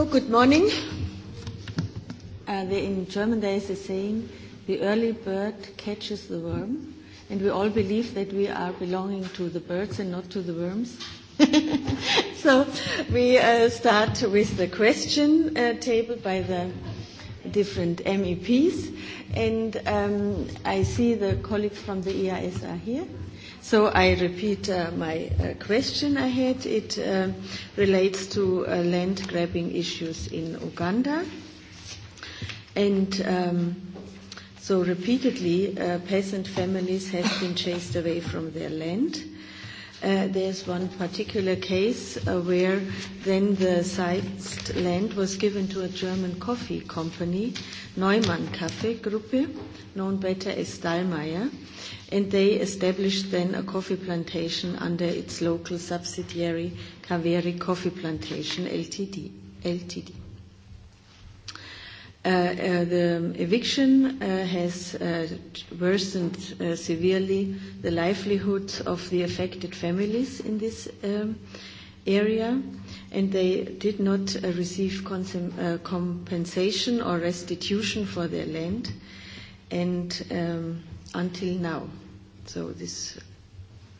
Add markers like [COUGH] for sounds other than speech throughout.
So, good morning. Uh, the, in German there is a saying, the early bird catches the worm, and we all believe that we are belonging to the birds and not to the worms. [LAUGHS] so we uh, start with the question uh, table by the different MEPs, and um, I see the colleagues from the EIS are here. So I repeat uh, my uh, question I had. It uh, relates to uh, land grabbing issues in Uganda. And um, so repeatedly, uh, peasant families have been chased away from their land Uh, there's one particular case uh, where then the site land was given to a German coffee company, Neumann Kaffee Gruppe, known better as Dahlmeier, and they established then a coffee plantation under its local subsidiary Kaveri Coffee Plantation Ltd. Ltd. Uh, uh, the eviction uh, has uh, worsened uh, severely the livelihoods of the affected families in this um, area, and they did not uh, receive uh, compensation or restitution for their land, and um, until now, so this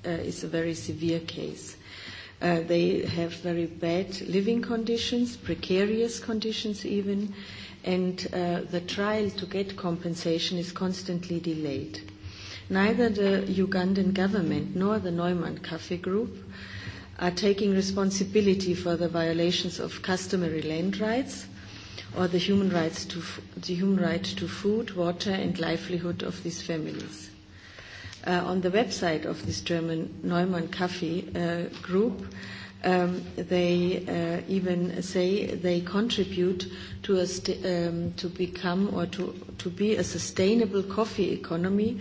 uh, is a very severe case. Uh, they have very bad living conditions, precarious conditions even and uh, the trial to get compensation is constantly delayed. Neither the Ugandan government nor the Neumann Cafe Group are taking responsibility for the violations of customary land rights or the human, rights to the human right to food, water, and livelihood of these families. Uh, on the website of this German Neumann Kaffee uh, group, um, they uh, even say they contribute to, a st- um, to become or to, to be a sustainable coffee economy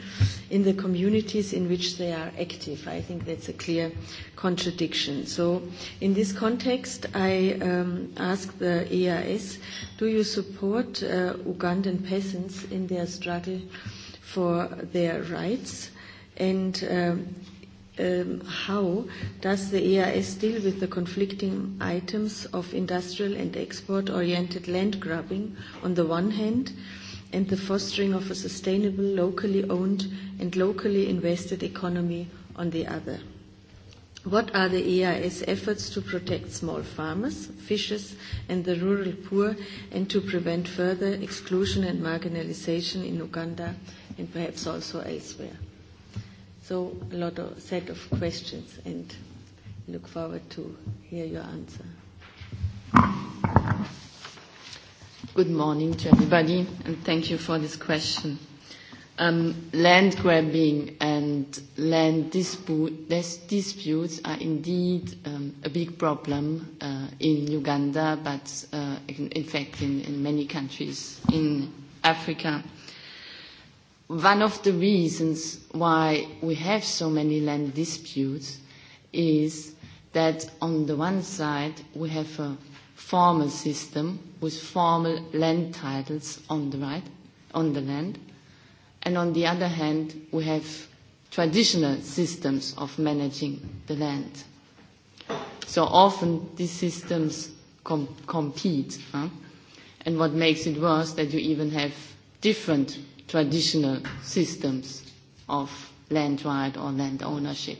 in the communities in which they are active. I think that's a clear contradiction. So in this context, I um, ask the EIS, do you support uh, Ugandan peasants in their struggle for their rights? And um, um, how does the EIS deal with the conflicting items of industrial and export-oriented land grabbing on the one hand, and the fostering of a sustainable, locally owned and locally invested economy on the other? What are the EIS efforts to protect small farmers, fishers, and the rural poor, and to prevent further exclusion and marginalization in Uganda and perhaps also elsewhere? So a lot of set of questions, and look forward to hear your answer. Good morning to everybody, and thank you for this question. Um, land grabbing and land dispute, disputes are indeed um, a big problem uh, in Uganda, but uh, in, in fact in, in many countries in Africa one of the reasons why we have so many land disputes is that on the one side we have a formal system with formal land titles on the right, on the land, and on the other hand we have traditional systems of managing the land. So often these systems com- compete, huh? and what makes it worse that you even have different traditional systems of land right or land ownership.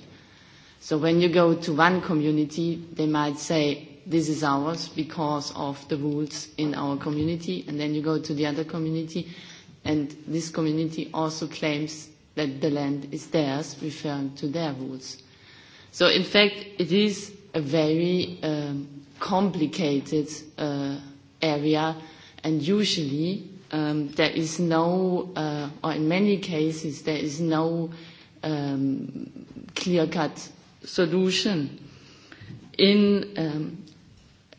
So when you go to one community, they might say, this is ours because of the rules in our community. And then you go to the other community, and this community also claims that the land is theirs, referring to their rules. So in fact, it is a very um, complicated uh, area, and usually um, there is no, uh, or in many cases, there is no um, clear-cut solution. In, um,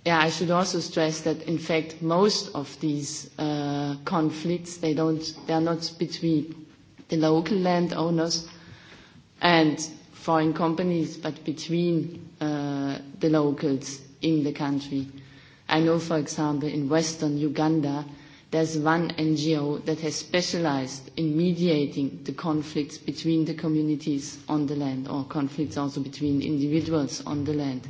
yeah, I should also stress that, in fact, most of these uh, conflicts, they, don't, they are not between the local landowners and foreign companies, but between uh, the locals in the country. I know, for example, in western Uganda, There's one NGO that has specialized in mediating the conflicts between the communities on the land or conflicts also between individuals on the land.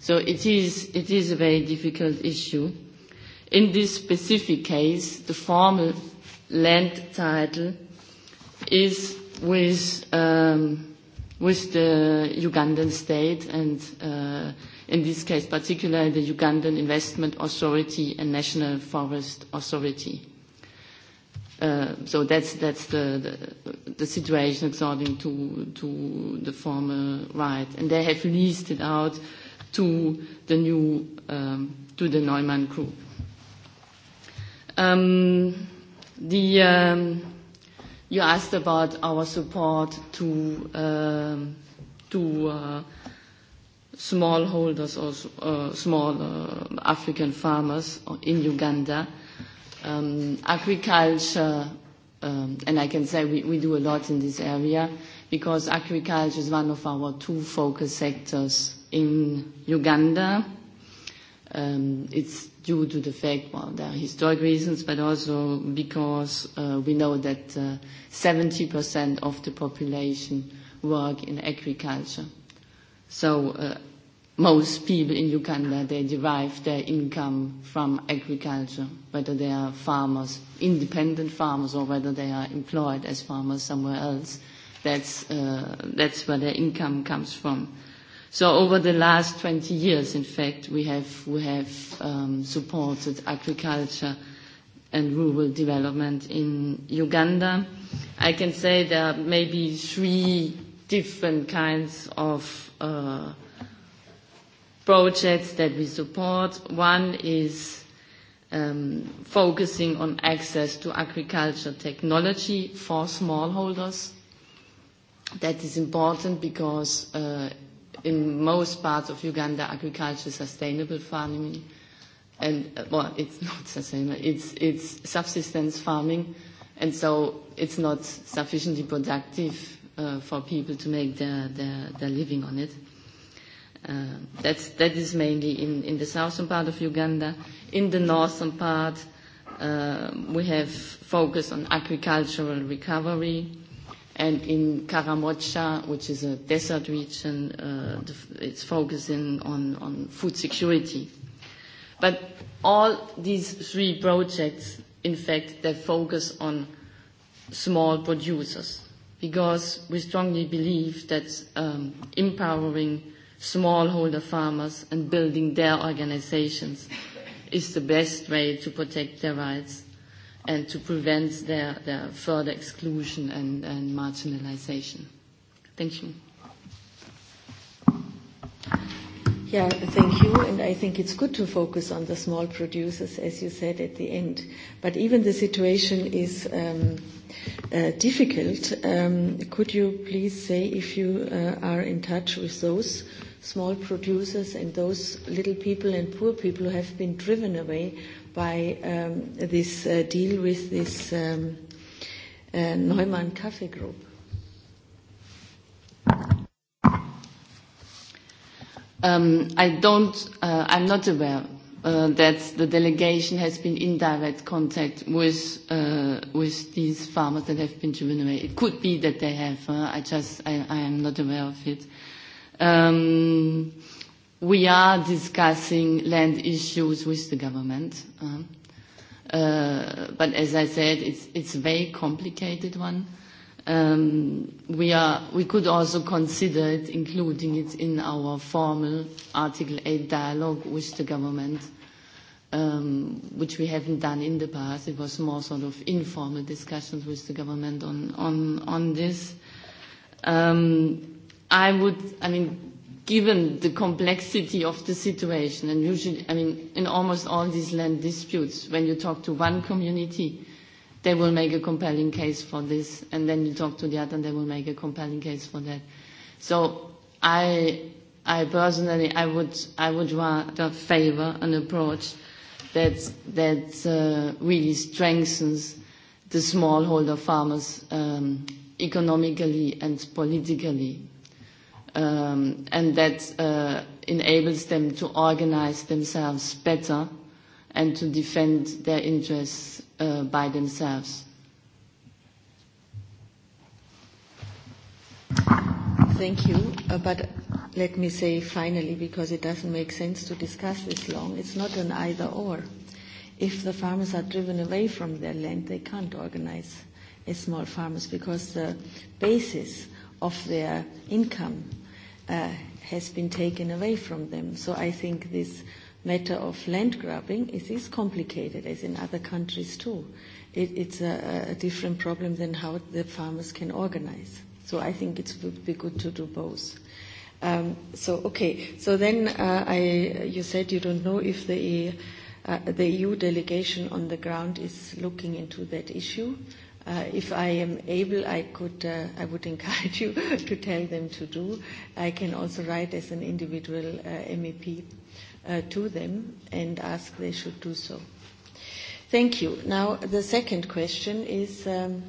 So it is, it is a very difficult issue. In this specific case, the formal land title is with, um, with the Ugandan state and uh, in this case particularly the Ugandan Investment Authority and National Forest Authority. Uh, so that's, that's the, the, the situation according to, to the former right. And they have leased it out to the new, um, to the Neumann group. Um, the, um, you asked about our support to, um, to uh, smallholders, or uh, small uh, African farmers in Uganda. Um, agriculture, um, and I can say we, we do a lot in this area because agriculture is one of our two focus sectors in Uganda. Um, it's due to the fact, well, there are historic reasons, but also because uh, we know that uh, 70% of the population work in agriculture. So uh, most people in Uganda, they derive their income from agriculture, whether they are farmers, independent farmers, or whether they are employed as farmers somewhere else. That's, uh, that's where their income comes from. So over the last 20 years, in fact, we have, we have um, supported agriculture and rural development in Uganda. I can say there are maybe three different kinds of uh, projects that we support. One is um, focusing on access to agriculture technology for smallholders. That is important because uh, in most parts of Uganda, agriculture is sustainable farming, and uh, well, it's [LAUGHS] not sustainable. It's it's subsistence farming, and so it's not sufficiently productive uh, for people to make their, their their living on it. Uh, that's, that is mainly in, in the southern part of Uganda. In the northern part, uh, we have focus on agricultural recovery. And in Karamocha, which is a desert region, uh, the, it's focusing on, on food security. But all these three projects, in fact, they focus on small producers because we strongly believe that um, empowering smallholder farmers and building their organizations is the best way to protect their rights and to prevent their, their further exclusion and, and marginalization. Thank you. Yeah, thank you. And I think it's good to focus on the small producers, as you said at the end. But even the situation is um, uh, difficult. Um, could you please say if you uh, are in touch with those small producers and those little people and poor people who have been driven away by um, this uh, deal with this um, uh, Neumann Cafe Group. Um, I don't, uh, I'm not aware uh, that the delegation has been in direct contact with, uh, with these farmers that have been driven away. It could be that they have. Uh, I just, I, I am not aware of it. Uh, Um, we are discussing land issues with the government. Uh, uh, but as I said, it's, it's a very complicated one. Um, we, are, we could also consider it, including it in our formal Article 8 dialogue with the government, um, which we haven't done in the past. It was more sort of informal discussions with the government on, on, on this. Um, i would, I mean, given the complexity of the situation, and usually, I mean, in almost all these land disputes, when you talk to one community, they will make a compelling case for this, and then you talk to the other, and they will make a compelling case for that. So I, I personally, I would, I would rather favor an approach that, that uh, really strengthens the smallholder farmers um, economically and politically um, and that uh, enables them to organize themselves better and to defend their interests uh, by themselves. Thank you. Uh, but let me say finally, because it doesn't make sense to discuss this long, it's not an either or. If the farmers are driven away from their land, they can't organize as small farmers because the basis of their income uh, has been taken away from them. So I think this matter of land grabbing is, is complicated, as in other countries too. It, it's a, a different problem than how the farmers can organize. So I think it would be good to do both. Um, so okay. So then uh, I, you said you don't know if the uh, the EU delegation on the ground is looking into that issue. Uh, if I am able, I could, uh, I would encourage you [LAUGHS] to tell them to do. I can also write as an individual uh, MEP uh, to them and ask they should do so. Thank you. Now the second question is um,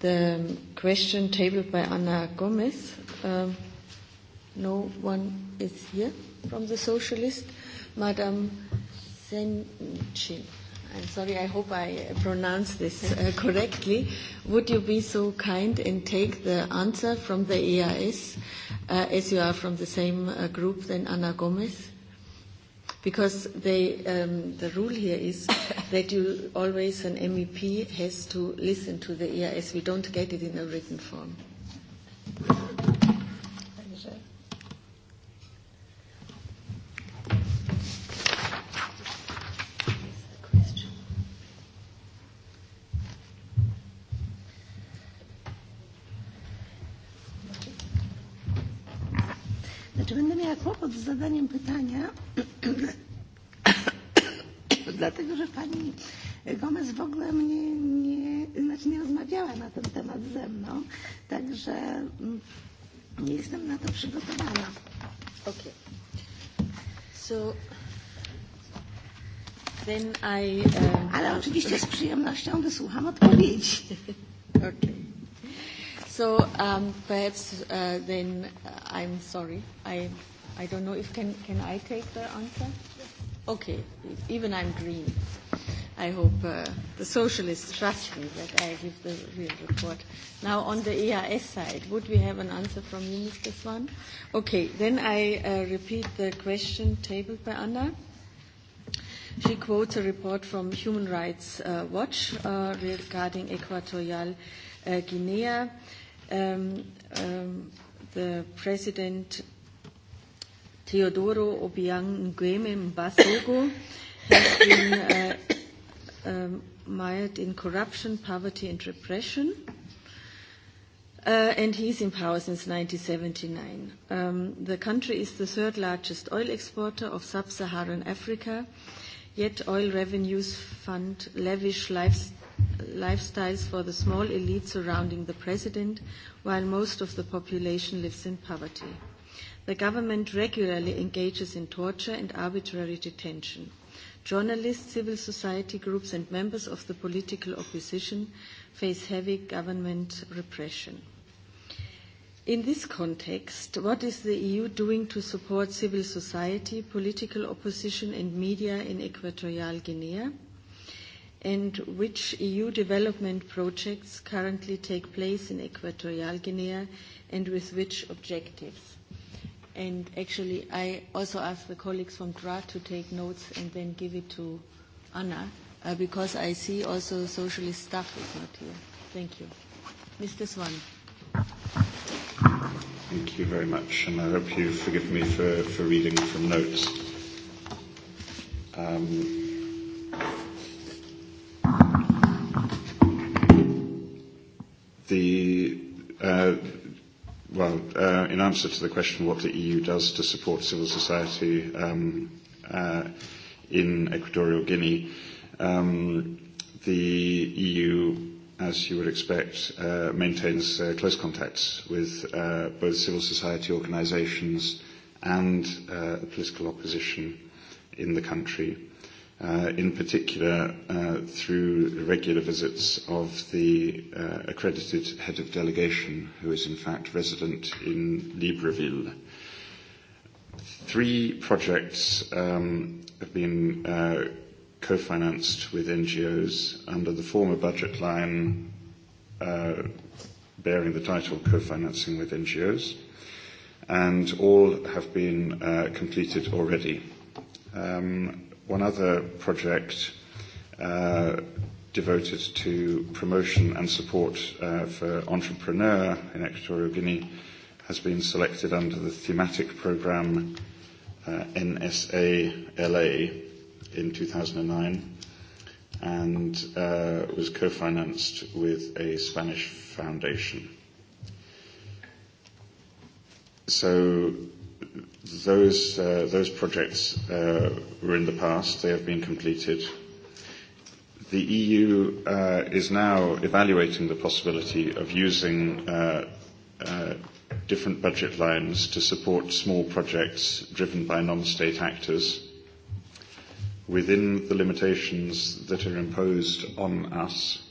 the question tabled by Anna Gomez. Um, no one is here from the socialist. Madam Senchin. I'm sorry, I hope I pronounced this uh, correctly. Would you be so kind and take the answer from the EIS, uh, as you are from the same uh, group than Ana Gomez? Because they, um, the rule here is [COUGHS] that you always, an MEP has to listen to the EIS. We don't get it in a written form. kłopot z zadaniem pytania, [COUGHS] dlatego że pani Gomez w ogóle mnie nie, znaczy nie rozmawiała na ten temat ze mną, także mm, nie jestem na to przygotowana. Okay. So, then I, um, Ale oczywiście z przyjemnością wysłucham odpowiedzi. [LAUGHS] okay. So um, perhaps uh, then uh, I'm sorry. I i don't know if can can I take the answer? Okay, even I'm green. I hope uh, the socialists trust me that I give the real report. Now on the EIS side, would we have an answer from you, Mr. Swan? Okay, then I uh, repeat the question tabled by Anna. She quotes a report from Human Rights uh, Watch uh, regarding Equatorial uh, Guinea. Um, um, the president Theodoro Obiang Nguema Mbasogo has been uh, uh, mired in corruption, poverty, and repression. Uh, and he's in power since 1979. Um, the country is the third largest oil exporter of sub-Saharan Africa, yet oil revenues fund lavish life, lifestyles for the small elite surrounding the president, while most of the population lives in poverty. The government regularly engages in torture and arbitrary detention. Journalists, civil society groups, and members of the political opposition face heavy government repression. In this context, what is the EU doing to support civil society, political opposition, and media in Equatorial Guinea? And which EU development projects currently take place in Equatorial Guinea and with which objectives? And actually, I also asked the colleagues from DRA to take notes and then give it to Anna, uh, because I see also socialist staff is not here. Thank you. Mr. Swan. Thank you very much, and I hope you forgive me for, for reading from notes. Um, the uh, well, uh, in answer to the question what the EU does to support civil society um, uh, in Equatorial Guinea, um, the EU, as you would expect, uh, maintains uh, close contacts with uh, both civil society organizations and uh, the political opposition in the country uh, in particular uh, through regular visits of the uh, accredited head of delegation, who is in fact resident in Libreville. Three projects um, have been uh, co-financed with NGOs under the former budget line uh, bearing the title Co-Financing with NGOs, and all have been uh, completed already. Um, one other project uh, devoted to promotion and support uh, for entrepreneur in Equatorial Guinea has been selected under the thematic program uh, NSA LA in 2009 and uh, was co-financed with a Spanish foundation. So Those, uh, those projects uh, were in the past. They have been completed. The EU uh, is now evaluating the possibility of using uh, uh, different budget lines to support small projects driven by non-state actors within the limitations that are imposed on us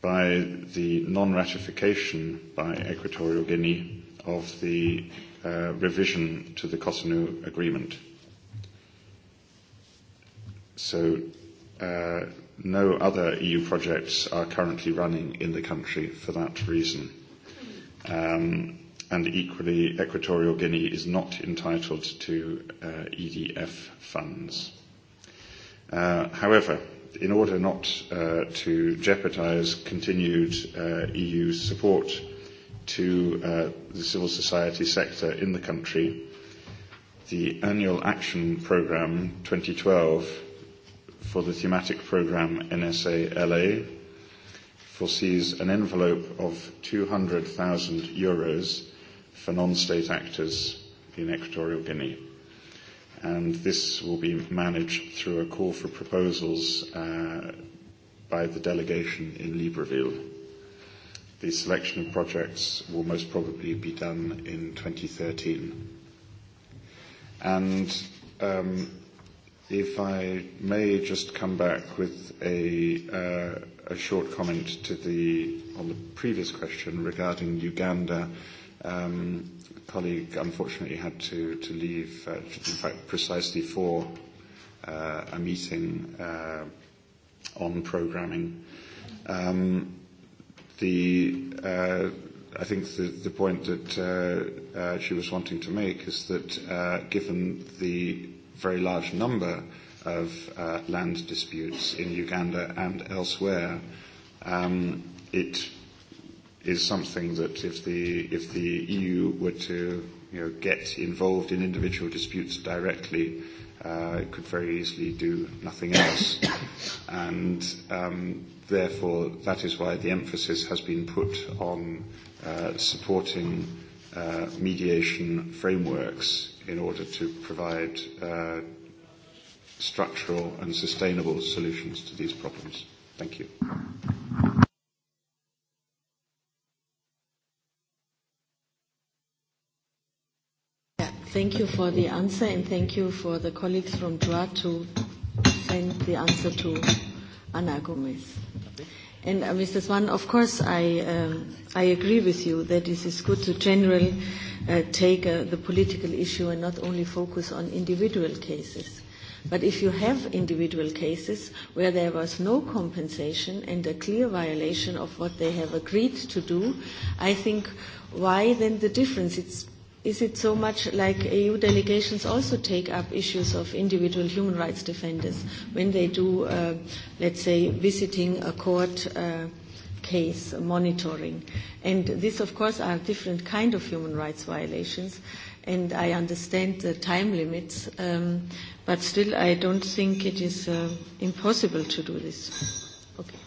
by the non-ratification by Equatorial Guinea of the Uh, revision to the Cotonou Agreement. So uh, no other EU projects are currently running in the country for that reason. Um, and equally, Equatorial Guinea is not entitled to uh, EDF funds. Uh, however, in order not uh, to jeopardize continued uh, EU support to uh, the civil society sector in the country. The Annual Action program 2012 for the thematic program NSA LA foresees an envelope of 200,000 euros for non-state actors in Equatorial Guinea. And this will be managed through a call for proposals uh, by the delegation in Libreville the selection of projects will most probably be done in 2013. And um, if I may just come back with uh, a, short comment to the, on the previous question regarding Uganda. Um, a colleague unfortunately had to, to leave, uh, in fact, precisely for uh, a meeting on programming. Um, the uh, I think the, the point that uh, uh, she was wanting to make is that uh, given the very large number of uh, land disputes in Uganda and elsewhere, um, it is something that if the if the EU were to you know, get involved in individual disputes directly, Uh, it could very easily do nothing else. [COUGHS] and um, therefore, that is why the emphasis has been put on uh, supporting uh, mediation frameworks in order to provide uh, structural and sustainable solutions to these problems. Thank you. Thank you for the answer, and thank you for the colleagues from DRA to send the answer to Ana Gomez. And uh, Mr. Swan, of course, I, um, I agree with you that it is good to generally uh, take uh, the political issue and not only focus on individual cases. But if you have individual cases where there was no compensation and a clear violation of what they have agreed to do, I think why then the difference? It's is it so much like EU delegations also take up issues of individual human rights defenders when they do, uh, let's say, visiting a court uh, case monitoring? And this, of course, are different kind of human rights violations. And I understand the time limits, um, but still, I don't think it is uh, impossible to do this. Okay.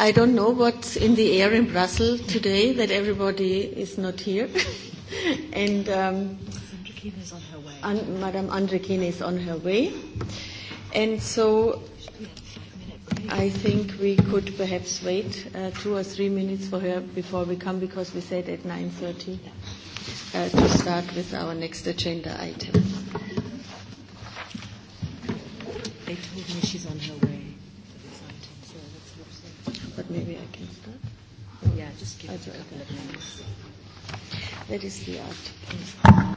I don't know what's in the air in Brussels today that everybody is not here. [LAUGHS] and um, Andrikine is on her way. An- Madame Andrikine is on her way. And so I think we could perhaps wait uh, two or three minutes for her before we come because we said at 9.30 uh, to start with our next agenda item. They told me she's on her way but maybe I can start. Yeah, just give I a couple of minutes. That is the art.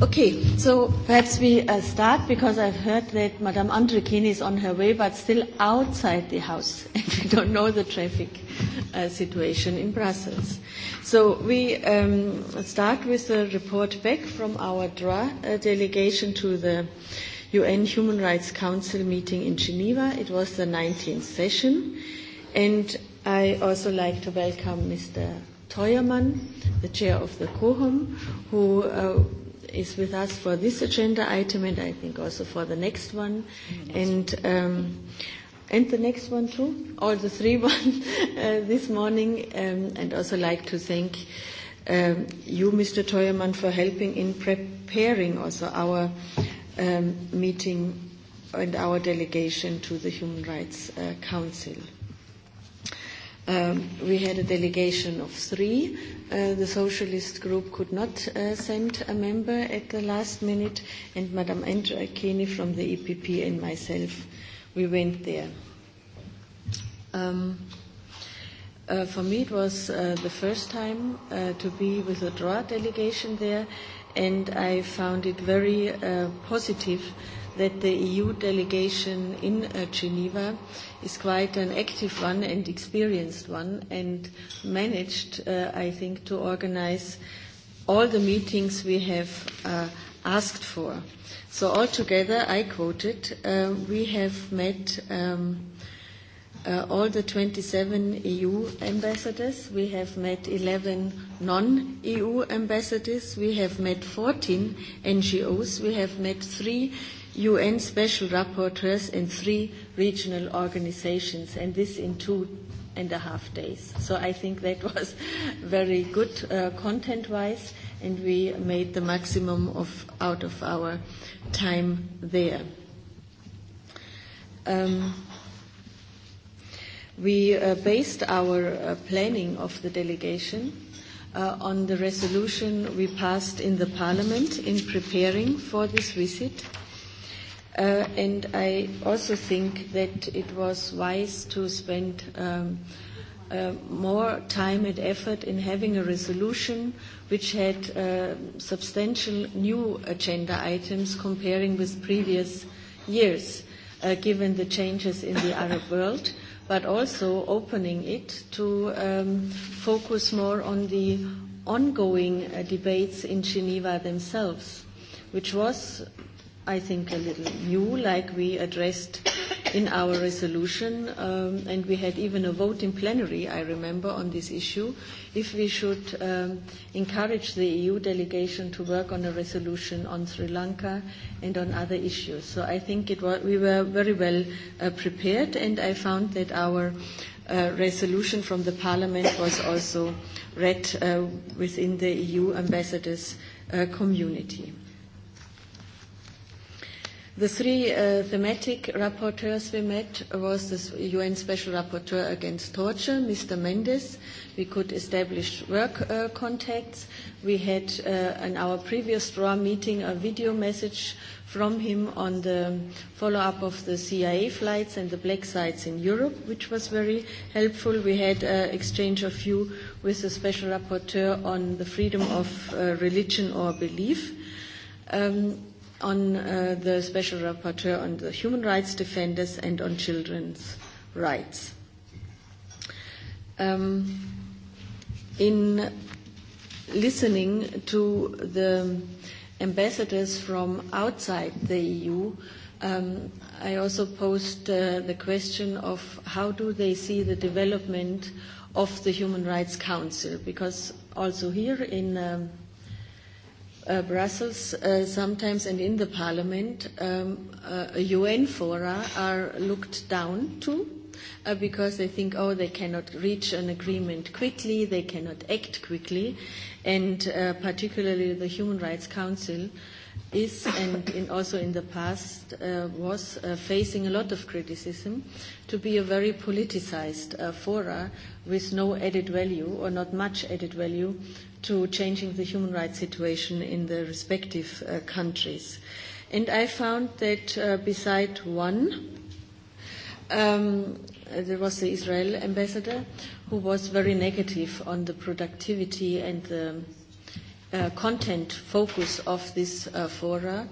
Okay, so perhaps we uh, start because I've heard that Madame Andrikini is on her way, but still outside the house, [LAUGHS] and we don't know the traffic uh, situation in Brussels. So we um, start with a report back from our DRA uh, delegation to the UN Human Rights Council meeting in Geneva. It was the 19th session, and I also like to welcome Mr. Teuermann, the chair of the COHOM, who uh, is with us for this agenda item and I think also for the next one. And, um, and the next one too, or the three [LAUGHS] one uh, this morning. Um, and also like to thank um, you, Mr. Teuermann, for helping in preparing also our um, meeting and our delegation to the Human Rights uh, Council. Um, we had a delegation of three. Uh, the socialist group could not uh, send a member at the last minute, and Madame Andrea Kini from the EPP and myself, we went there. Um, uh, for me, it was uh, the first time uh, to be with a draw delegation there and I found it very uh, positive that the EU delegation in uh, Geneva is quite an active one and experienced one and managed, uh, I think, to organize all the meetings we have uh, asked for. So altogether, I quoted, uh, we have met um, uh, all the 27 EU ambassadors. We have met 11 non-EU ambassadors. We have met 14 NGOs. We have met three UN special rapporteurs and three regional organizations, and this in two and a half days. So I think that [LAUGHS] was very good uh, content-wise, and we made the maximum of, out of our time there. Um, We uh, based our uh, planning of the delegation uh, on the resolution we passed in the parliament in preparing for this visit. Uh, and I also think that it was wise to spend um, uh, more time and effort in having a resolution which had uh, substantial new agenda items comparing with previous years, uh, given the changes in the Arab world but also opening it to um, focus more on the ongoing uh, debates in Geneva themselves, which was, I think, a little new, like we addressed in our resolution, um, and we had even a vote in plenary, I remember, on this issue, if we should um, encourage the EU delegation to work on a resolution on Sri Lanka and on other issues. So I think it was, we were very well uh, prepared, and I found that our uh, resolution from the Parliament was also read uh, within the EU ambassadors' uh, community. The three uh, thematic rapporteurs we met was the UN Special Rapporteur Against Torture, Mr. Mendes. We could establish work uh, contacts. We had uh, in our previous draw meeting a video message from him on the follow-up of the CIA flights and the black sites in Europe, which was very helpful. We had an uh, exchange of view with the Special Rapporteur on the freedom of uh, religion or belief. Um, on uh, the Special Rapporteur on the Human Rights Defenders and on Children's Rights. Um, in listening to the ambassadors from outside the EU, um, I also posed uh, the question of how do they see the development of the Human Rights Council, because also here in um, uh, Brussels uh, sometimes and in the parliament, um, uh, UN fora are looked down to uh, because they think, oh, they cannot reach an agreement quickly, they cannot act quickly, and uh, particularly the Human Rights Council is and in also in the past uh, was uh, facing a lot of criticism to be a very politicized uh, fora with no added value or not much added value to changing the human rights situation in the respective uh, countries. And I found that uh, beside one, um, there was the Israel ambassador who was very negative on the productivity and the uh, content focus of this uh, fora.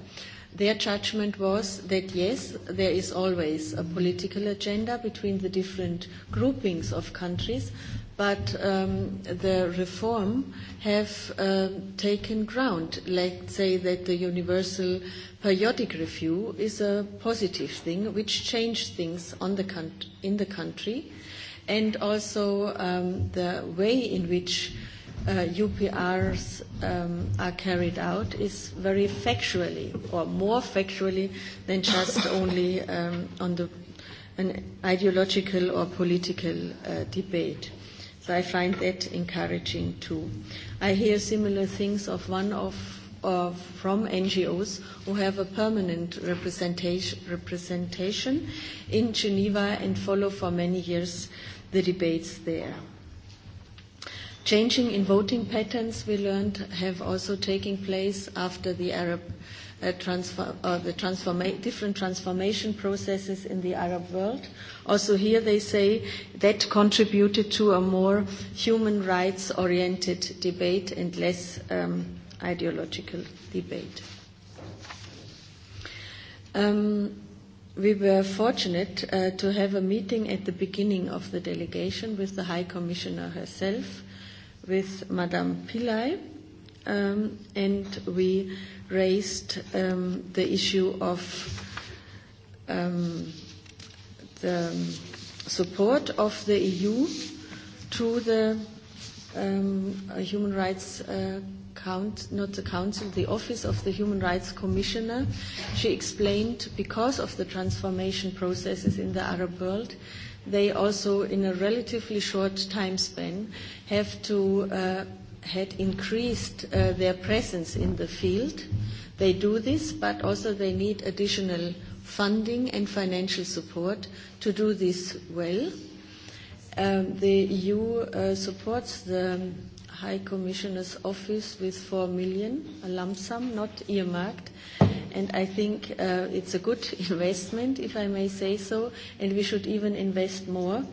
Their judgment was that yes, there is always a political agenda between the different groupings of countries, but um, the reform have uh, taken ground. Let's say that the universal periodic review is a positive thing, which changed things on the in the country, and also um, the way in which uh, UPRs um, are carried out is very factually, or more factually than just [COUGHS] only um, on the an ideological or political uh, debate. So I find that encouraging too. I hear similar things of one of uh, from NGOs who have a permanent representation, representation in Geneva and follow for many years the debates there. Changing in voting patterns, we learned, have also taken place after the Arab Uh, the transforma- different transformation processes in the Arab world. Also here they say that contributed to a more human rights oriented debate and less um, ideological debate. Um, we were fortunate uh, to have a meeting at the beginning of the delegation with the High Commissioner herself, with Madame Pillay, um, and we raised um, the issue of um, the support of the EU to the um, uh, human rights uh, count, not the council, the office of the human rights commissioner. She explained because of the transformation processes in the Arab world, they also in a relatively short time span have to uh, had increased uh, their presence in the field. They do this, but also they need additional funding and financial support to do this well. Um, the EU uh, supports the High Commissioner's office with 4 million, a lump sum, not earmarked. And I think uh, it's a good [LAUGHS] investment, if I may say so, and we should even invest more. Uh,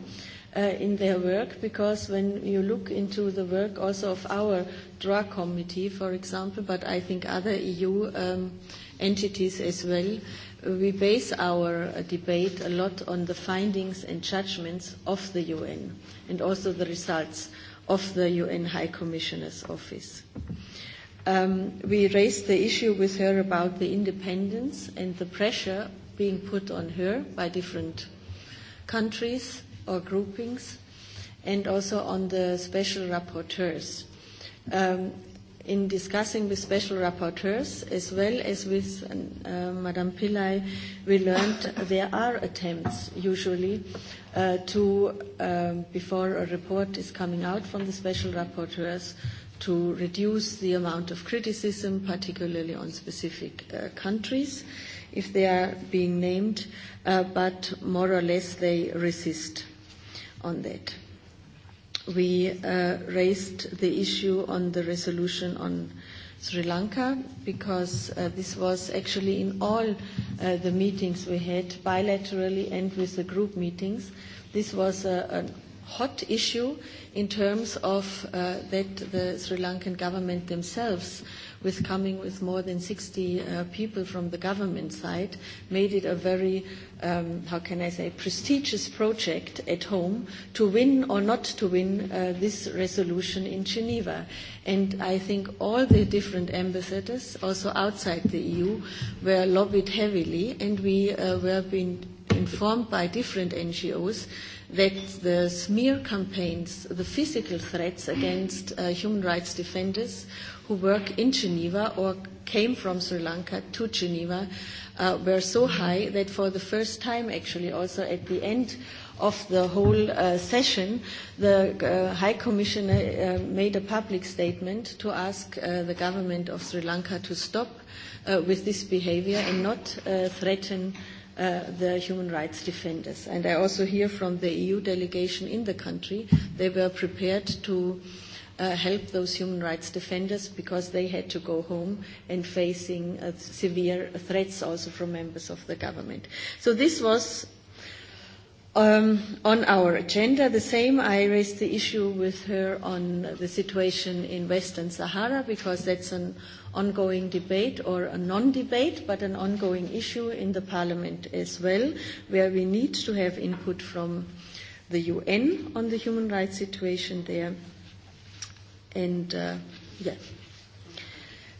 Uh, in their work because when you look into the work also of our drug committee, for example, but I think other EU um, entities as well, we base our uh, debate a lot on the findings and judgments of the UN and also the results of the UN High Commissioner's Office. Um, we raised the issue with her about the independence and the pressure being put on her by different countries or groupings, and also on the special rapporteurs. Um, in discussing with special rapporteurs as well as with uh, Madame Pillay, we learned there are attempts usually uh, to, um, before a report is coming out from the special rapporteurs, to reduce the amount of criticism, particularly on specific uh, countries, if they are being named, uh, but more or less they resist on that. We uh, raised the issue on the resolution on Sri Lanka because uh, this was actually in all uh, the meetings we had bilaterally and with the group meetings. This was a, a hot issue in terms of uh, that the Sri Lankan government themselves uh, with coming with more than 60 uh, people from the government side, made it a very, um, how can I say, prestigious project at home to win or not to win uh, this resolution in Geneva. And I think all the different ambassadors, also outside the EU, were lobbied heavily, and we uh, were being informed by different NGOs that the smear campaigns, the physical threats against uh, human rights defenders who work in Geneva or came from Sri Lanka to Geneva uh, were so high that for the first time, actually, also at the end of the whole uh, session, the uh, High Commissioner uh, made a public statement to ask uh, the government of Sri Lanka to stop uh, with this behavior and not uh, threaten Uh, the human rights defenders. And I also hear from the EU delegation in the country they were prepared to uh, uh, help those human rights defenders because they had to go home and facing uh, severe threats also from members of the government. So this was Um, on our agenda, the same, I raised the issue with her on the situation in Western Sahara because that's an ongoing debate or a non-debate, but an ongoing issue in the parliament as well, where we need to have input from the UN on the human rights situation there. And uh, yeah.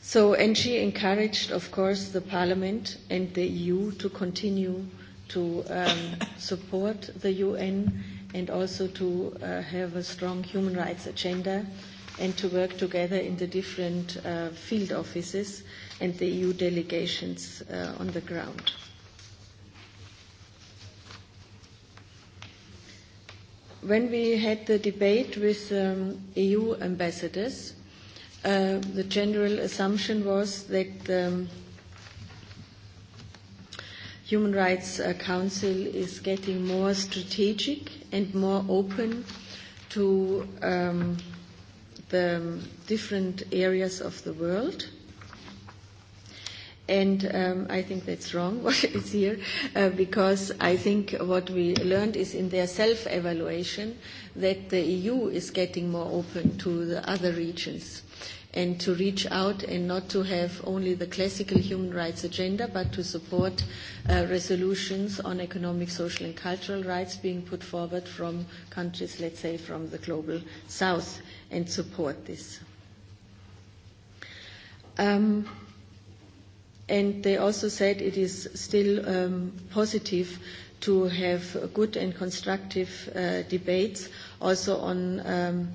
So, and she encouraged, of course, the Parliament and the EU to continue to um, [LAUGHS] support the UN and also to uh, have a strong human rights agenda and to work together in the different uh, field offices and the EU delegations uh, on the ground. when we had the debate with um, EU ambassadors, uh, the general assumption was that the um, Human Rights uh, Council is getting more strategic and more open to um, the different areas of the world. And um, I think that's wrong, [LAUGHS] what is here, uh, because I think what we learned is in their self-evaluation that the EU is getting more open to the other regions and to reach out and not to have only the classical human rights agenda, but to support uh, resolutions on economic, social, and cultural rights being put forward from countries, let's say, from the global south, and support this. Um, And they also said it is still um, positive to have good and constructive uh, debates also on, um,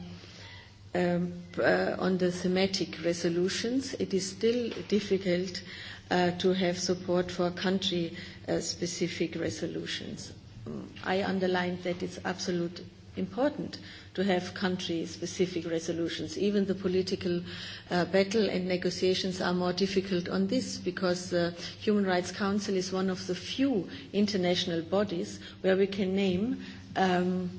um, uh, on the thematic resolutions. It is still difficult uh, to have support for country-specific uh, resolutions. Mm, I underlined that it's absolutely important to have country-specific resolutions. Even the political uh, battle and negotiations are more difficult on this because the uh, Human Rights Council is one of the few international bodies where we can name um,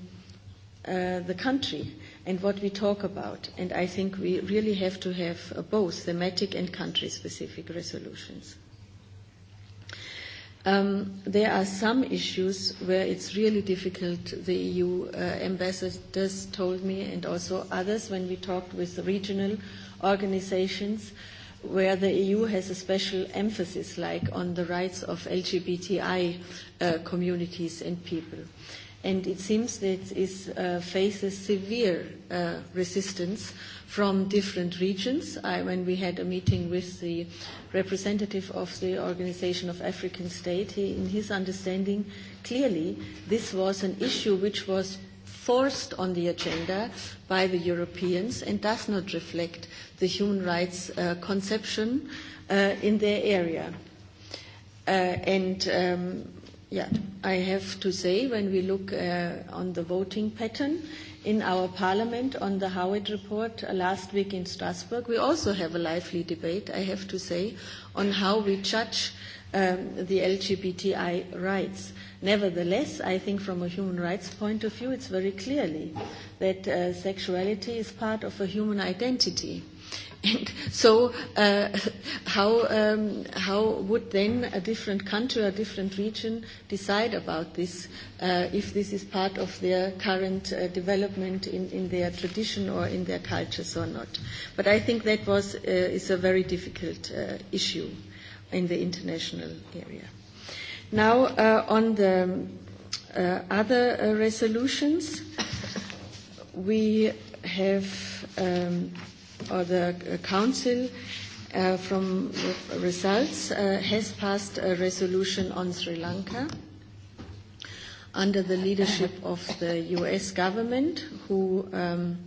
uh, the country and what we talk about. And I think we really have to have uh, both thematic and country-specific resolutions. Um, there are some issues where it's really difficult. The EU uh, ambassadors told me, and also others, when we talked with regional organizations, where the EU has a special emphasis, like on the rights of LGBTI uh, communities and people and it seems that it uh, faces severe uh, resistance from different regions. I, when we had a meeting with the representative of the Organization of African States, he, in his understanding, clearly this was an issue which was forced on the agenda by the Europeans and does not reflect the human rights uh, conception uh, in their area. Uh, and um, Yeah, I have to say, when we look uh, on the voting pattern in our parliament on the Howard report uh, last week in Strasbourg, we also have a lively debate, I have to say, on how we judge um, the LGBTI rights. Nevertheless, I think from a human rights point of view, it's very clearly that uh, sexuality is part of a human identity. And so, uh, how, um, how would then a different country or a different region decide about this uh, if this is part of their current uh, development in, in their tradition or in their cultures or not? But I think that was, uh, is a very difficult uh, issue in the international area. Now, uh, on the uh, other uh, resolutions, we have. Um, or the uh, Council uh, from results uh, has passed a resolution on Sri Lanka under the leadership of the US government, who um,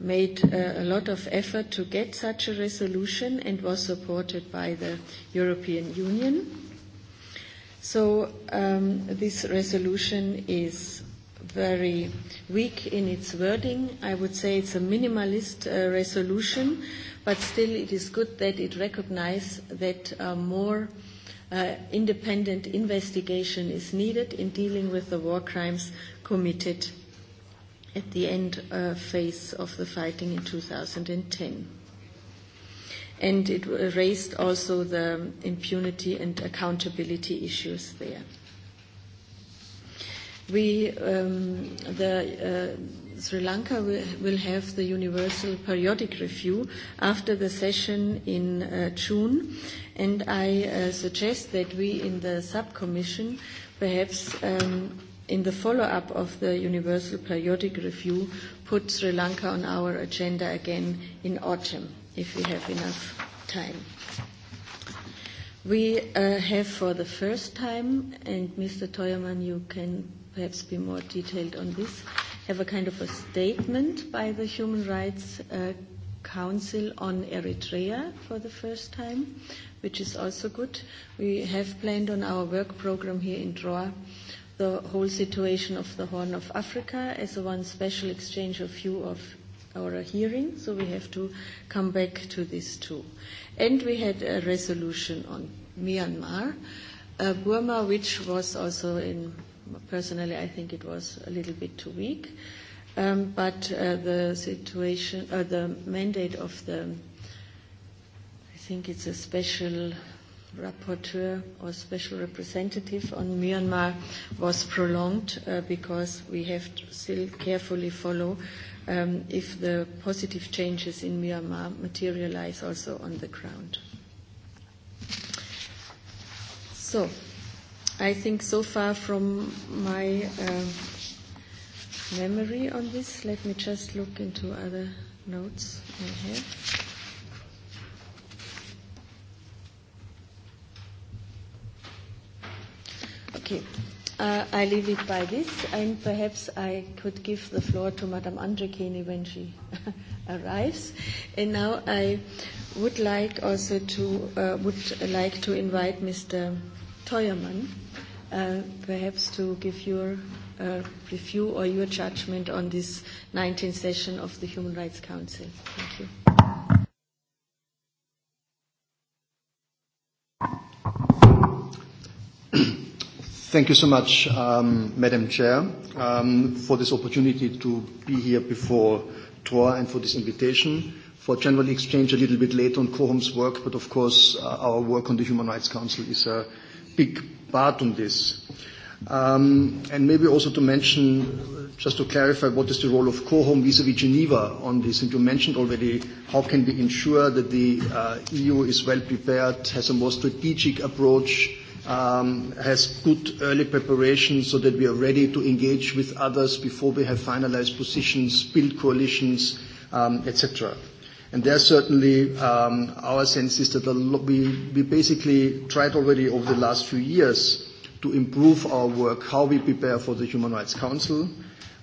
made uh, a lot of effort to get such a resolution and was supported by the European Union. So um, this resolution is very weak in its wording. I would say it's a minimalist uh, resolution, but still it is good that it recognizes that uh, more uh, independent investigation is needed in dealing with the war crimes committed at the end uh, phase of the fighting in 2010. And it raised also the impunity and accountability issues there. We, um, the, uh, Sri Lanka will, have the Universal Periodic Review after the session in uh, June, and I uh, suggest that we in the subcommission perhaps um, in the follow-up of the Universal Periodic Review put Sri Lanka on our agenda again in autumn, if we have enough time. We uh, have for the first time, and Mr. Toyerman, you can perhaps be more detailed on this, have a kind of a statement by the Human Rights uh, Council on Eritrea for the first time, which is also good. We have planned on our work program here in Droa the whole situation of the Horn of Africa as a one special exchange of view of our hearing, so we have to come back to this too. And we had a resolution on Myanmar, uh, Burma, which was also in personally, I think it was a little bit too weak. Um, but uh, the situation, uh, the mandate of the, I think it's a special rapporteur or special representative on Myanmar was prolonged uh, because we have to still carefully follow um, if the positive changes in Myanmar materialize also on the ground. So i think so far from my uh, memory on this, let me just look into other notes I have. Okay. Uh, I leave it by this, and perhaps I could give the floor to Madame Andrekini when she [LAUGHS] arrives. And now I would like also to uh, would like to invite Mr. Teuermann, uh, perhaps to give your uh, review or your judgment on this 19th session of the Human Rights Council. Thank you. Thank you so much, um, Madam Chair, um, for this opportunity to be here before TOR and for this invitation for general exchange a little bit later on Quorum's work, but of course uh, our work on the Human Rights Council is a big part on this. Um, and maybe also to mention, just to clarify, what is the role of COHOM vis-à-vis Geneva on this? And you mentioned already how can we ensure that the uh, EU is well prepared, has a more strategic approach, um, has good early preparation so that we are ready to engage with others before we have finalized positions, build coalitions, um, etc. And there certainly um, our sense is that we, we basically tried already over the last few years to improve our work, how we prepare for the Human Rights Council,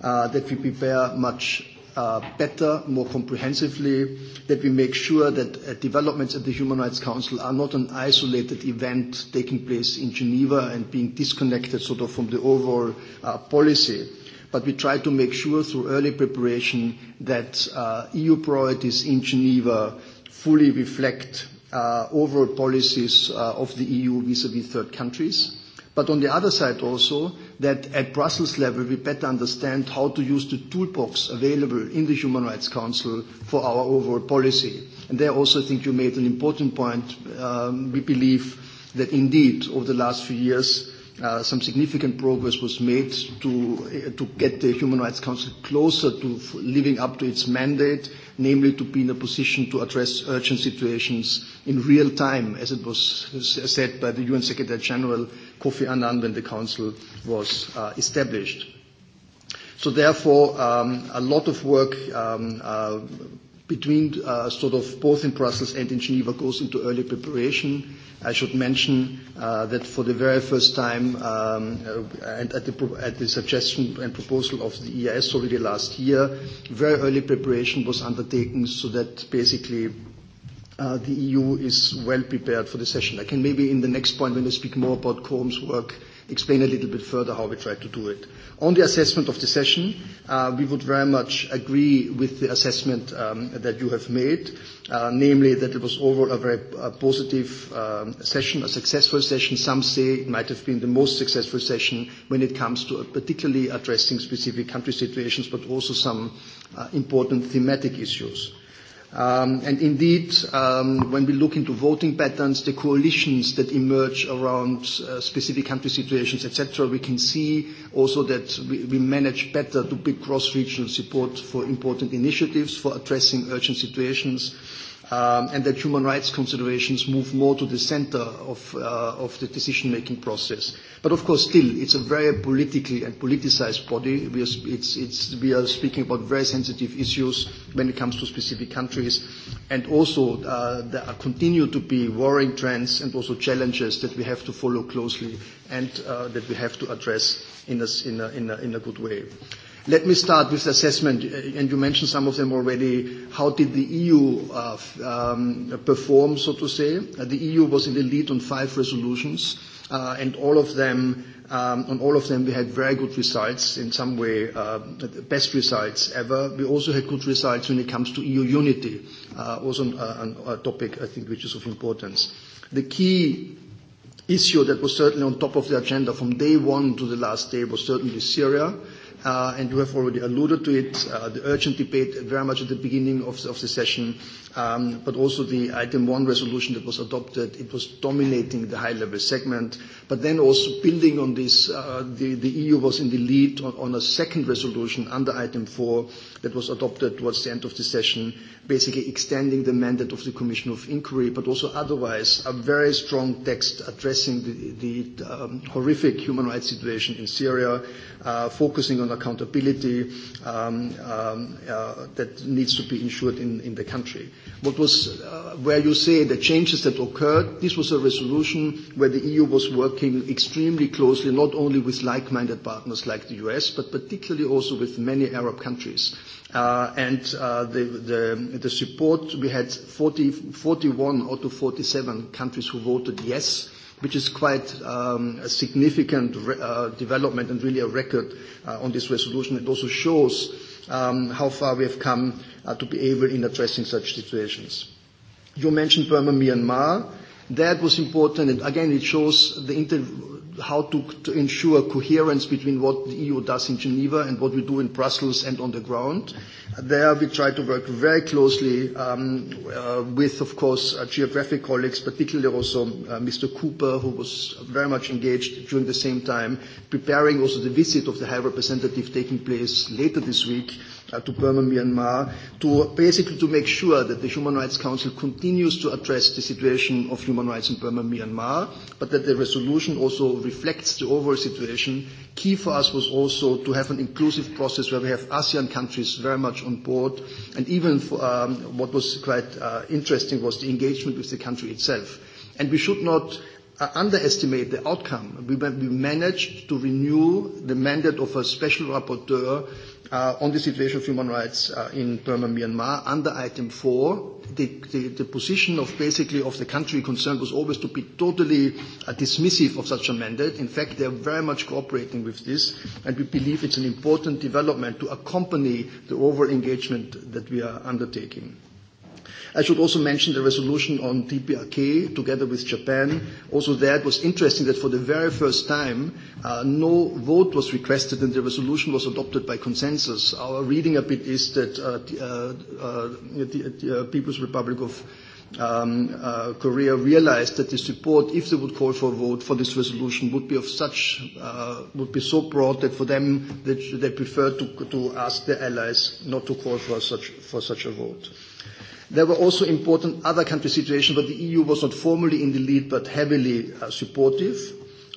uh, that we prepare much uh, better, more comprehensively, that we make sure that uh, developments at the Human Rights Council are not an isolated event taking place in Geneva and being disconnected sort of from the overall uh, policy but we try to make sure through early preparation that uh, EU priorities in Geneva fully reflect uh, overall policies uh, of the EU vis-à-vis -vis third countries. But on the other side also, that at Brussels level we better understand how to use the toolbox available in the Human Rights Council for our overall policy. And there also I think you made an important point. Um, we believe that indeed over the last few years Uh, some significant progress was made to, uh, to get the Human Rights Council closer to living up to its mandate, namely to be in a position to address urgent situations in real time, as it was said by the UN Secretary General Kofi Annan when the Council was uh, established. So therefore, um, a lot of work um, uh, between uh, sort of both in Brussels and in Geneva goes into early preparation. I should mention uh, that for the very first time, um, uh, and at the, at the suggestion and proposal of the EIS already last year, very early preparation was undertaken so that basically uh, the EU is well prepared for the session. I can maybe in the next point when I speak more about Combs' work explain a little bit further how we try to do it. On the assessment of the session, uh, we would very much agree with the assessment um, that you have made, uh, namely that it was overall a very a positive um, session, a successful session. Some say it might have been the most successful session when it comes to uh, particularly addressing specific country situations, but also some uh, important thematic issues. Um, and indeed, um, when we look into voting patterns, the coalitions that emerge around uh, specific country situations, etc., we can see also that we, we manage better to build cross-regional support for important initiatives for addressing urgent situations um, and that human rights considerations move more to the center of, uh, of the decision-making process. But of course, still, it's a very politically and politicized body. We are, it's, it's, we are speaking about very sensitive issues when it comes to specific countries, and also uh, there are, continue to be worrying trends and also challenges that we have to follow closely and uh, that we have to address in a, in a, in a, in a good way. Let me start with assessment, and you mentioned some of them already. How did the EU uh, um, perform, so to say? Uh, the EU was in the lead on five resolutions, uh, and all of them, um, on all of them, we had very good results, in some way, uh, the best results ever. We also had good results when it comes to EU unity, uh, also an, uh, a topic I think which is of importance. The key issue that was certainly on top of the agenda from day one to the last day was certainly Syria uh, and you have already alluded to it, uh, the urgent debate very much at the beginning of the, of the session, um, but also the item one resolution that was adopted. It was dominating the high-level segment, but then also building on this, uh, the, the EU was in the lead on, on a second resolution under item four, that was adopted towards the end of the session, basically extending the mandate of the Commission of Inquiry, but also otherwise a very strong text addressing the, the um, horrific human rights situation in Syria, uh, focusing on accountability um, um, uh, that needs to be ensured in, in the country. What was, uh, where you say the changes that occurred, this was a resolution where the EU was working extremely closely, not only with like-minded partners like the US, but particularly also with many Arab countries Uh, and uh, the, the, the support, we had 40, 41 out of 47 countries who voted yes, which is quite um, a significant re- uh, development and really a record uh, on this resolution. It also shows um, how far we have come uh, to be able in addressing such situations. You mentioned Burma, Myanmar. That was important, and again, it shows the inter- how to, to ensure coherence between what the EU does in Geneva and what we do in Brussels and on the ground. There, we try to work very closely um, uh, with, of course, uh, geographic colleagues, particularly also uh, Mr. Cooper, who was very much engaged during the same time, preparing also the visit of the High Representative taking place later this week uh, to Burma, Myanmar, to basically to make sure that the Human Rights Council continues to address the situation of human human rights in Burma, Myanmar, but that the resolution also reflects the overall situation. Key for us was also to have an inclusive process where we have ASEAN countries very much on board, and even for, um, what was quite uh, interesting was the engagement with the country itself. And we should not uh, underestimate the outcome. We, we managed to renew the mandate of a special rapporteur uh, on the situation of human rights uh, in Burma, Myanmar, under item four, the, the, the position of basically of the country concerned was always to be totally uh, dismissive of such a mandate. In fact, they are very much cooperating with this, and we believe it's an important development to accompany the overall engagement that we are undertaking. I should also mention the resolution on DPRK together with Japan. Also there it was interesting that for the very first time, uh, no vote was requested and the resolution was adopted by consensus. Our reading a bit is that uh, uh, uh, the, the uh, People's Republic of um, uh, Korea realized that the support, if they would call for a vote for this resolution, would be of such, uh, would be so broad that for them they, they prefer to, to ask their allies not to call for such, for such a vote. There were also important other country situations but the EU was not formally in the lead but heavily uh, supportive.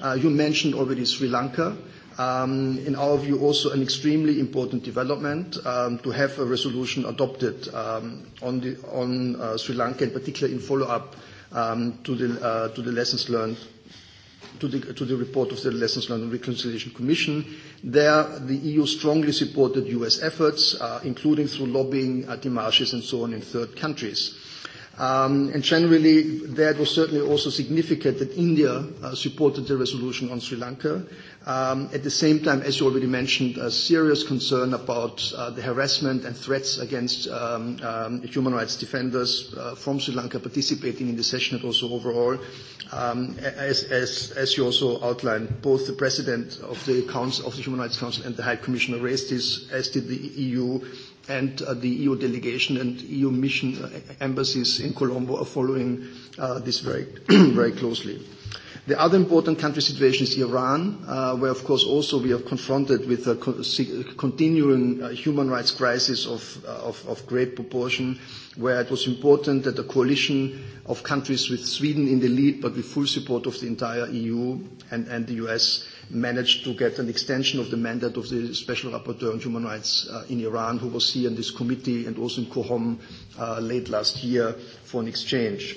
Uh, you mentioned already Sri Lanka. Um, in our view, also an extremely important development um, to have a resolution adopted um, on, the, on uh, Sri Lanka, in particular in follow-up um, to, the, uh, to the lessons learned to the, to the report of the Lessons Learned and Reconciliation Commission. There, the EU strongly supported US efforts, uh, including through lobbying, uh, demarches, and so on in third countries. Um, and generally, that was certainly also significant that India uh, supported the resolution on Sri Lanka. Um, at the same time, as you already mentioned, a serious concern about uh, the harassment and threats against um, um, human rights defenders uh, from Sri Lanka participating in the session and also overall. Um, as, as, as you also outlined, both the President of the, Council, of the Human Rights Council and the High Commissioner raised this, as did the EU and uh, the EU delegation and EU mission uh, embassies in Colombo are following uh, this very, [CLEARS THROAT] very closely. The other important country situation is Iran, uh, where of course also we are confronted with a continuing uh, human rights crisis of, uh, of, of great proportion, where it was important that a coalition of countries with Sweden in the lead, but with full support of the entire EU and, and the US, managed to get an extension of the mandate of the Special Rapporteur on Human Rights uh, in Iran, who was here in this committee and also in Cohom uh, late last year for an exchange.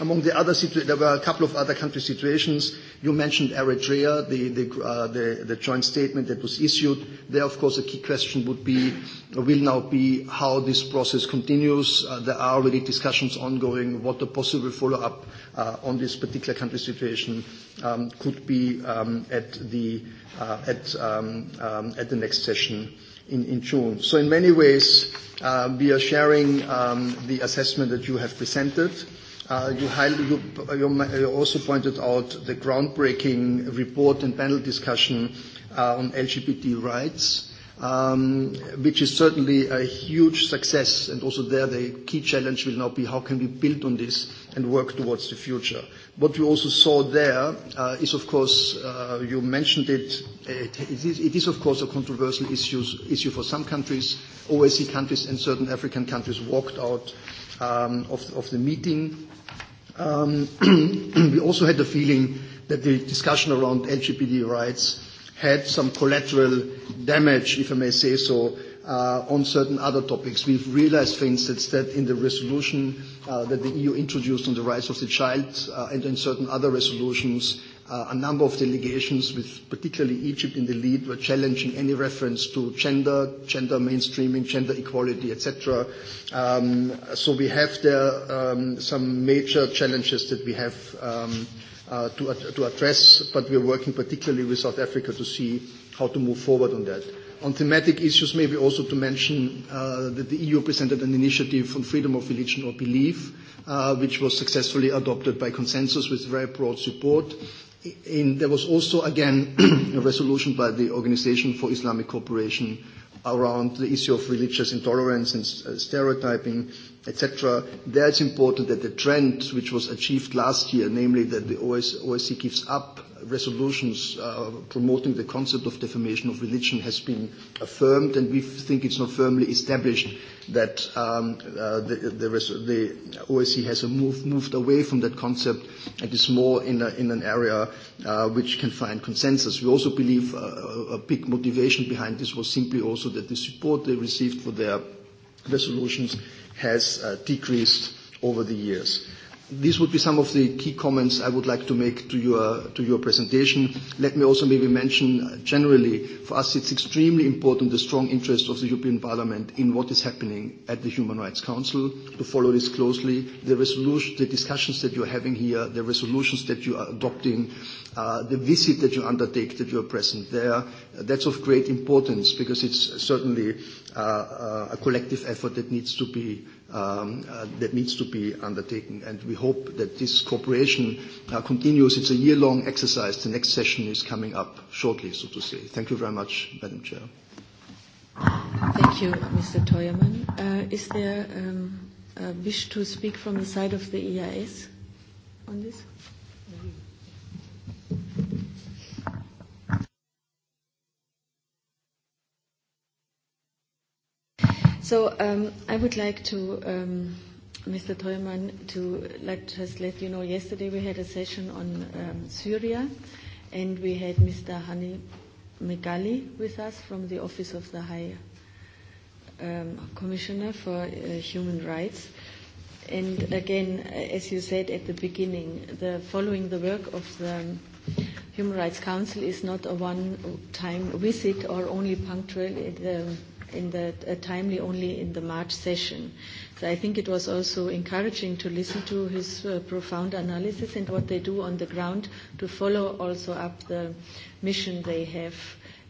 Among the other, situations, there were a couple of other country situations You mentioned Eritrea, the, the, uh, the, the joint statement that was issued. There, of course, a key question would be, will now be how this process continues. Uh, there are already discussions ongoing what the possible follow-up uh, on this particular country situation um, could be um, at, the, uh, at, um, um, at the next session in, in June. So in many ways, uh, we are sharing um, the assessment that you have presented. Uh, you, you also pointed out the groundbreaking report and panel discussion uh, on LGBT rights, um, which is certainly a huge success. And also there, the key challenge will now be how can we build on this and work towards the future. What we also saw there uh, is, of course, uh, you mentioned it, it, it, is, it is, of course, a controversial issues, issue for some countries. OSCE countries and certain African countries walked out um, of, of the meeting. Um, [CLEARS THROAT] we also had the feeling that the discussion around LGBT rights had some collateral damage, if I may say so, uh, on certain other topics. We've realized, for instance, that in the resolution uh, that the EU introduced on the rights of the child uh, and in certain other resolutions, uh, a number of delegations, with particularly Egypt in the lead, were challenging any reference to gender, gender mainstreaming, gender equality, etc. Um, so we have there um, some major challenges that we have um, uh, to, to address, but we're working particularly with South Africa to see how to move forward on that. On thematic issues, maybe also to mention uh, that the EU presented an initiative on freedom of religion or belief, uh, which was successfully adopted by consensus with very broad support. In, there was also, again, [CLEARS THROAT] a resolution by the Organization for Islamic Cooperation around the issue of religious intolerance and uh, stereotyping, etc., there it's important that the trend which was achieved last year, namely that the OS, OSCE gives up resolutions uh, promoting the concept of defamation of religion, has been affirmed, and we think it's not firmly established that um, uh, the, the, res- the OSCE has move, moved away from that concept and is more in, a, in an area uh, which can find consensus. We also believe uh, a big motivation behind this was simply also that the support they received for their resolutions has uh, decreased over the years. These would be some of the key comments I would like to make to your, to your presentation. Let me also maybe mention generally, for us, it's extremely important, the strong interest of the European Parliament in what is happening at the Human Rights Council, to follow this closely. The resolution, the discussions that you're having here, the resolutions that you are adopting, uh, the visit that you undertake, that you are present there, that's of great importance because it's certainly uh, uh, a collective effort that needs to be um, uh, that needs to be undertaken. And we hope that this cooperation uh, continues. It's a year-long exercise. The next session is coming up shortly, so to say. Thank you very much, Madam Chair. Thank you, Mr. Teuermann. Uh, is there um, a uh, wish to speak from the side of the EIS on this? So um, I would like to, um, Mr. Teumann, to like just let you know. Yesterday we had a session on um, Syria, and we had Mr. Hani Megali with us from the Office of the High um, Commissioner for uh, Human Rights. And again, uh, as you said at the beginning, the following the work of the um, Human Rights Council is not a one-time visit or only punctual. It, um, in the, uh, timely only in the March session. So I think it was also encouraging to listen to his uh, profound analysis and what they do on the ground to follow also up the mission they have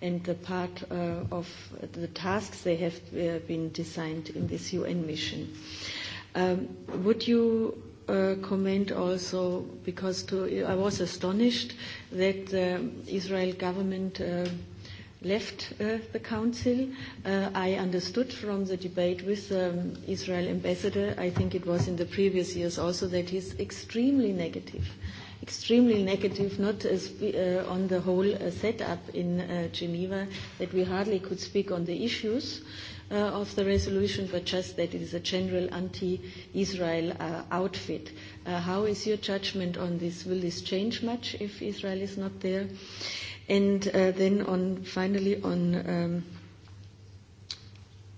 and the part uh, of the tasks they have uh, been designed in this UN mission. Um, would you Uh, comment also because to, I was astonished that the Israel government uh, left uh, the council. Uh, I understood from the debate with the um, Israel ambassador, I think it was in the previous years also, that he's extremely negative. Extremely negative, not as, uh, on the whole uh, setup in uh, Geneva, that we hardly could speak on the issues uh, of the resolution, but just that it is a general anti-Israel uh, outfit. Uh, how is your judgment on this? Will this change much if Israel is not there? Uh, And uh, then on finally on um,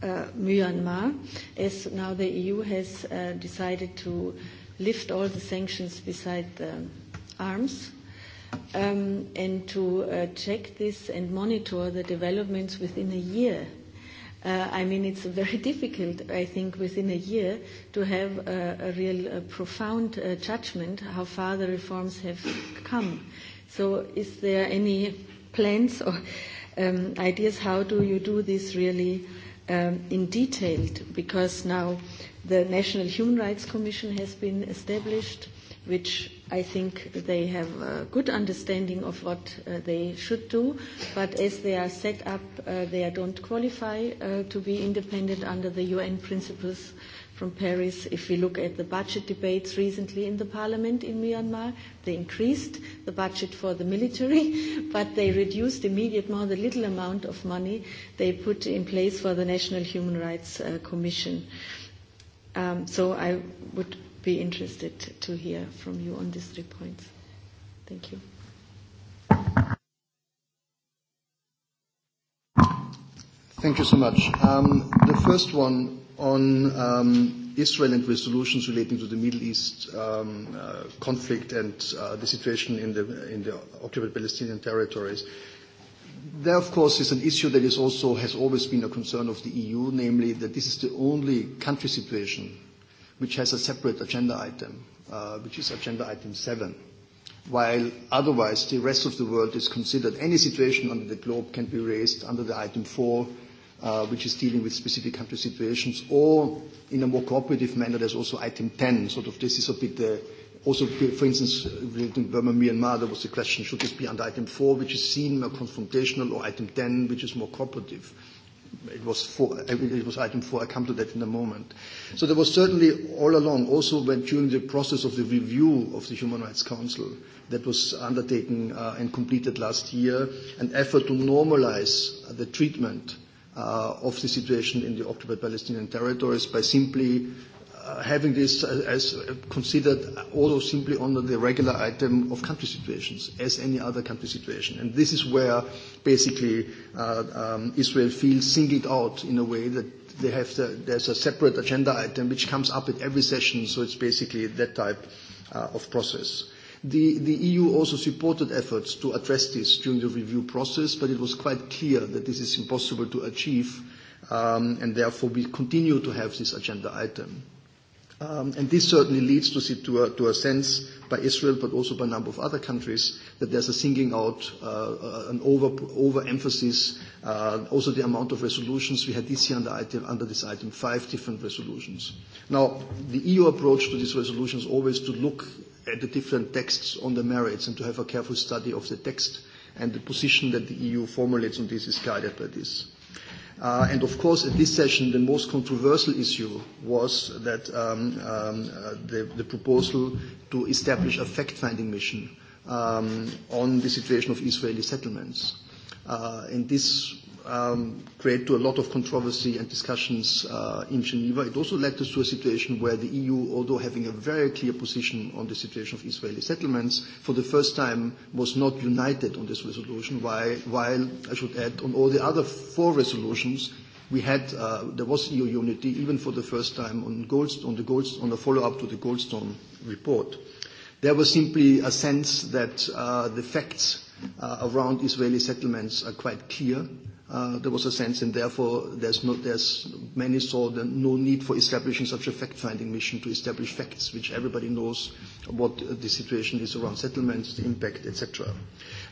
uh, Myanmar, as now the EU has uh, decided to lift all the sanctions beside the arms um, and to uh, check this and monitor the developments within a year. Uh, I mean, it's very [LAUGHS] difficult, I think, within a year to have a, a real a profound uh, judgment how far the reforms have come. So is there any plans or um, ideas? How do you do this really um, in detail? Because now the National Human Rights Commission has been established, which I think they have a good understanding of what uh, they should do, but as they are set up, uh, they don't qualify uh, to be independent under the UN principles from Paris. If we look at the budget debates recently in the parliament in Myanmar, they increased the budget for the military, but they reduced immediate more the little amount of money they put in place for the National Human Rights uh, Commission. Um, so I would be interested to hear from you on these three points. Thank you. Thank you so much. Um, the first one on um, Israel and resolutions relating to the Middle East um, uh, conflict and uh, the situation in the, in the occupied Palestinian territories. There, of course, is an issue that is also has always been a concern of the EU, namely that this is the only country situation which has a separate agenda item, uh, which is agenda item 7 while otherwise the rest of the world is considered. Any situation under the globe can be raised under the item 4 Uh, which is dealing with specific country situations, or in a more cooperative manner, there's also item 10. Sort of this is a bit the, uh, also, for instance, relating Burma, Myanmar, there was the question, should this be under item 4, which is seen more confrontational, or item 10, which is more cooperative? It was, four, uh, it was item 4. I come to that in a moment. So there was certainly all along, also when, during the process of the review of the Human Rights Council, that was undertaken uh, and completed last year, an effort to normalize the treatment uh, of the situation in the occupied Palestinian territories by simply uh, having this as, as considered also simply under the regular item of country situations, as any other country situation. And this is where basically uh, um, Israel feels singled out in a way that they have the, there's a separate agenda item which comes up at every session, so it's basically that type uh, of process. The, the EU also supported efforts to address this during the review process, but it was quite clear that this is impossible to achieve, um, and therefore we continue to have this agenda item. Um, and this certainly leads to, to, a, to a sense by Israel, but also by a number of other countries, that there's a singing out, uh, uh, an over, overemphasis. Uh, also, the amount of resolutions we had this year under, item, under this item, five different resolutions. Now, the EU approach to these resolutions always to look at the different texts on the merits and to have a careful study of the text and the position that the EU formulates on this is guided by this. Uh, and of course, at this session, the most controversial issue was that um, um, uh, the, the proposal to establish a fact-finding mission um, on the situation of Israeli settlements. Uh, and this um, create to a lot of controversy and discussions uh, in Geneva. It also led us to a situation where the EU, although having a very clear position on the situation of Israeli settlements, for the first time was not united on this resolution, while, while I should add, on all the other four resolutions, we had, uh, there was EU unity, even for the first time on, Goldstone, on, the, the follow-up to the Goldstone report. There was simply a sense that uh, the facts uh, around Israeli settlements are quite clear, Uh, there was a sense, and therefore there's, no, there's many saw the no need for establishing such a fact-finding mission to establish facts, which everybody knows what the situation is around settlements, the impact, etc.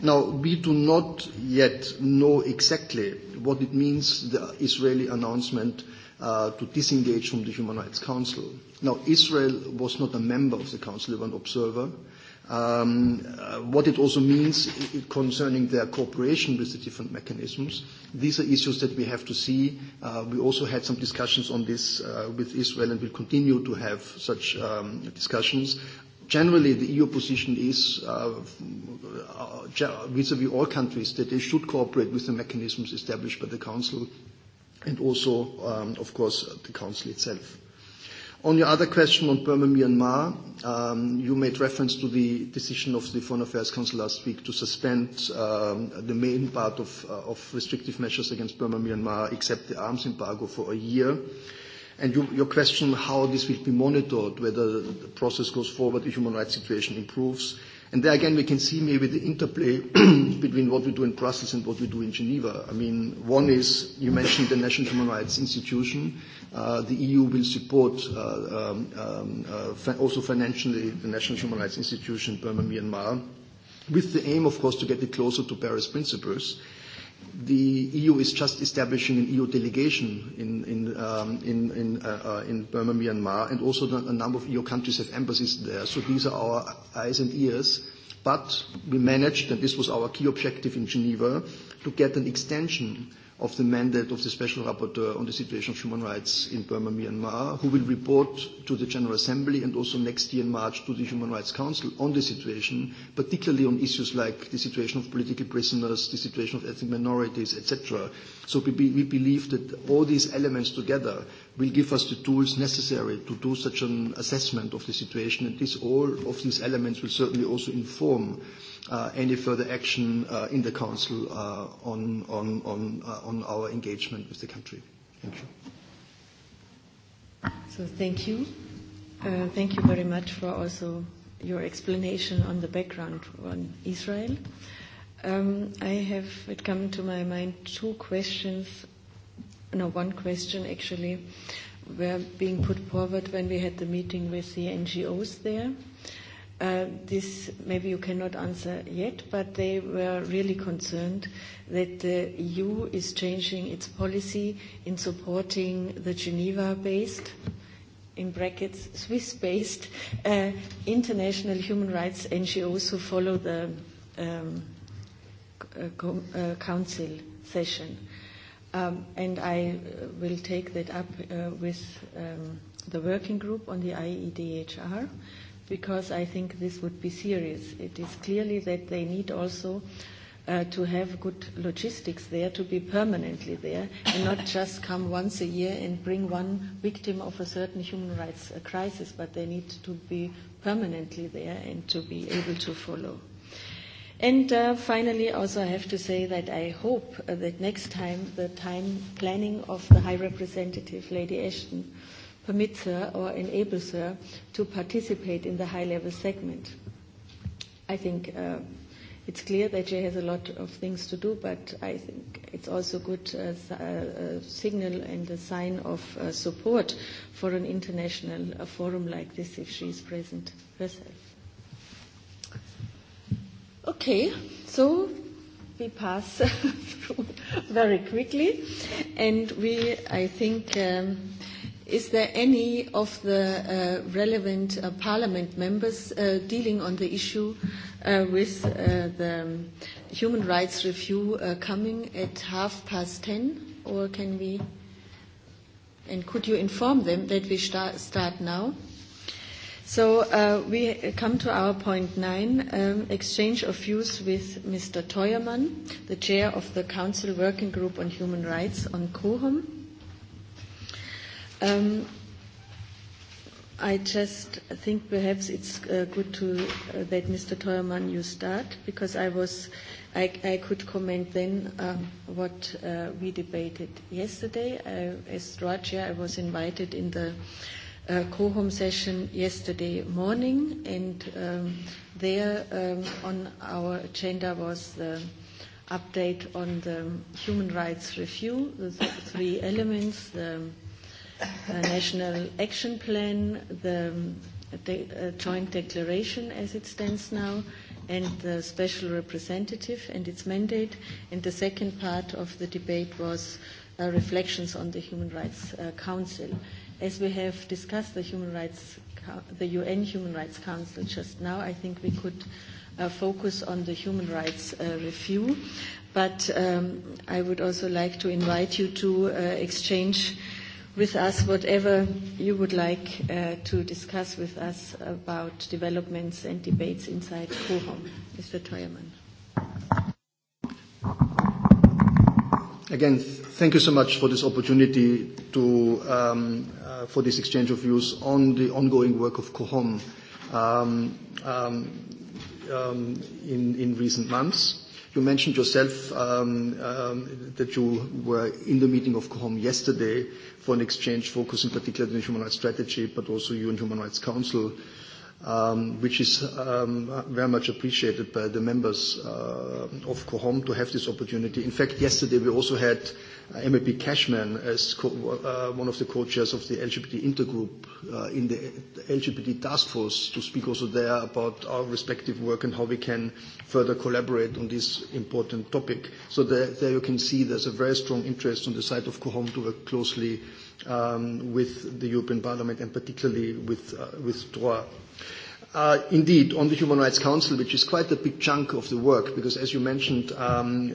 Now we do not yet know exactly what it means the Israeli announcement uh, to disengage from the Human Rights Council. Now Israel was not a member of the Council; but an observer um, uh, what it also means concerning their cooperation with the different mechanisms. These are issues that we have to see. Uh, we also had some discussions on this uh, with Israel and will continue to have such um, discussions. Generally, the EU position is vis-à-vis uh, uh -vis all countries that they should cooperate with the mechanisms established by the Council and also, um, of course, the Council itself. On your other question on Burma, Myanmar, um, you made reference to the decision of the Foreign Affairs Council last week to suspend um, the main part of, uh, of restrictive measures against Burma, Myanmar, except the arms embargo for a year. And you, your question how this will be monitored, whether the process goes forward, the human rights situation improves, And there again, we can see maybe the interplay [CLEARS THROAT] between what we do in Brussels and what we do in Geneva. I mean, one is, you mentioned the National Human Rights Institution. Uh, the EU will support uh, um, um uh, fa- also financially the National Human Rights Institution in Burma, Myanmar, with the aim, of course, to get it closer to Paris principles. Uh, the EU is just establishing an EU delegation in, in, um, in, in, uh, uh, in Burma, Myanmar, and also a number of EU countries have embassies there. So these are our eyes and ears. But we managed, and this was our key objective in Geneva, to get an extension of the mandate of the Special Rapporteur on the situation of human rights in Burma, Myanmar, who will report to the General Assembly and also next year in March to the Human Rights Council on the situation, particularly on issues like the situation of political prisoners, the situation of ethnic minorities, etc. So we, we believe that all these elements together will give us the tools necessary to do such an assessment of the situation, and this, all of these elements will certainly also inform Uh, any further action uh, in the Council uh, on, on, on, uh, on our engagement with the country. Thank you. So thank you. Uh, thank you very much for also your explanation on the background on Israel. Um, I have it come to my mind two questions, no, one question actually, were being put forward when we had the meeting with the NGOs there. Uh, this maybe you cannot answer yet, but they were really concerned that the EU is changing its policy in supporting the Geneva-based, in brackets, Swiss-based, uh, international human rights NGOs who follow the um, uh, uh, council session. Um, and I uh, will take that up uh, with um, the working group on the IEDHR because I think this would be serious. It is clearly that they need also uh, to have good logistics there, to be permanently there, and not [LAUGHS] just come once a year and bring one victim of a certain human rights uh, crisis, but they need to be permanently there and to be able to follow. And uh, finally, also I have to say that I hope uh, that next time the time planning of the High Representative, Lady Ashton, permits her or enables her to participate in the high-level segment. I think uh, it's clear that she has a lot of things to do, but I think it's also good uh, uh a signal and a sign of uh, support for an international uh, forum like this if she is present herself. Okay, so we pass [LAUGHS] through very quickly, and we, I think. Um, Is there any of the uh, relevant uh, parliament members uh, dealing on the issue uh, with uh, the human rights review uh, coming at half past ten? Or can we, and could you inform them that we start, start now? So uh, we come to our point nine, um, exchange of views with Mr. Teuermann, the chair of the Council Working Group on Human Rights on COHOM. Um, I just think perhaps it's uh, good to uh, that Mr. Teuermann you start because I was I, I could comment then um, what uh, we debated yesterday. I, as Roger, I was invited in the uh, co-home session yesterday morning, and um, there um, on our agenda was the update on the human rights review, the th- three elements. The, National Action Plan, the de- uh, Joint Declaration as it stands now, and the Special Representative and its mandate. And the second part of the debate was uh, reflections on the Human Rights uh, Council. As we have discussed the Human Rights, the UN Human Rights Council just now, I think we could uh, focus on the human rights uh, review. But um, I would also like to invite you to uh, exchange with us whatever you would like uh, to discuss with us about developments and debates inside COHOM. Mr. Teuermann. Again, thank you so much for this opportunity to, um, uh, for this exchange of views on the ongoing work of COHOM um, um, um, in, in recent months. You mentioned yourself um, um, that you were in the meeting of COHOM yesterday for an exchange focus in particular on the human rights strategy, but also UN Human Rights Council, um, which is very much appreciated by the members uh, of COHOM to have this opportunity. In fact, yesterday we also had uh, MEP Cashman as co- uh, one of the co-chairs of the LGBT intergroup uh, in the LGBT task force to speak also there about our respective work and how we can further collaborate on this important topic. So there, there you can see there's a very strong interest on the side of COHOM to work closely um, with the European Parliament and particularly with, uh, with DROA. Uh, indeed, on the Human Rights Council, which is quite a big chunk of the work, because as you mentioned, um,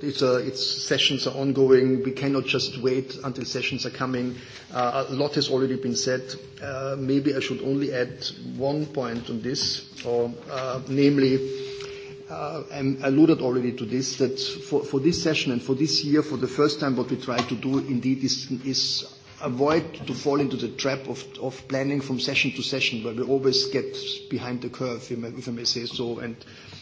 it's, uh, it's sessions are ongoing. We cannot just wait until sessions are coming. Uh, a lot has already been said. Uh, maybe I should only add one point on this, or uh, namely, uh, I alluded already to this, that for, for this session and for this year, for the first time, what we try to do indeed is, is avoid to fall into the trap of, of planning from session to session, where we always get behind the curve, if I may say so, and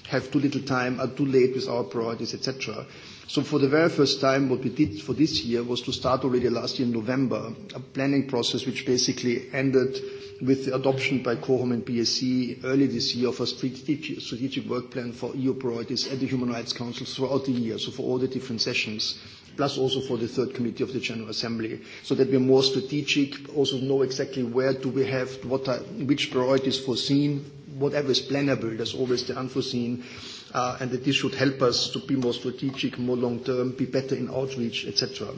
have too little time, are too late with our priorities, etc. So for the very first time, what we did for this year was to start already last year in November a planning process which basically ended with the adoption by Cohom and BSC early this year of a strategic work plan for EU priorities at the Human Rights Council throughout the year, so for all the different sessions plus also for the third committee of the General Assembly, so that we're more strategic, also know exactly where do we have, what are, which priorities foreseen, whatever is plannable, there's always the unforeseen, uh, and that this should help us to be more strategic, more long-term, be better in outreach, etc.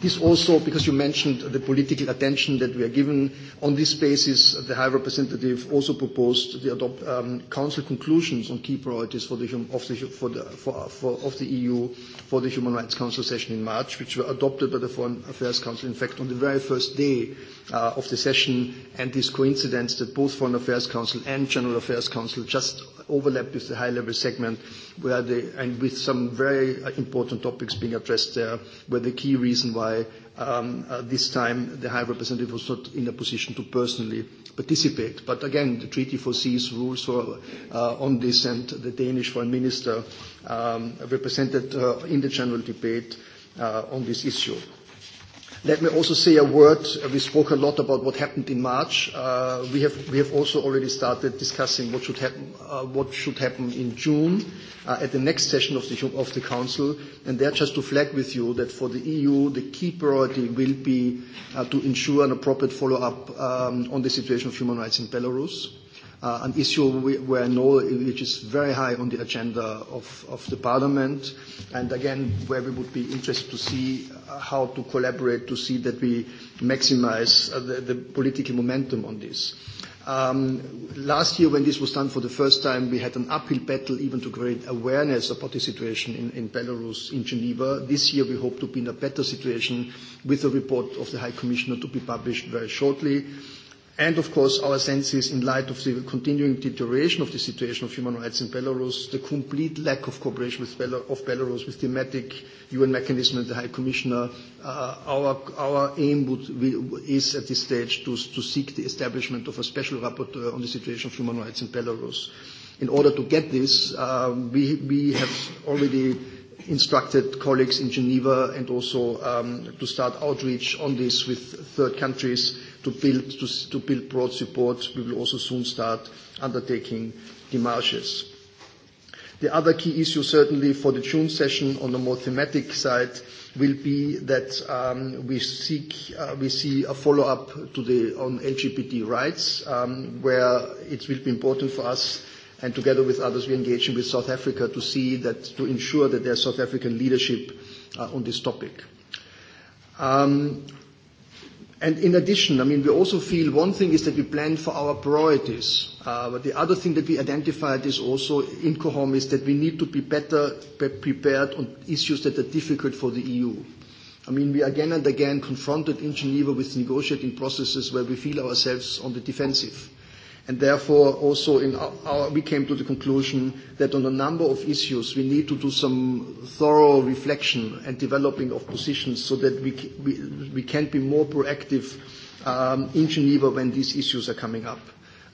This also, because you mentioned the political attention that we are given, on this basis, the High Representative also proposed the adopt um, Council conclusions on key priorities for the, of, the, for the, for, for, of the EU for the Human Rights Council session in March, which were adopted by the Foreign Affairs Council, in fact, on the very first day uh, of the session and this coincidence that both Foreign Affairs Council and General Affairs Council just overlapped with the high-level segment where they, and with some very uh, important topics being addressed there were the key reason why um, uh, this time the High Representative was not in a position to personally participate. But again, the treaty foresees rules for, uh, on this, and the Danish Foreign Minister um, represented uh, in the general debate uh, on this issue. Let me also say a word. We spoke a lot about what happened in March. Uh, we, have, we have also already started discussing what should happen, uh, what should happen in June uh, at the next session of the, of the Council. And there, just to flag with you that for the EU, the key priority will be uh, to ensure an appropriate follow-up um, on the situation of human rights in Belarus uh, an issue we, I know which is very high on the agenda of, of the Parliament, and again where we would be interested to see uh, how to collaborate to see that we maximize uh, the, the political momentum on this. Um, last year, when this was done for the first time, we had an uphill battle even to create awareness about the situation in, in Belarus, in Geneva. This year, we hope to be in a better situation with a report of the High Commissioner to be published very shortly. And of course, our sense is, in light of the continuing deterioration of the situation of human rights in Belarus, the complete lack of cooperation with Bel- of Belarus with thematic UN mechanism and the High Commissioner, uh, our, our aim would, is at this stage to, to seek the establishment of a special rapporteur on the situation of human rights in Belarus. In order to get this, uh, we, we have already instructed colleagues in Geneva and also um, to start outreach on this with third countries to build, broad support. We will also soon start undertaking démarches. The other key issue, certainly for the June session on the more thematic side, will be that um, we seek, uh, we see a follow-up to the, on LGBT rights, um, where it will be important for us, and together with others, we're engaging with South Africa to see that, to ensure that there's South African leadership uh, on this topic. Um, And in addition, I mean, we also feel one thing is that we plan for our priorities. Uh, but the other thing that we identified is also in COHOM is that we need to be better prepared on issues that are difficult for the EU. I mean, we again and again confronted in Geneva with negotiating processes where we feel ourselves on the defensive. And therefore, also in our, we came to the conclusion that on a number of issues, we need to do some thorough reflection and developing of positions so that we, we, we can be more proactive um, in Geneva when these issues are coming up.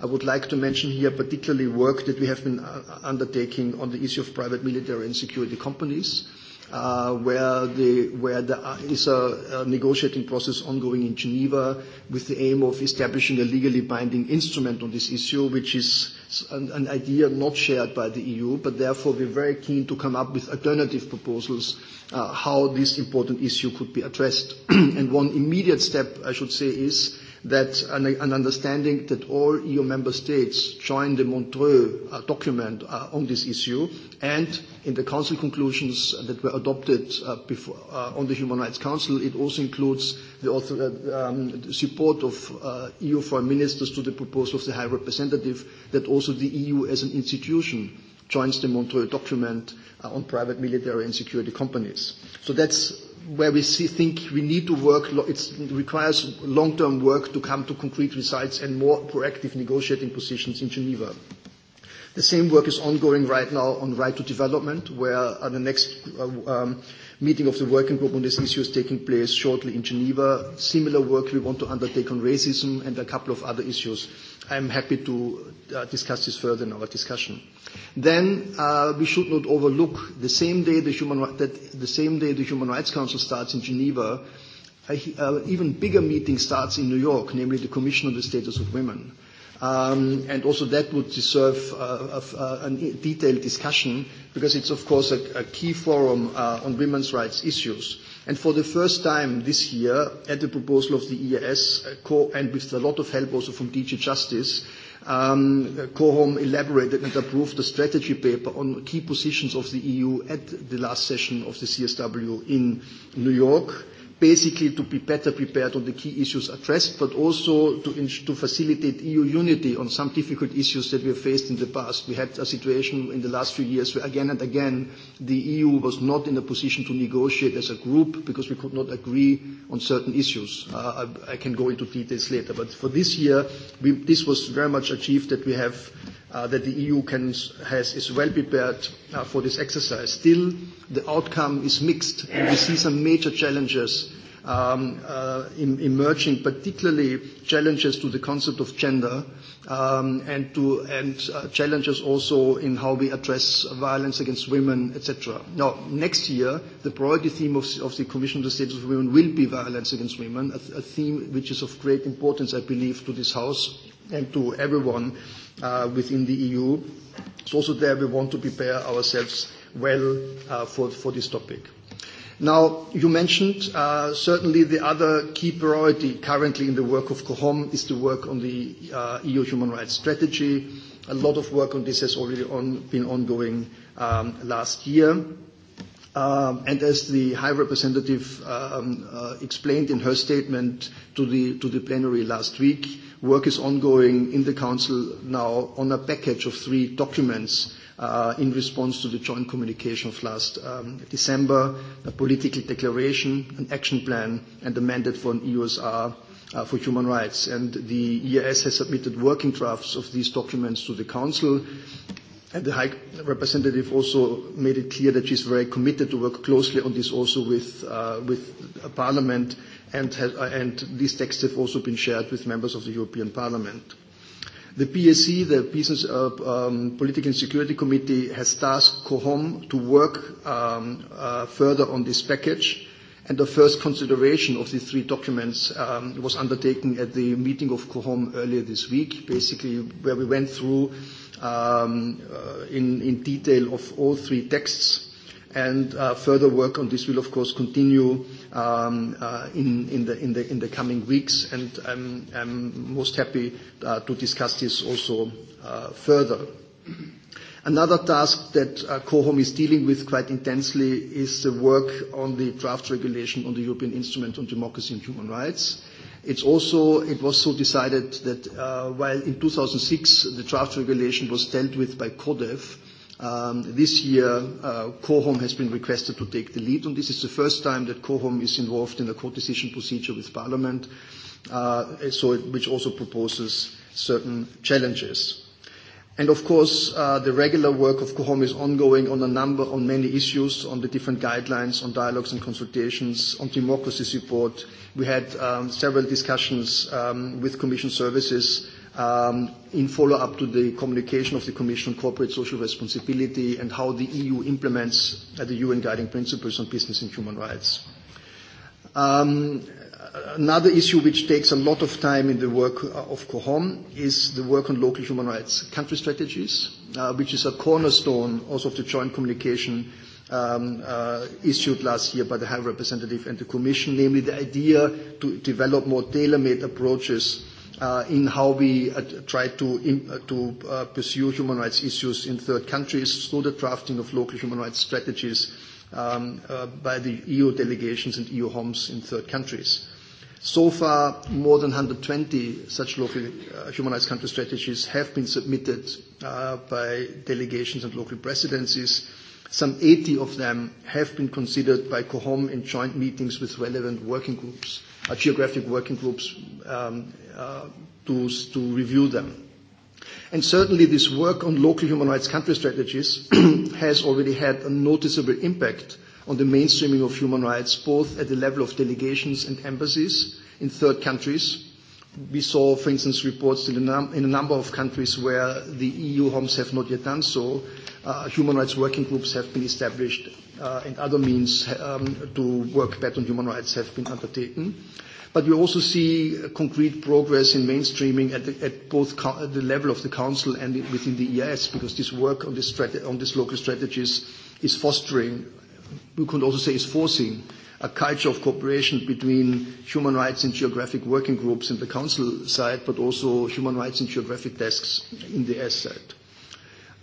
I would like to mention here particularly work that we have been uh, undertaking on the issue of private military and security companies Uh, where, there uh, is a, negotiating process ongoing in Geneva with the aim of establishing a legally binding instrument on this issue, which is an, idea not shared by the EU, but therefore we're very keen to come up with alternative proposals uh, how this important issue could be addressed. [CLEARS THROAT] and one immediate step, I should say, is that an, an understanding that all EU member states join the Montreux uh, document uh, on this issue and in the Council conclusions that were adopted uh, before, uh, on the Human Rights Council, it also includes the, author, uh, um, the support of uh, EU foreign ministers to the proposal of the High Representative that also the EU as an institution joins the Montreux document uh, on private military and security companies. So that's where we see, think we need to work, it requires long-term work to come to concrete results and more proactive negotiating positions in Geneva. The same work is ongoing right now on right to development, where uh, the next uh, um, meeting of the working group on this issue is taking place shortly in Geneva. Similar work we want to undertake on racism and a couple of other issues. I'm happy to uh, discuss this further in our discussion. Then uh, we should not overlook the same day the human that the same day the Human Rights Council starts in Geneva, an uh, even bigger meeting starts in New York, namely the Commission on the Status of Women. Um, and also that would deserve uh, a, uh, a detailed discussion because it's of course a, a key forum uh, on women's rights issues. And for the first time this year, at the proposal of the EAS, uh, co- and with a lot of help also from DG Justice, um, uh, Cohom elaborated and approved a strategy paper on key positions of the EU at the last session of the CSW in New York basically to be better prepared on the key issues addressed, but also to, to facilitate EU unity on some difficult issues that we have faced in the past. We had a situation in the last few years where again and again the EU was not in a position to negotiate as a group because we could not agree on certain issues. Uh, I, I can go into details later, but for this year, we, this was very much achieved that we have Uh, that the EU can, has, is well prepared uh, for this exercise. Still, the outcome is mixed, and we see some major challenges um, uh, in, emerging, particularly challenges to the concept of gender um, and, to, and uh, challenges also in how we address violence against women, etc. Now, next year, the priority theme of, of the Commission on the Status of Women will be violence against women, a, a theme which is of great importance, I believe, to this House and to everyone uh, within the EU. So also there we want to prepare ourselves well uh, for, for this topic. Now, you mentioned uh, certainly the other key priority currently in the work of COHOM is the work on the uh, EU human rights strategy. A lot of work on this has already on, been ongoing um, last year. Um, and as the High Representative um, uh, explained in her statement to the, to the plenary last week, work is ongoing in the Council now on a package of three documents uh, in response to the joint communication of last um, December, a political declaration, an action plan, and a mandate for an EUSR uh, for human rights. And the EAS has submitted working drafts of these documents to the Council And the High Representative also made it clear that she's very committed to work closely on this also with, uh, with Parliament, and, has, uh, and these texts have also been shared with members of the European Parliament. The PSC, the Business uh, um, Political and Security Committee, has tasked COHOM to work um, uh, further on this package, and the first consideration of these three documents um, was undertaken at the meeting of COHOM earlier this week, basically where we went through um, uh, in, in detail of all three texts. And uh, further work on this will, of course, continue um, uh, in, in, the, in, the, in the coming weeks. And I'm, I'm most happy uh, to discuss this also uh, further. Another task that uh, COHOM is dealing with quite intensely is the work on the draft regulation on the European Instrument on Democracy and Human Rights. It's also, it was so decided that uh, while in 2006 the draft regulation was dealt with by CODEF, um, this year uh, COHOM has been requested to take the lead, and this is the first time that COHOM is involved in a co-decision procedure with Parliament, uh, so it, which also proposes certain challenges. And Of course, uh, the regular work of COHOM is ongoing on a number, on many issues, on the different guidelines, on dialogues and consultations, on democracy support. We had um, several discussions um, with commission services um, in follow-up to the communication of the commission on corporate social responsibility and how the EU implements uh, the UN guiding principles on business and human rights. Um, Another issue which takes a lot of time in the work uh, of COHOM is the work on local human rights country strategies, uh, which is a cornerstone also of the joint communication um, uh, issued last year by the High Representative and the Commission, namely the idea to develop more tailor-made approaches uh, in how we uh, try to, in, uh, to uh, pursue human rights issues in third countries through the drafting of local human rights strategies um, uh, by the EU delegations and EU homes in third countries. So far, more than 120 such local uh, human rights country strategies have been submitted uh, by delegations and local presidencies. Some 80 of them have been considered by COHOM in joint meetings with relevant working groups, uh, geographic working groups, um, uh, to, to review them. And certainly this work on local human rights country strategies [CLEARS THROAT] has already had a noticeable impact uh, on the mainstreaming of human rights, both at the level of delegations and embassies in third countries. We saw, for instance, reports in a, num- in a number of countries where the EU homes have not yet done so. Uh, human rights working groups have been established uh, and other means um, to work better on human rights have been undertaken. But we also see uh, concrete progress in mainstreaming at, the, at both co- at the level of the Council and within the EIS, because this work on, this strate- on these local strategies is fostering we could also say is forcing a culture of cooperation between human rights and geographic working groups in the council side, but also human rights and geographic desks in the S side.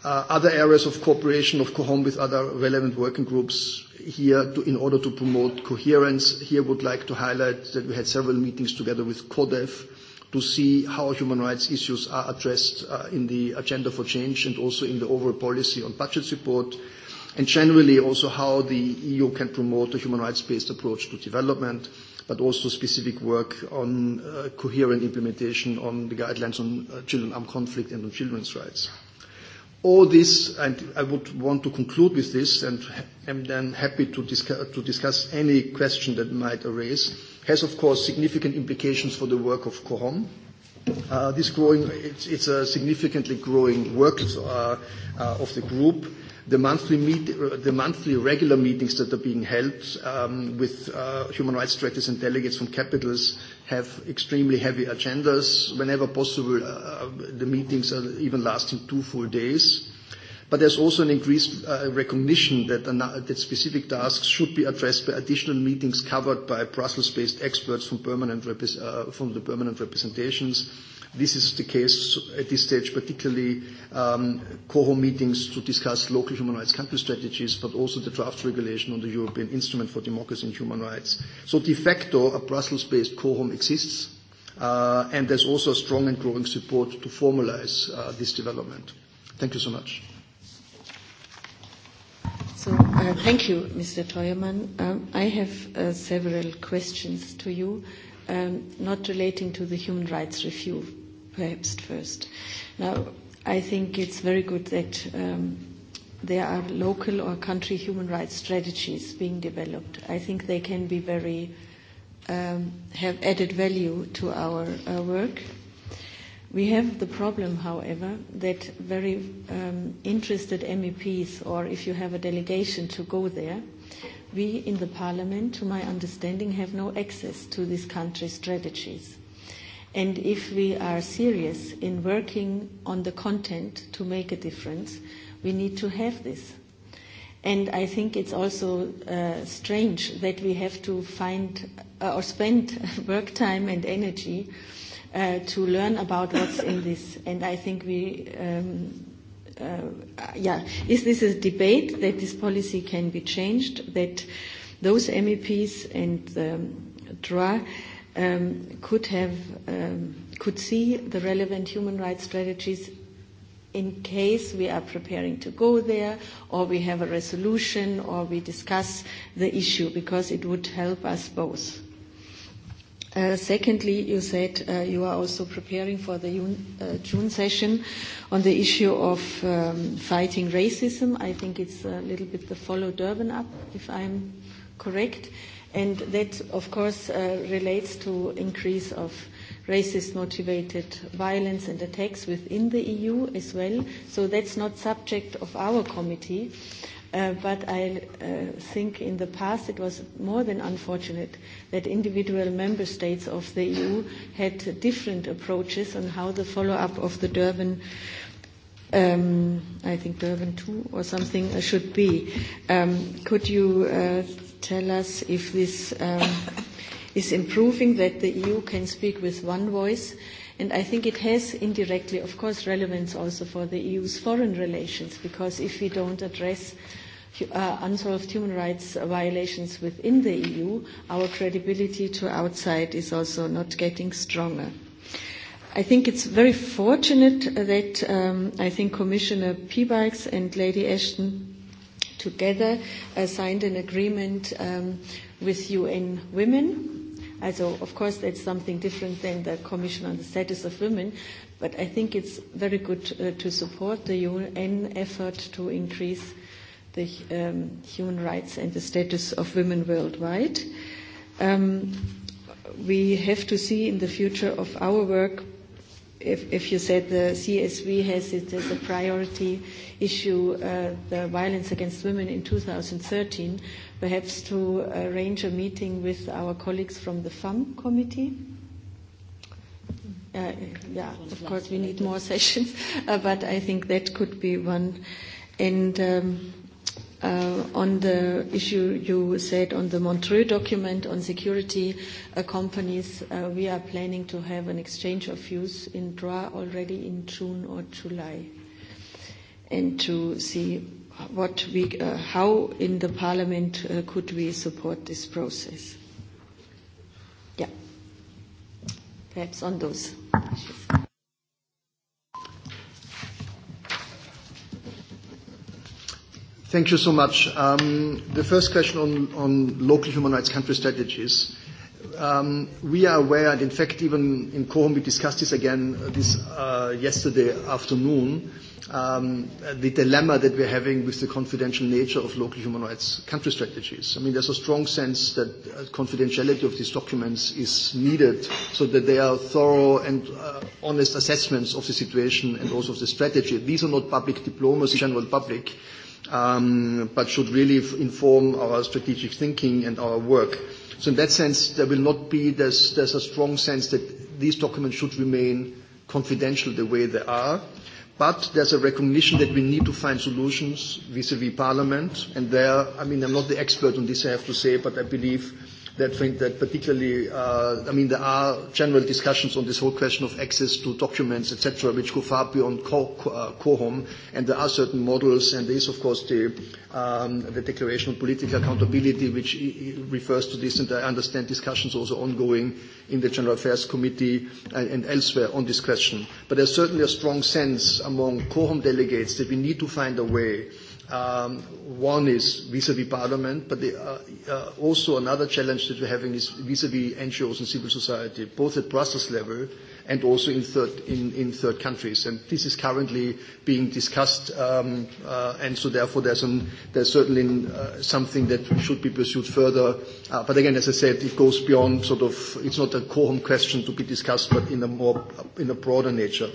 Uh, other areas of cooperation of COHOM with other relevant working groups here to, in order to promote coherence. Here would like to highlight that we had several meetings together with CODEF to see how human rights issues are addressed uh, in the agenda for change and also in the overall policy on budget support and generally also how the EU can promote a human rights-based approach to development, but also specific work on uh, coherent implementation on the guidelines on uh, children armed conflict and on children's rights. All this, and I would want to conclude with this, and am then happy to, discuss, to discuss any question that might arise, has of course significant implications for the work of COHOM. Uh, this growing, it's, it's a significantly growing work uh, uh, of the group Uh, the monthly, regular meetings that are being held um, with uh, human rights directors and delegates from capitals have extremely heavy agendas. Whenever possible, uh, the meetings are even lasting two full days. But there's also an increased recognition that, specific tasks should be addressed by additional meetings covered by Brussels-based experts from the permanent representations This is the case at this stage, particularly um, COHO meetings to discuss local human rights country strategies, but also the draft regulation on the European Instrument for Democracy and Human Rights. So de facto, a Brussels-based CoHo exists, uh, and there's also a strong and growing support to formalize uh, this development. Thank you so much. So, uh, thank you, Mr. Teuermann. Um, I have uh, several questions to you, um, not relating to the human rights review, perhaps first. Now, I think it's very good that um, there are local or country human rights strategies being developed. I think they can be very um, have added value to our uh, work. We have the problem, however, that very um, interested MEPs, or if you have a delegation to go there, we in the parliament, to my understanding, have no access to these country strategies. And if we are serious in working on the content to make a difference, we need to have this. And I think it's also uh, strange that we have to find uh, or spend [LAUGHS] work time and energy uh, to learn about what's in this. And I think we, um, uh, yeah, is this a debate that this policy can be changed? That those MEPs and the um, DRA um, could have um, could see the relevant human rights strategies in case we are preparing to go there or we have a resolution or we discuss the issue because it would help us both. Uh, secondly, you said uh, you are also preparing for the June, uh, June session on the issue of um, fighting racism. I think it's a little bit the follow Durban up, if I'm correct. Uh, And that, of course, uh, relates to increase of racist-motivated violence and attacks within the EU as well. So that's not subject of our committee. Uh, but I uh, think in the past it was more than unfortunate that individual member states of the EU had different approaches on how the follow-up of the Durban um, I think Durban 2 or something uh, should be. Um, could you uh, tell us if this um, is improving, that the EU can speak with one voice. And I think it has indirectly, of course, relevance also for the EU's foreign relations, because if we don't address uh, unsolved human rights violations within the EU, our credibility to outside is also not getting stronger. I think it's very fortunate that um, I think Commissioner Peebikes and Lady Ashton together uh, signed an agreement um, with UN Women. Also, of course, that's something different than the Commission on the Status of Women, but I think it's very good uh, to support the UN effort to increase the um, human rights and the status of women worldwide. Um, we have to see in the future of our work if, if you said the CSV has it as a priority issue, uh, the violence against women in 2013, perhaps to arrange a meeting with our colleagues from the FAM committee. Uh, yeah, of course, we need more [LAUGHS] sessions, uh, but I think that could be one. And um, Uh, on the issue you said on the Montreux document on security uh, companies, uh, we are planning to have an exchange of views in DRA already in June or July, and to see what we, uh, how in the Parliament uh, could we support this process. Yeah, perhaps on those issues. Thank you so much. Um, the first question on, on local human rights country strategies. Um, we are aware, and in fact, even in Cohen, we discussed this again uh, this uh, yesterday afternoon, um, the dilemma that we're having with the confidential nature of local human rights country strategies. I mean, there's a strong sense that uh, confidentiality of these documents is needed so that they are thorough and uh, honest assessments of the situation and also of the strategy. These are not public diplomas, general public um, but should really inform our strategic thinking and our work. So in that sense, there will not be, there's, there's a strong sense that these documents should remain confidential the way they are. But there's a recognition that we need to find solutions vis-à-vis -vis Parliament. And there, I mean, I'm not the expert on this, I have to say, but I believe that, that particularly, uh, I mean, there are general discussions on this whole question of access to documents, etc., which go far beyond COHOM, uh, and there are certain models, and there is, of course, the, um, the Declaration on Political Accountability, which refers to this, and I understand discussions also ongoing in the General Affairs Committee and, uh, and elsewhere on this question. But there's certainly a strong sense among COHOM delegates that we need to find a way Um, one is vis-à-vis -vis Parliament, but the, uh, uh, also another challenge that we're having is vis-à-vis -vis NGOs and civil society, both at Brussels level and also in third, in, in third countries. And this is currently being discussed, um, uh, and so therefore there's, an, there's certainly uh, something that should be pursued further. Uh, but again, as I said, it goes beyond sort of, it's not a quorum question to be discussed, but in a more, in a broader nature.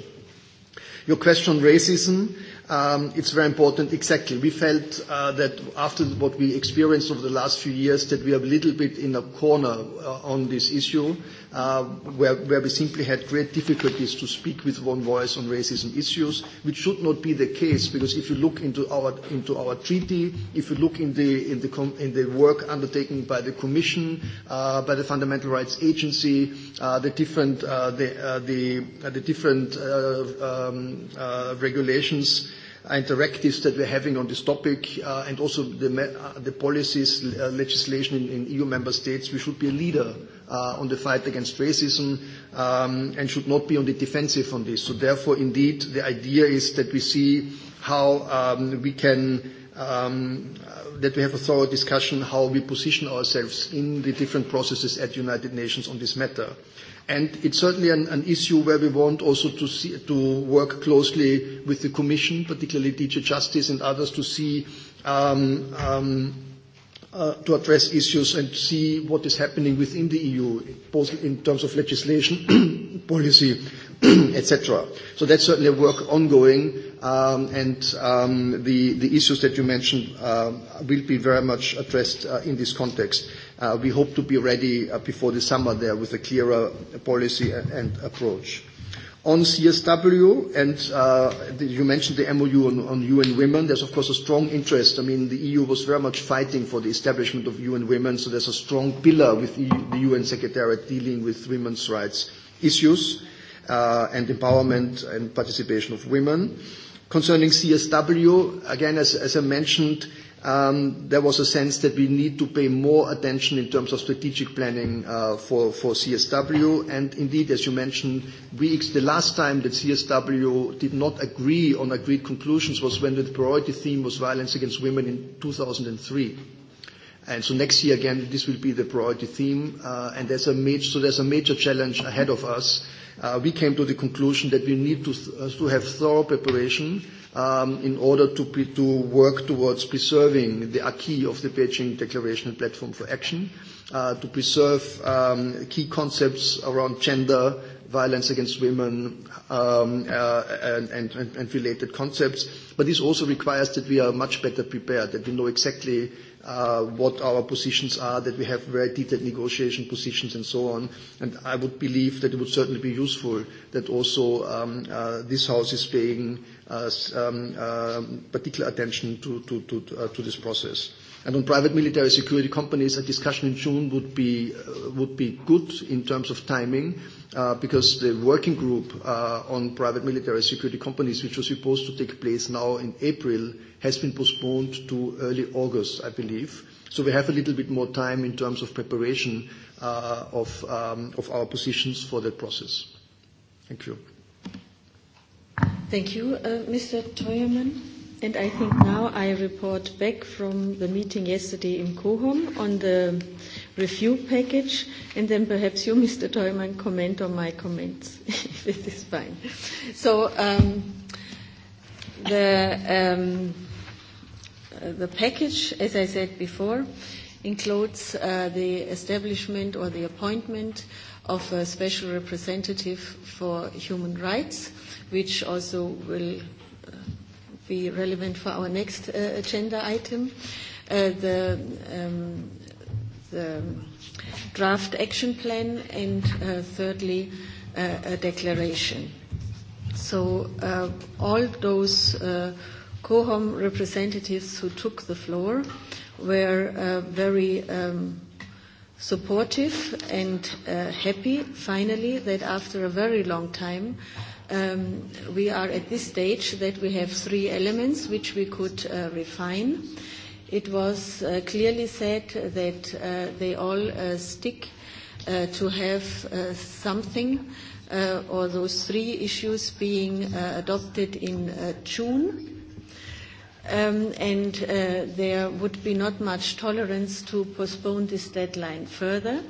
Your question on racism, Um, it's very important. Exactly. We felt uh, that after what we experienced over the last few years, that we are a little bit in a corner uh, on this issue, uh, where, where we simply had great difficulties to speak with one voice on racism issues, which should not be the case, because if you look into our, into our treaty, if you look in the, in the, com- in the work undertaken by the Commission, uh, by the Fundamental Rights Agency, uh, the different, uh, the, uh, the, uh, the different uh, um, uh, regulations, Uh, interactives that we're having on this topic uh, and also the, uh, the policies, uh, legislation in, in EU member states. We should be a leader uh, on the fight against racism um, and should not be on the defensive on this. So therefore, indeed, the idea is that we see how um, we can um, that we have a thorough discussion how we position ourselves in the different processes at United Nations on this matter. And it's certainly an, an issue where we want also to, see, to work closely with the Commission, particularly DJ Justice and others, to see um, um, Uh, to address issues and see what is happening within the EU, both in terms of legislation, [COUGHS] policy, [COUGHS] etc. So that's certainly a work ongoing, Um, and um, the, issues that you mentioned um, will be very much addressed uh, in this context. Uh, we hope to be ready uh, before the summer there with a clearer policy and approach. On CSW, and you mentioned the MOU on, UN women, there's of course a strong interest. I mean, the EU was very much fighting for the establishment of UN women, so there's a strong pillar with e the UN Secretariat dealing with women's rights issues and empowerment and participation of women. Concerning CSW, again, as, I mentioned, um, there was a sense that we need to pay more attention in terms of strategic planning uh, for, CSW. And indeed, as you mentioned, the last time that CSW did not agree on agreed conclusions was when the priority theme was violence against women in 2003. And so next year, again, this will be the priority theme. Uh, and there's a major, so there's a major challenge ahead of us. Uh, we came to the conclusion that we need to, uh, to have thorough preparation um, in order to, pre- to work towards preserving the acquis of the Beijing Declaration and Platform for Action, uh, to preserve um, key concepts around gender, violence against women, um, uh, and, and, and related concepts. But this also requires that we are much better prepared, that we know exactly uh, what our positions are, that we have very detailed negotiation positions and so on. And I would believe that it would certainly be useful that also um, uh, this House is paying uh, um, uh, particular attention to, to, to, uh, to this process. And on private military security companies, a discussion in June would be, uh, would be good in terms of timing. Uh, because the working group uh, on private military security companies, which was supposed to take place now in April, has been postponed to early August, I believe. So we have a little bit more time in terms of preparation uh, of, um, of our positions for that process. Thank you. Thank you. Uh, Mr. Teuermann? And I think now I report back from the meeting yesterday in Cohom on the review package, and then perhaps you, [LAUGHS] Mr. Teumann, comment on my comments, [LAUGHS] if it is fine. So um, the, um, the package, as I said before, includes uh, the establishment or the appointment of a special representative for human rights, which also will uh, be relevant for our next uh, agenda item. Uh, the, um, the draft action plan and uh, thirdly, uh, a declaration. So uh, all those uh, COHOM representatives who took the floor were uh, very um, supportive and uh, happy finally that after a very long time um, we are at this stage that we have three elements which we could uh, refine. It was uh, clearly said that uh, they all uh, stick uh, to have uh, something uh, or those three issues being uh, adopted in uh, June. Um, and uh, there would be not much tolerance to postpone this deadline further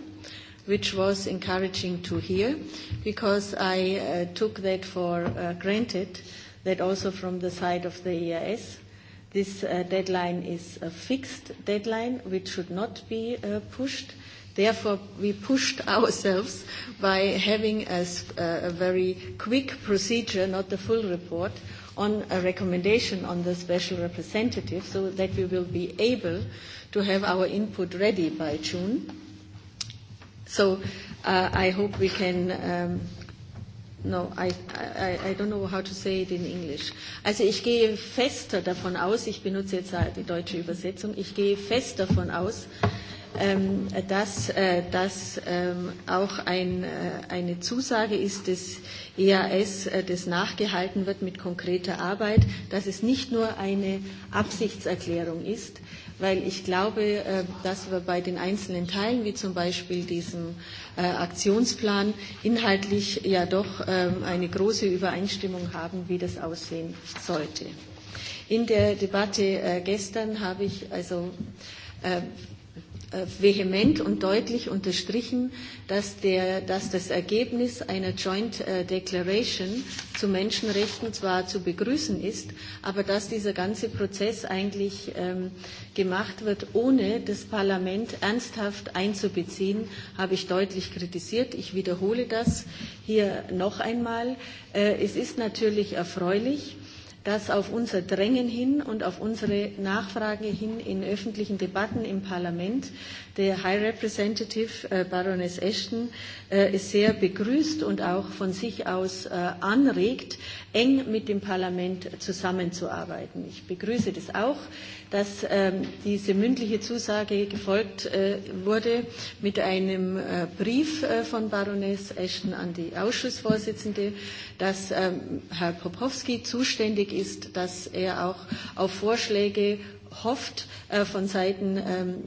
which was encouraging to hear because I uh, took that for uh, granted that also from the side of the EIS this uh, deadline is a fixed deadline which should not be uh, pushed. Therefore, we pushed [LAUGHS] ourselves by having a, a very quick procedure, not the full report, on a recommendation on the special representative so that we will be able to have our input ready by June. So uh, I hope we can. Um, No, I, I, I don't know how to say it in English. Also ich gehe fest davon aus, ich benutze jetzt die deutsche Übersetzung, ich gehe fest davon aus, ähm, dass äh, das ähm, auch ein, äh, eine Zusage ist des EAS, äh, das nachgehalten wird mit konkreter Arbeit, dass es nicht nur eine Absichtserklärung ist, weil ich glaube, äh, dass wir bei den einzelnen Teilen, wie zum Beispiel diesem äh, Aktionsplan, inhaltlich ja doch ähm, eine große Übereinstimmung haben, wie das aussehen sollte. In der Debatte äh, gestern habe ich also vehement und deutlich unterstrichen, dass, der, dass das Ergebnis einer Joint äh, Declaration zu Menschenrechten zwar zu begrüßen ist, aber dass dieser ganze Prozess eigentlich ähm, gemacht wird, ohne das Parlament ernsthaft einzubeziehen, habe ich deutlich kritisiert. Ich wiederhole das hier noch einmal. Äh, es ist natürlich erfreulich, dass auf unser Drängen hin und auf unsere Nachfrage hin in öffentlichen Debatten im Parlament der High Representative äh, Baroness Ashton äh, sehr begrüßt und auch von sich aus äh, anregt, eng mit dem Parlament zusammenzuarbeiten. Ich begrüße das auch dass ähm, diese mündliche Zusage gefolgt äh, wurde mit einem äh, Brief äh, von Baroness Ashton an die Ausschussvorsitzende, dass ähm, Herr Popowski zuständig ist, dass er auch auf Vorschläge hofft äh, von Seiten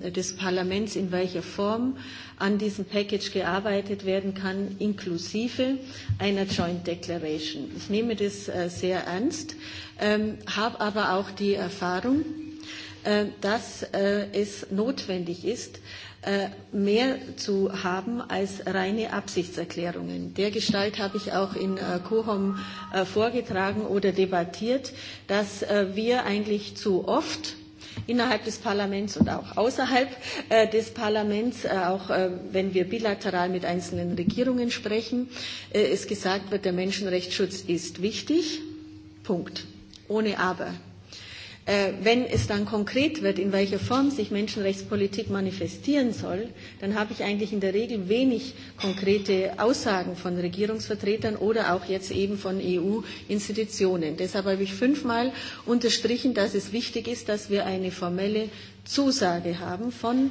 ähm, des Parlaments, in welcher Form an diesem Package gearbeitet werden kann, inklusive einer Joint Declaration. Ich nehme das äh, sehr ernst, ähm, habe aber auch die Erfahrung, Äh, dass äh, es notwendig ist, äh, mehr zu haben als reine Absichtserklärungen. Dergestalt habe ich auch in COHOM vorgetragen oder debattiert, dass wir eigentlich zu oft innerhalb des Parlaments und auch außerhalb äh, des Parlaments, äh, auch äh, wenn wir bilateral mit einzelnen Regierungen sprechen, äh, es gesagt wird, der Menschenrechtsschutz ist wichtig. Punkt. Ohne Aber. Äh, wenn es dann konkret wird, in welcher Form sich Menschenrechtspolitik manifestieren soll, dann habe ich eigentlich in der Regel wenig konkrete Aussagen von Regierungsvertretern oder auch jetzt eben von EU-Institutionen. Deshalb habe ich fünfmal unterstrichen, dass es wichtig ist, dass wir eine formelle Zusage haben von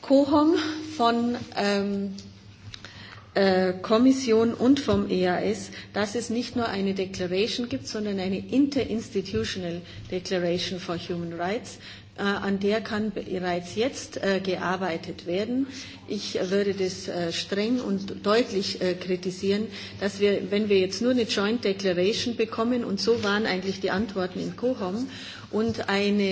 COHOM, von ähm, Äh, Kommission und vom EAS, dass es nicht nur eine Declaration gibt, sondern eine Interinstitutional Declaration for Human Rights, äh, an der kann bereits jetzt äh, gearbeitet werden. Ich würde das streng und deutlich kritisieren, dass wir, wenn wir jetzt nur eine Joint Declaration bekommen, und so waren eigentlich die Antworten in COHOM, und eine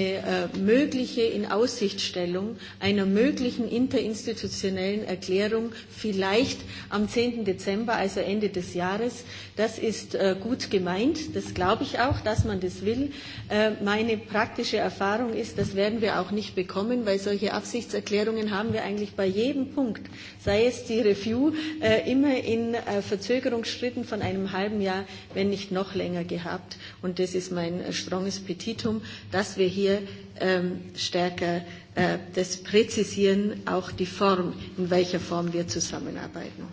äh, mögliche Inaussichtstellung einer möglichen interinstitutionellen Erklärung vielleicht am 10. Dezember, also Ende des Jahres. Das ist äh, gut gemeint. Das glaube ich auch, dass man das will. Äh, meine praktische Erfahrung ist, das werden wir auch nicht bekommen, weil solche Absichtserklärungen haben wir eigentlich bei jedem Punkt, sei es die Review, äh, immer in äh, Verzögerungsschritten von einem halben Jahr, wenn nicht noch länger gehabt. Und das ist mein äh, strenges Petitum dass wir hier ähm, stärker äh, das präzisieren, auch die Form, in welcher Form wir zusammenarbeiten.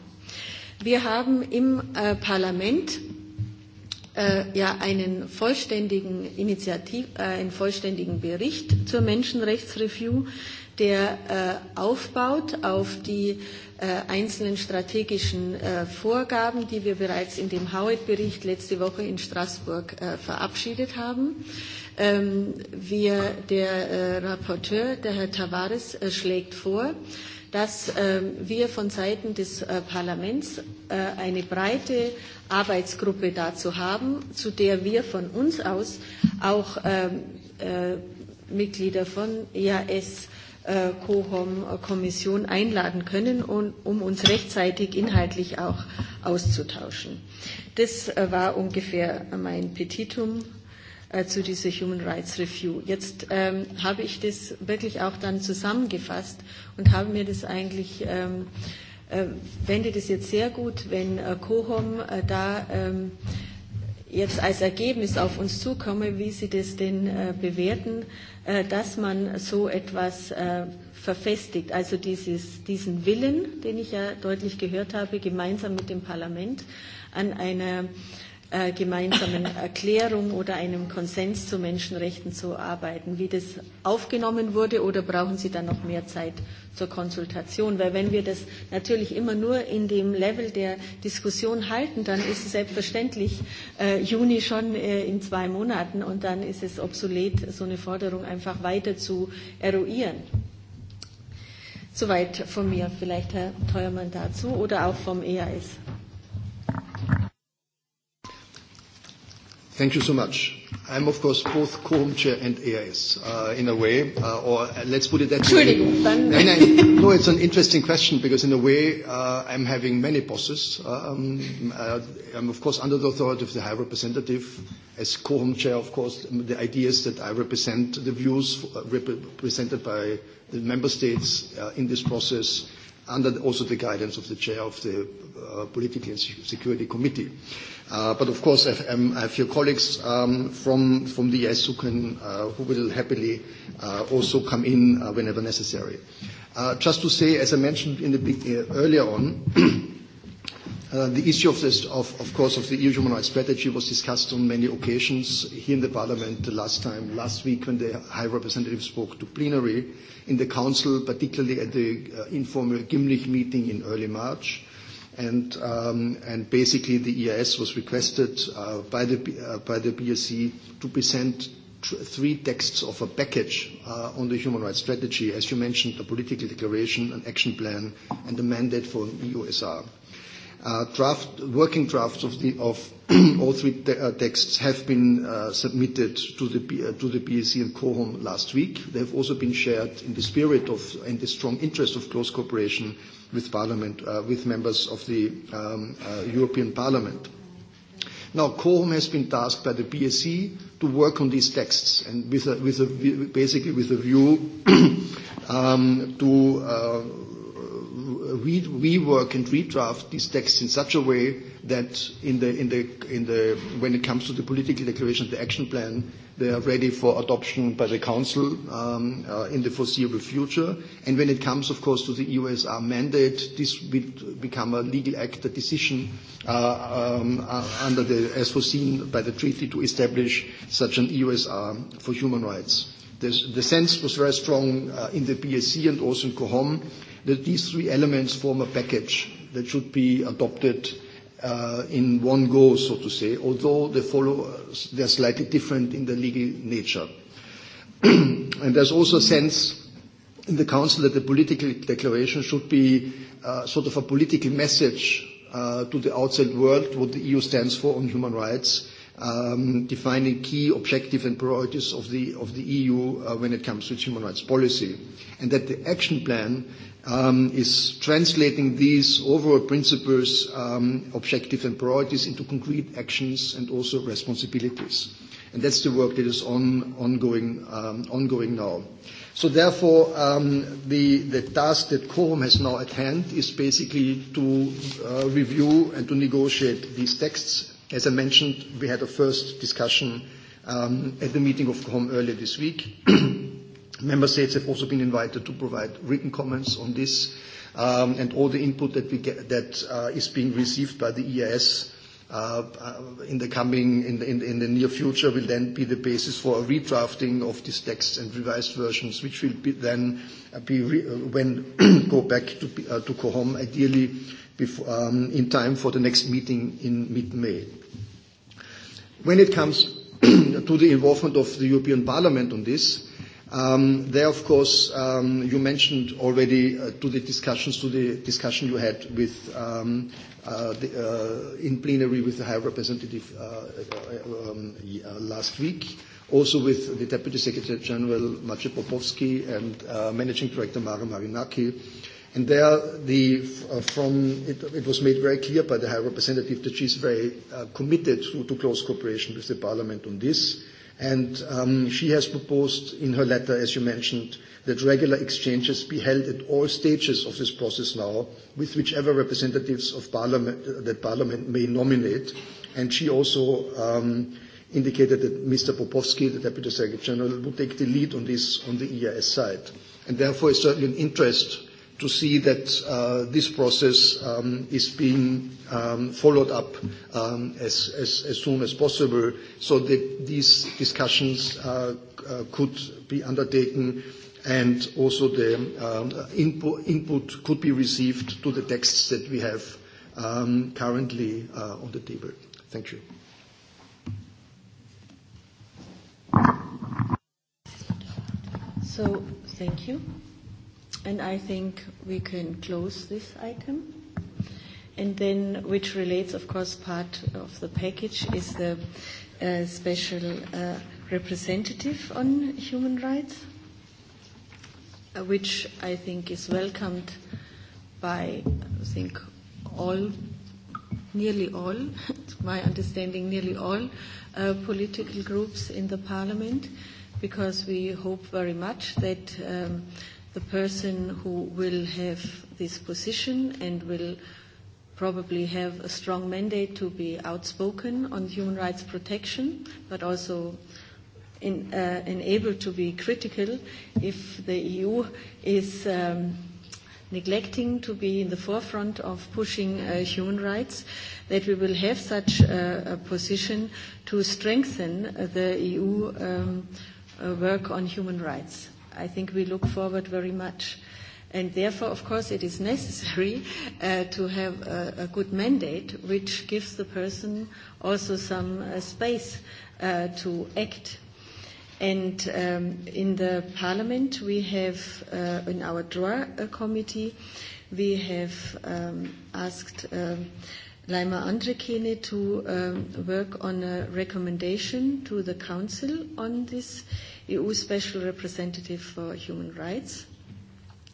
Wir haben im äh, Parlament äh, ja einen vollständigen Initiativ, äh, einen vollständigen Bericht zur Menschenrechtsreview der äh, aufbaut auf die äh, einzelnen strategischen äh, Vorgaben, die wir bereits in dem Howitt-Bericht letzte Woche in Straßburg verabschiedet haben. Ähm, wir, der Rapporteur, der Herr Tavares, schlägt vor, dass ähm, wir von Seiten des Parlaments eine breite Arbeitsgruppe dazu haben, zu der wir von uns aus auch ähm, Mitglieder von EAS COHOM-Kommission äh, äh, einladen können, um, uns rechtzeitig inhaltlich auch auszutauschen. Das äh, war ungefähr mein Petitum zu dieser Human Rights Review. Jetzt ähm, habe ich das wirklich auch dann zusammengefasst und habe mir das eigentlich, ähm, äh, wende das jetzt sehr gut, wenn äh, COHOM äh, da ähm, jetzt als Ergebnis auf uns zukomme, wie Sie das denn äh, bewerten. Äh, dass man so etwas äh, verfestigt, also dieses, diesen Willen, den ich ja deutlich gehört habe, gemeinsam mit dem Parlament an einer Äh, gemeinsamen Erklärung oder einem Konsens zu Menschenrechten zu arbeiten, wie das aufgenommen wurde oder brauchen Sie dann noch mehr Zeit zur Konsultation? Weil wenn wir das natürlich immer nur in dem Level der Diskussion halten, dann ist es selbstverständlich äh, Juni schon äh, in zwei Monaten und dann ist es obsolet, so eine Forderung einfach weiter zu eruieren. Soweit von mir, vielleicht Herr Teuermann dazu oder auch vom EAS. Thank you so much. I'm of course both Quorum Chair and AIS uh, in a way, uh, or let's put it that way. Nein, nein, no, it's an interesting question because in a way uh, I'm having many bosses. Um, uh, I'm of course under the authority of the High Representative. As Quorum Chair, of course, the idea is that I represent the views uh, represented by the member states uh, in this process under also the guidance of the chair of the uh, Political and Security Committee. Uh, but of course, I have, um, I have your colleagues um, from, from the ES who, can, uh, who will happily uh, also come in uh, whenever necessary. Uh, just to say, as I mentioned in the, uh, earlier on, [CLEARS THROAT] Uh, the issue of this, of, of course, of the EU human rights strategy was discussed on many occasions here in the Parliament last time, last week when the High Representative spoke to plenary in the Council, particularly at the uh, informal Gimlich meeting in early March. And, um, and basically the EIS was requested uh, by, the, uh, by the BSC to present three texts of a package uh, on the human rights strategy, as you mentioned, a political declaration, an action plan, and a mandate for an EUSR. Uh, draft, working drafts of, the, of [CLEARS THROAT] all three te- uh, texts have been uh, submitted to the, uh, to the BSC and COHOM last week. They have also been shared in the spirit of and the strong interest of close cooperation with Parliament, uh, with members of the um, uh, European Parliament. Now, COHOM has been tasked by the BSC to work on these texts and with a, with a, basically with a view [CLEARS THROAT] um, to uh, re- rework and redraft these texts in such a way that in the, in the, in the, when it comes to the political declaration, the action plan, they are ready for adoption by the Council um, uh, in the foreseeable future. And when it comes, of course, to the EUSR mandate, this will become a legal act, a decision uh, um, uh, under the, as foreseen by the treaty to establish such an EUSR for human rights. The, sense was very strong uh, in the BSC and also in COHOM that these three elements form a package that should be adopted uh, in one go, so to say, although they follow, uh, they're slightly different in the legal nature. [CLEARS THROAT] and there's also a sense in the Council that the political declaration should be uh, sort of a political message uh, to the outside world what the EU stands for on human rights, um, defining key objectives and priorities of the, of the EU uh, when it comes to its human rights policy, and that the action plan um, is translating these overall principles, um, objectives and priorities into concrete actions and also responsibilities. And that's the work that is on, ongoing, um, ongoing now. So therefore, um, the, the task that Quorum has now at hand is basically to uh, review and to negotiate these texts. As I mentioned, we had a first discussion um, at the meeting of Quorum earlier this week. [CLEARS THROAT] Member states have also been invited to provide written comments on this, um, and all the input that we get that uh, is being received by the EIS uh, uh, in the coming in the, in the near future will then be the basis for a redrafting of these texts and revised versions, which will be then uh, be re, uh, when [CLEARS THROAT] go back to uh, to Cohom ideally before, um, in time for the next meeting in mid-May. When it comes [CLEARS THROAT] to the involvement of the European Parliament on this. Um, there, of course, um, you mentioned already uh, to the discussions, to the discussion you had with um, uh, uh, in plenary with the High Representative last week, also with the Deputy Secretary General Maciej Popowski, and Managing Director Mara Marinaki. And there, from it, was made very clear by the High Representative that she is very committed to close cooperation with the Parliament on this And um, she has proposed in her letter, as you mentioned, that regular exchanges be held at all stages of this process now with whichever representatives of parliament, that parliament may nominate. And she also um, indicated that Mr. Popovsky, the Deputy Secretary General, would take the lead on this on the EIS side. And therefore, it's certainly an interest to see that uh, this process um, is being um, followed up um, as, as, as soon as possible so that these discussions uh, uh, could be undertaken and also the um, input, input could be received to the texts that we have um, currently uh, on the table. Thank you. So, thank you. And I think we can close this item. And then, which relates, of course, part of the package is the uh, special uh, representative on human rights, uh, which I think is welcomed by, I think, all, nearly all, [LAUGHS] to my understanding, nearly all uh, political groups in the parliament, because we hope very much that. Um, the person who will have this position and will probably have a strong mandate to be outspoken on human rights protection, but also in, uh, enabled to be critical if the EU is um, neglecting to be in the forefront of pushing uh, human rights, that we will have such uh, a position to strengthen uh, the EU um, uh, work on human rights. I think we look forward very much. And therefore, of course, it is [LAUGHS] necessary uh, to have a, a good mandate which gives the person also some uh, space uh, to act. And um, in the parliament, we have, uh, in our drawer uh, committee, we have um, asked uh, Laima Andrekene to um, work on a recommendation to the council on this EU Special Representative for Human Rights.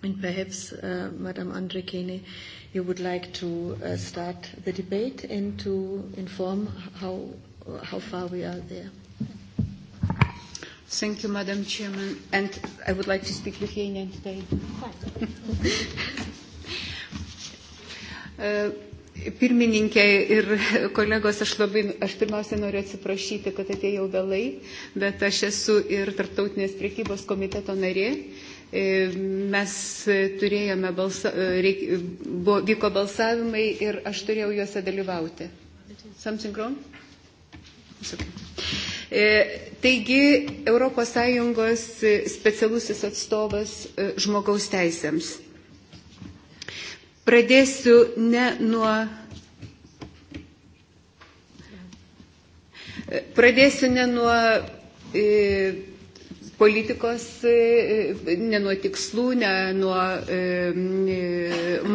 And perhaps, uh, Madam Andre Kene, you would like to uh, start the debate and to inform how, how far we are there. Thank you, Madam Chairman. And I would like to speak Lithuanian today. [LAUGHS] uh, Pirmininkė ir [LAUGHS] kolegos, aš, labai, aš pirmiausia noriu atsiprašyti, kad atėjau vėlai, bet aš esu ir Tarptautinės priekybos komiteto narė. E, mes turėjome balsa, e, reik, buvo, vyko balsavimai ir aš turėjau juose dalyvauti. Something wrong? okay. E, taigi, ES specialusis atstovas žmogaus teisėms. Pradėsiu ne nuo. Pradėsiu ne nuo e, politikos, e, e, ne nuo tikslų, ne nuo e, e,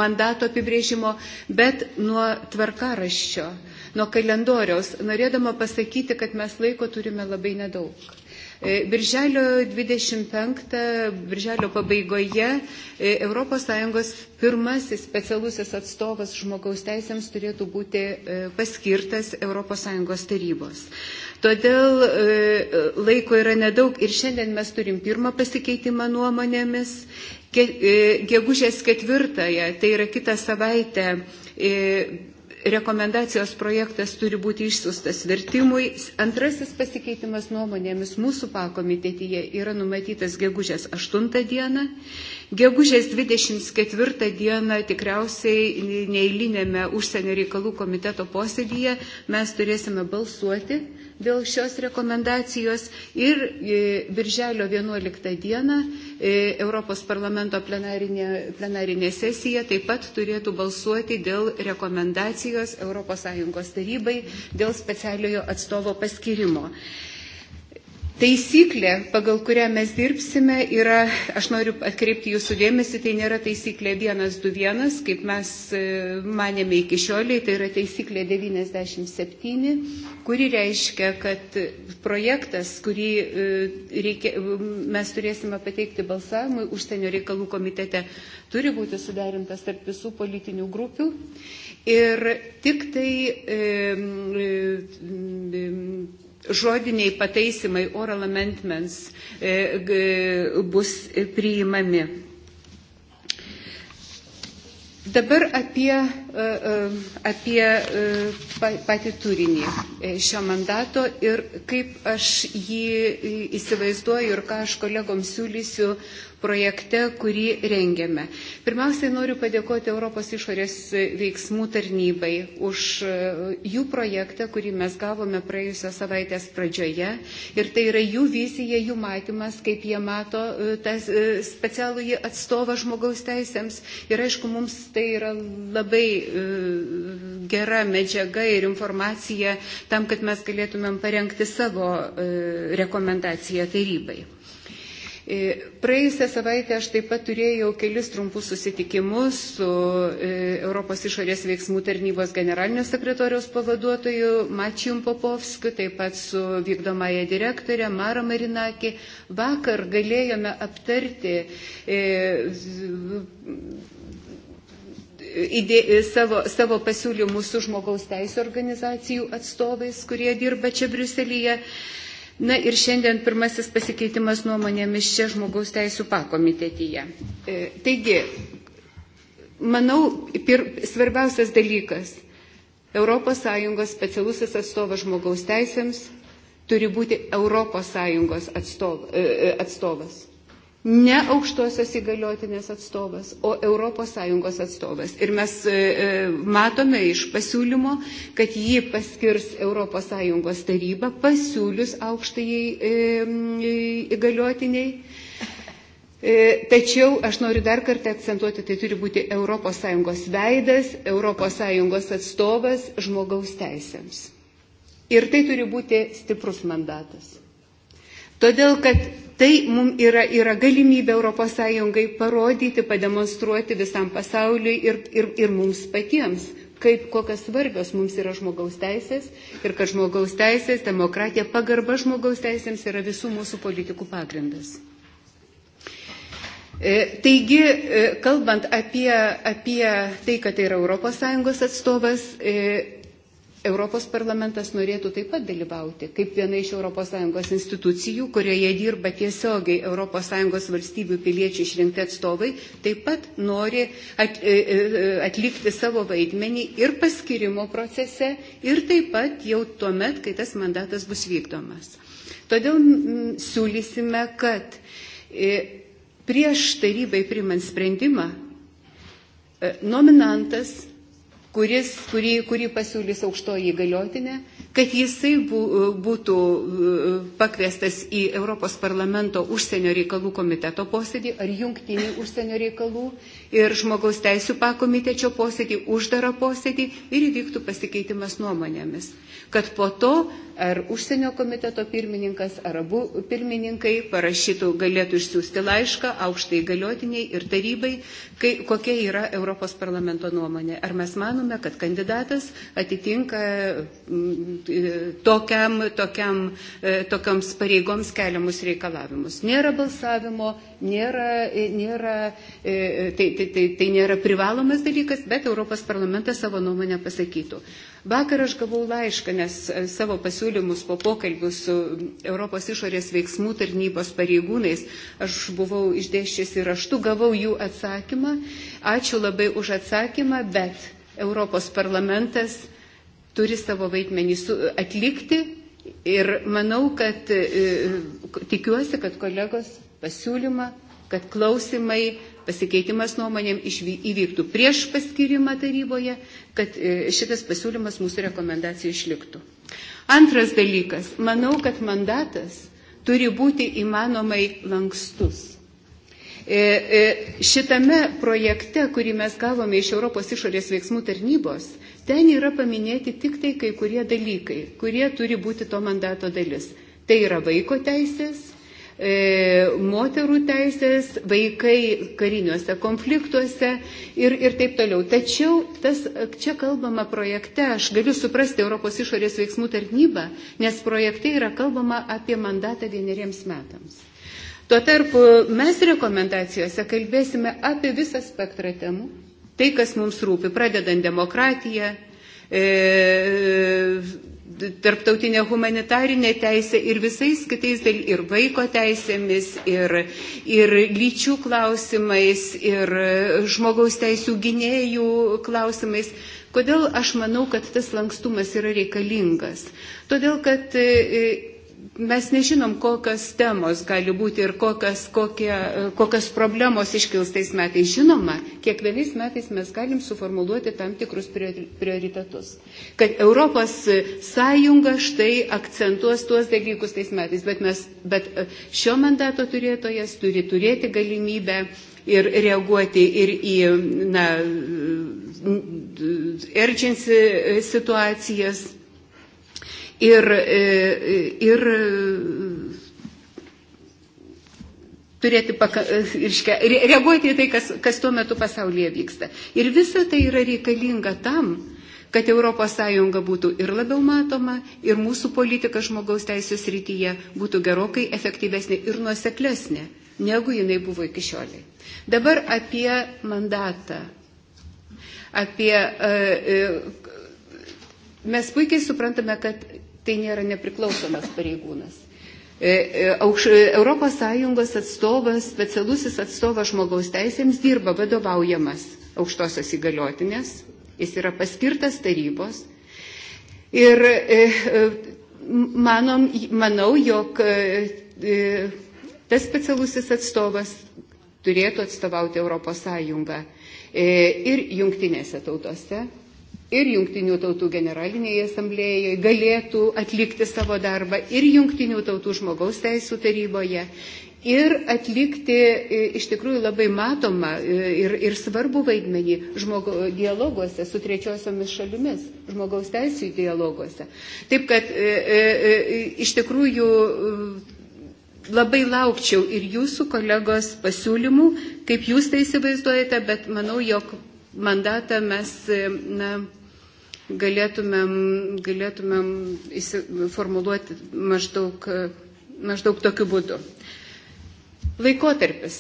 mandato apibrėžimo, bet nuo tvarkaraščio, nuo kalendoriaus, norėdama pasakyti, kad mes laiko turime labai nedaug. E, birželio 25, birželio pabaigoje ES pirmasis specialusis atstovas žmogaus teisėms turėtų būti e, paskirtas ES tarybos. Todėl e, laiko yra nedaug ir šiandien mes turim pirmą pasikeitimą nuomonėmis. Gegužės ketvirtąją, tai yra kitą savaitę, rekomendacijos projektas turi būti išsiustas vertimui. Antrasis pasikeitimas nuomonėmis mūsų pakomitetyje yra numatytas gegužės 8 dieną. Gegužės 24 dieną tikriausiai neįlinėme užsienio reikalų komiteto posėdyje mes turėsime balsuoti dėl šios rekomendacijos ir e, birželio 11 dieną e, Europos parlamento plenarinė, plenarinė sesija taip pat turėtų balsuoti dėl rekomendacijos ES tarybai dėl specialiojo atstovo paskirimo. Taisyklė, pagal kurią mes dirbsime, yra, aš noriu atkreipti jūsų dėmesį, tai nėra taisyklė 121, kaip mes e, manėme iki šioliai, tai yra taisyklė 97, kuri reiškia, kad projektas, kurį e, reikia, mes turėsime pateikti balsavimui užsienio reikalų komitete, turi būti suderintas tarp visų politinių grupių. Ir tik tai e, e, žodiniai pataisimai, oral amendments, e, bus priimami. Dabar apie E, e, apie e, patį turinį šio mandato ir kaip aš jį įsivaizduoju ir ką aš kolegoms siūlysiu projekte, kurį rengiame. Pirmiausiai noriu padėkoti Europos išorės veiksmų tarnybai už jų projektą, kurį mes gavome praėjusios savaitės pradžioje. Ir tai yra jų vizija, jų matymas, kaip jie mato tas specialųjį atstovą žmogaus teisėms. Ir aišku, mums tai yra labai E, gera medžiaga ir informacija tam, kad mes galėtumėm parengti savo e, rekomendaciją tarybai. E, praėjusią savaitę aš taip pat turėjau kelis trumpus susitikimus su Europos išorės veiksmų tarnybos generalinio sekretoriaus pavaduotoju Mačium Popovskiu, taip pat su vykdomąją direktorę Mara Marinaki. Vakar galėjome aptarti idė, e, savo, savo pasiūlymus su žmogaus teisų organizacijų atstovais, kurie dirba čia Briuselyje. Na ir šiandien pirmasis pasikeitimas nuomonėmis čia žmogaus teisų pakomitetyje. E, taigi, manau, pir, svarbiausias dalykas – ES specialusis atstovas žmogaus teisėms turi būti ES atstov, e, atstovas ne aukštosios įgaliotinės atstovas, o ES atstovas. Ir mes e, e, matome iš pasiūlymo, kad jį paskirs ES taryba pasiūlius aukštajai e, įgaliotiniai. Tačiau aš noriu dar kartą akcentuoti, tai turi būti ES veidas, ES atstovas žmogaus teisėms. Ir tai turi būti stiprus mandatas. Todėl, kad Tai mums yra, yra galimybė ES parodyti, pademonstruoti visam pasauliui ir, ir, ir mums patiems, kaip kokios svarbios mums yra žmogaus teisės ir kad žmogaus teisės, demokratija, pagarba žmogaus teisėms yra visų mūsų politikų pagrindas. E, taigi, e, kalbant apie, apie tai, kad tai yra ES atstovas, e, Europos parlamentas norėtų taip pat dalyvauti kaip viena iš ES institucijų, kurioje dirba tiesiogiai ES valstybių piliečių išrinkti atstovai, taip pat nori at, e, e, atlikti savo vaidmenį ir paskirimo procese, ir taip pat jau tuo met, kai tas mandatas bus vykdomas. Todėl siūlysime, kad e, prieš tarybai primant sprendimą, nominantas kuris, kurį, kurį pasiūlys aukštoji įgaliotinė, kad jisai būtų e, pakviestas į Europos parlamento užsienio reikalų komiteto posėdį ar jungtinį užsienio reikalų ir žmogaus teisų pakomitečio posėdį, uždarą posėdį ir įvyktų pasikeitimas nuomonėmis. Kad po to ar užsienio komiteto pirmininkas, ar abu pirmininkai parašytų, galėtų išsiųsti laišką aukštai įgaliotiniai ir tarybai, Kai, kokia yra Europos parlamento nuomonė? Ar mes manome, kad kandidatas atitinka mm, tokiam, tokiam, e, tokiams pareigoms keliamus reikalavimus? Nėra balsavimo, nėra, nėra, e, e, tai, tai, tai, tai nėra privalomas dalykas, bet Europos parlamentas savo nuomonę pasakytų. Vakar aš gavau laišką, nes e, savo pasiūlymus po pokalbių su Europos išorės veiksmų tarnybos pareigūnais aš buvau išdėšęs išdėščiusi raštu, gavau jų atsakymą. Ačiū labai už atsakymą, bet Europos parlamentas turi savo vaidmenį atlikti ir manau, kad e, tikiuosi, kad kolegos pasiūlymą, kad klausimai pasikeitimas nuomonėm įvyktų prieš paskirimą taryboje, kad e, šitas pasiūlymas mūsų rekomendacijų išliktų. Antras dalykas. Manau, kad mandatas turi būti įmanomai lankstus. E, e, šitame projekte, kurį mes gavome iš Europos išorės veiksmų tarnybos, ten yra paminėti tik tai kai kurie dalykai, kurie turi būti to mandato dalis. Tai yra vaiko teisės, E, moterų teisės, vaikai kariniuose konfliktuose ir, ir taip toliau. Tačiau tas, čia kalbama projekte, aš galiu suprasti Europos išorės veiksmų tarnybą, nes projekte yra kalbama apie mandatą vieneriems metams. Tuo tarpu mes rekomendacijose kalbėsime apie visą spektrą temų, tai, kas mums rūpi, pradedant demokratiją, e, tarptautinė humanitarinė teisė ir visais kitais, dalykais, ir vaiko teisėmis, ir, ir lyčių klausimais, ir e, žmogaus teisų gynėjų klausimais. Kodėl aš manau, kad tas lankstumas yra reikalingas? Todėl, kad e, e, Mes nežinom, kokios temos gali būti ir kokios, kokie, kokios problemos iškils tais metais. Žinoma, kiekvienais metais mes galim suformuluoti tam tikrus prioritetus. Kad Europos sąjunga štai akcentuos tuos dalykus tais metais, bet, mes, bet e, šio mandato turėtojas turi turėti galimybę ir reaguoti ir į na, urgency situacijas Ir, e, ir e, turėti paka, e, irškia, reaguoti į tai, kas, kas tuo metu pasaulyje vyksta. Ir visa tai yra reikalinga tam, kad ES būtų ir labiau matoma, ir mūsų politika žmogaus teisės rytyje būtų gerokai efektyvesnė ir nuoseklesnė, negu jinai buvo iki šioliai. Dabar apie mandatą, apie uh, Mes puikiai suprantame, kad tai nėra nepriklausomas pareigūnas. E, e, Europos Sąjungos atstovas, specialusis atstovas žmogaus teisėms dirba vadovaujamas aukštosios įgaliotinės, jis yra paskirtas tarybos. Ir e, manom, manau, jog tas specialusis atstovas turėtų atstovauti Europos Sąjungą ir jungtinėse tautose, ir jungtinių tautų generalinėje asamblėjoje, galėtų atlikti savo darbą ir jungtinių tautų žmogaus teisų taryboje, ir atlikti e, iš tikrųjų labai matomą e, ir, ir svarbų vaidmenį žmogo, dialoguose su trečiosiomis šalimis, žmogaus teisų dialoguose. Taip kad e, iš tikrųjų labai laukčiau ir jūsų kolegos pasiūlymų, kaip jūs tai įsivaizduojate, bet manau, jog mandatą mes e, na, galėtumėm, galėtumėm formuluoti maždaug, maždaug tokiu būdu. Laikotarpis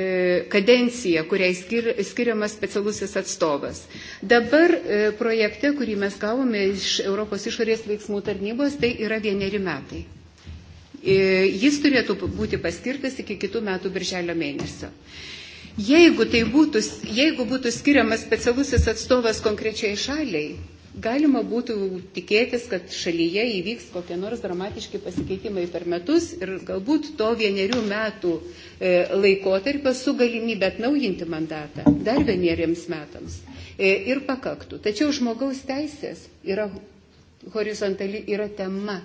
e, kadencija, kuriai skiriamas specialusis atstovas. Dabar e, projekte, kurį mes gavome iš Europos išorės veiksmų tarnybos, tai yra vieneri metai. Jis turėtų būti paskirtas iki kitų metų birželio mėnesio. Jeigu, tai būtų, jeigu būtų skiriamas specialusis atstovas konkrečiai šaliai, galima būtų tikėtis, kad šalyje įvyks kokie nors dramatiški pasikeitimai per metus ir galbūt to vienerių metų e, laikotarpio su galimybė atnaujinti mandatą dar vieneriems metams e, ir pakaktų. Tačiau žmogaus teisės yra horizontali, yra tema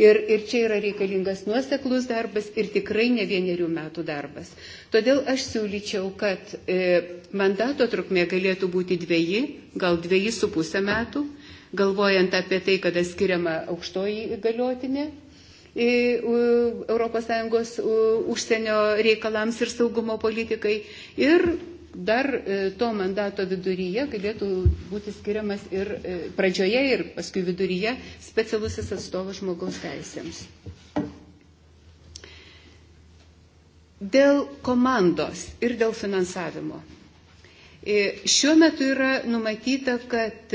Ir, ir čia yra reikalingas nuoseklus darbas ir tikrai ne vienerių metų darbas. Todėl aš siūlyčiau, kad e, mandato trukmė galėtų būti dviejai, gal dviejai su pusę metų, galvojant apie tai, kada skiriama aukštoji galiotinė e, Europos Sąjungos užsienio reikalams ir saugumo politikai ir dar e, to mandato viduryje galėtų būti skiriamas ir e, pradžioje ir paskui viduryje specialusis atstovas žmogaus teisėms. Dėl komandos ir dėl finansavimo. E, šiuo metu yra numatyta, kad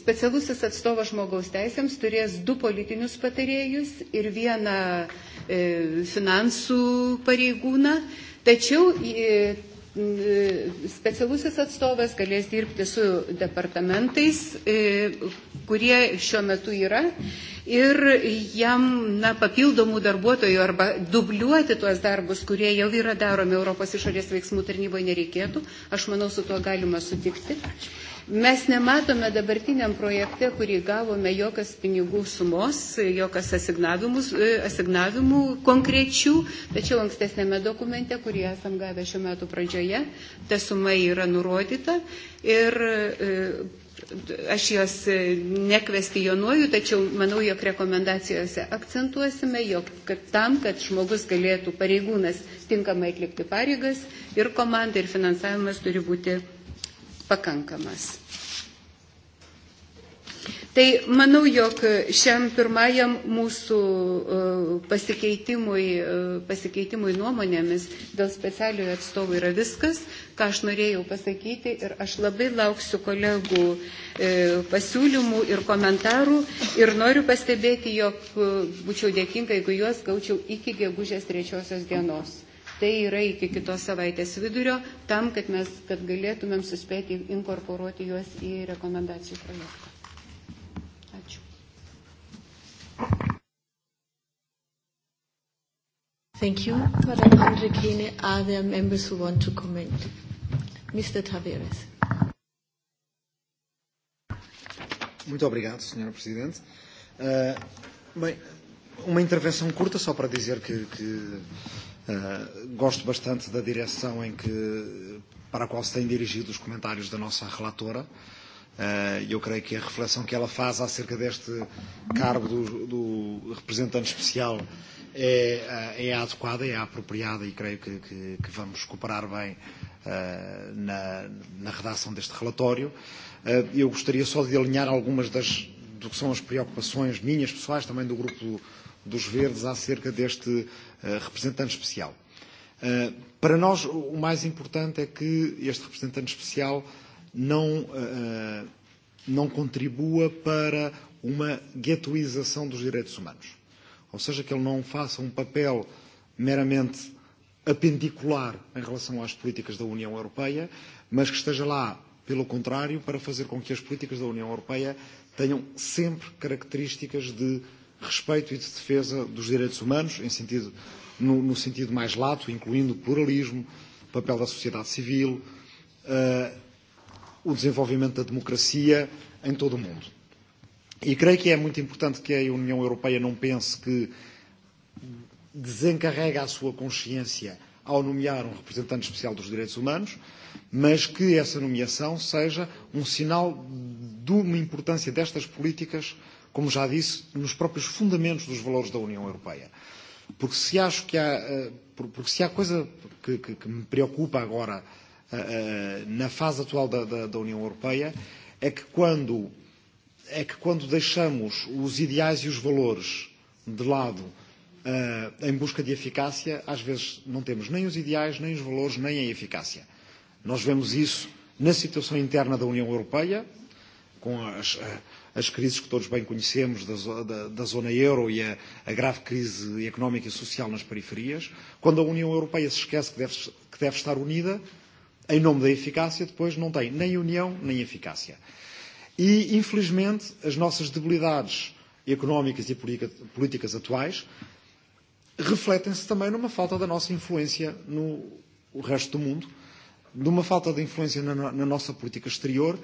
specialusis atstovas žmogaus teisėms turės du politinius patarėjus ir vieną finansų pareigūną, tačiau Mm, e, specialusis atstovas galės dirbti su departamentais, e, kurie šiuo metu yra, ir jam na, papildomų darbuotojų arba dubliuoti tuos darbus, kurie jau yra daromi Europos išorės veiksmų tarnyboje nereikėtų. Aš manau, su tuo galima sutikti. Ačiū. Mes nematome dabartiniam projekte, kurį gavome, jokios pinigų sumos, jokios e, asignavimų konkrečių, tačiau ankstesnėme dokumente, kurį esam gavę šiuo metu pradžioje, ta suma yra nurodyta ir e, aš jos e, nekvestijonuoju, tačiau manau, jog rekomendacijose akcentuosime, jog kad tam, kad žmogus galėtų pareigūnas tinkamai atlikti pareigas ir komanda ir finansavimas turi būti pakankamas. Tai manau, jog šiam pirmajam mūsų e, pasikeitimui, e, pasikeitimui nuomonėmis dėl specialiojo atstovų yra viskas, ką aš norėjau pasakyti ir aš labai lauksiu kolegų e, pasiūlymų ir komentarų ir noriu pastebėti, jog būčiau dėkinga, jeigu juos gaučiau iki gegužės trečiosios dienos tai yra iki kitos savaitės vidurio, tam, kad mes kad galėtumėm suspėti inkorporuoti juos į rekomendacijų projektą. Ačiū. Thank you, Madam Andre Andrikine. Are there members who want to comment? Mr. Taveres. Muito obrigado, Sra. Presidente. Uh, bem, uma intervenção curta só para dizer que, que Eh, gosto bastante da direção em que, para a qual se têm dirigido os comentários da nossa relatora. Uh, eu creio que a reflexão que ela faz acerca deste cargo do, do representante especial é, eh, é adequada, é apropriada e creio que, que, que vamos cooperar bem uh, na, na redação deste relatório. Uh, eu gostaria só de alinhar algumas das, do que são as preocupações minhas pessoais, também do grupo dos Verdes acerca deste uh, representante especial. Uh, para nós, o mais importante é que este representante especial não, uh, não contribua para uma guetoização dos direitos humanos. Ou seja, que ele não faça um papel meramente apendicular em relação às políticas da União Europeia, mas que esteja lá, pelo contrário, para fazer com que as políticas da União Europeia tenham sempre características de uh, respeito e de defesa dos direitos humanos, em sentido, no, no sentido mais lato, incluindo o pluralismo, o papel da sociedade civil, uh, o desenvolvimento da democracia em todo o mundo. E creio que é muito importante que a União Europeia não pense que desencarrega a sua consciência ao nomear um representante especial dos direitos humanos, mas que essa nomeação seja um sinal de uma importância destas políticas uh, como já disse, nos próprios fundamentos dos valores da União Europeia. Porque se acho que há, eh, porque se há coisa que, que, que me preocupa agora eh, eh, na fase atual da, da, da União Europeia é que quando é que quando deixamos os ideais e os valores de lado em busca de eficácia, às vezes não temos nem os ideais, nem os valores, nem a eficácia. Nós vemos isso na situação interna da União Europeia, com as, as crises que todos bem conhecemos da, da, da zona euro e a, a grave crise económica e social nas periferias, quando a União Europeia se esquece que deve, que deve estar unida, em nome da eficácia, depois não tem nem união nem eficácia. E, infelizmente, as nossas debilidades económicas e políticas atuais refletem-se também numa falta da nossa influência no resto do mundo, numa falta de influência na, na nossa política exterior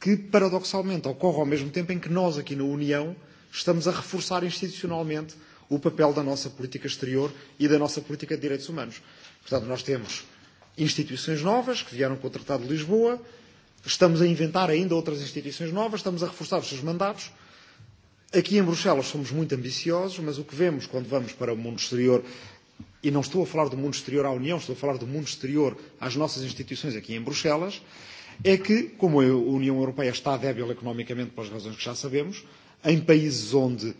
que paradoxalmente ocorre ao mesmo tempo em que nós aqui na União estamos a reforçar institucionalmente o papel da nossa política exterior e da nossa política de direitos humanos. Portanto, nós temos instituições novas que vieram com o Tratado de Lisboa, estamos a inventar ainda outras instituições novas, estamos a reforçar os seus mandatos. Aqui em Bruxelas somos muito ambiciosos, mas o que vemos quando vamos para o mundo exterior, e não estou a falar do mundo exterior à União, estou a falar do mundo exterior às nossas instituições aqui em Bruxelas, é que, como a União Europeia está débil economicamente, pelas razões que já sabemos, em países onde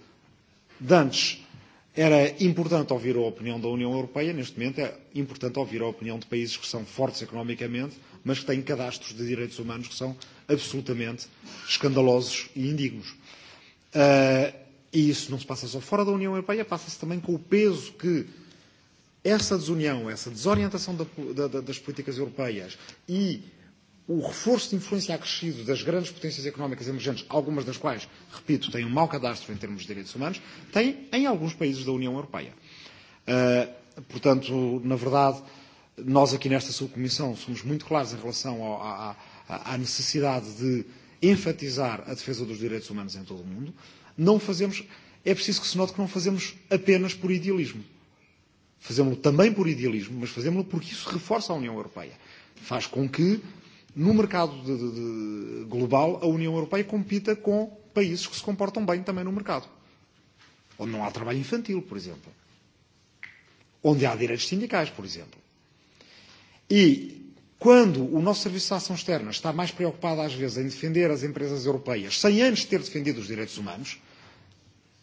antes era importante ouvir a opinião da União Europeia, neste momento é importante ouvir a opinião de países que são fortes economicamente, mas que têm cadastros de direitos humanos que são absolutamente escandalosos e indignos. Uh, e isso não se passa só fora da União Europeia, passa-se também com o peso que essa desunião, essa desorientação da, da, das políticas europeias e o reforço de influência acrescido das grandes potências económicas emergentes, algumas das quais, repito, têm um mau cadastro em termos de direitos humanos, tem em alguns países da União Europeia. Uh, portanto, na verdade, nós aqui nesta subcomissão somos muito claros em relação ao, à, à necessidade de enfatizar a defesa dos direitos humanos em todo o mundo. Não fazemos, é preciso que se note que não fazemos apenas por idealismo. Fazemos-lo também por idealismo, mas fazemos-lo porque isso reforça a União Europeia. Faz com que no mercado de, de, de global, a União Europeia compita com países que se comportam bem também no mercado. Onde não há trabalho infantil, por exemplo. Onde há direitos sindicais, por exemplo. E quando o nosso Serviço de Ação Externa está mais preocupado, às vezes, em defender as empresas europeias, sem antes ter defendido os direitos humanos,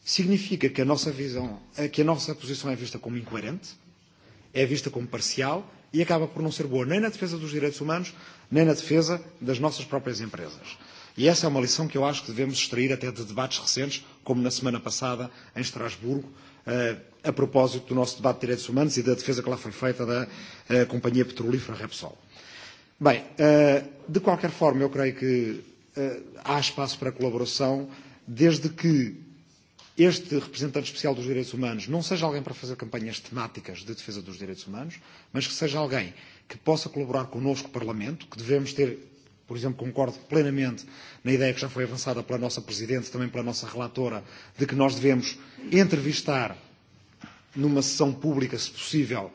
significa que a nossa visão, que a nossa posição é vista como incoerente, é vista como parcial e acaba por não ser boa nem na defesa dos direitos humanos, nem na defesa das nossas próprias empresas. E essa é uma lição que eu acho que devemos extrair até de debates recentes, como na semana passada em Estrasburgo, eh, a propósito do nosso debate de direitos humanos e da defesa que lá foi feita da eh, companhia petrolífera Repsol. Bem, eh, de qualquer forma, eu creio que há espaço para colaboração, desde que este representante especial dos direitos humanos não seja alguém para fazer campanhas temáticas de defesa dos direitos humanos, mas que seja alguém que possa colaborar connosco, no Parlamento, que devemos ter, por exemplo, concordo plenamente na ideia que já foi avançada pela nossa Presidente, também pela nossa Relatora, de que nós devemos entrevistar numa sessão pública, se possível,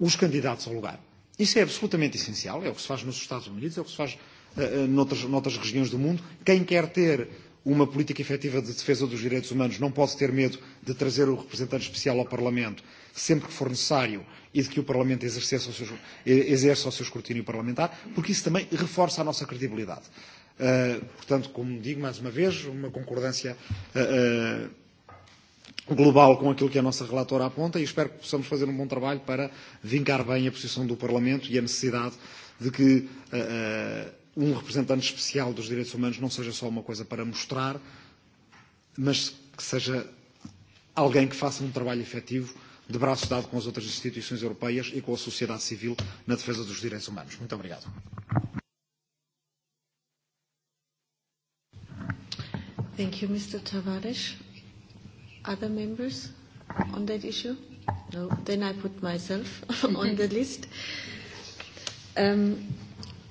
os candidatos ao lugar. Isso é absolutamente essencial, é o que se faz nos Estados Unidos, é o que se faz uh, noutras, noutras regiões do mundo. Quem quer ter uma política efetiva de defesa dos direitos humanos não pode ter medo de trazer o representante especial ao Parlamento sempre que for necessário e de que o Parlamento exerça o seu, exerça o seu escrutínio parlamentar, porque isso também reforça a nossa credibilidade. Uh, portanto, como digo mais uma vez, uma concordância uh, global com aquilo que a nossa relatora aponta e espero que possamos fazer um bom trabalho para vincar bem a posição do Parlamento e a necessidade de que uh, uh, um representante especial dos direitos humanos não seja só uma coisa para mostrar, mas que seja alguém que faça um trabalho efetivo de braço dado com as outras instituições europeias e com a sociedade civil na defesa dos direitos humanos. Muito obrigado. Thank you, Mr. Tavares. Other members on that issue? No. Then I put myself [LAUGHS] on the list. Um,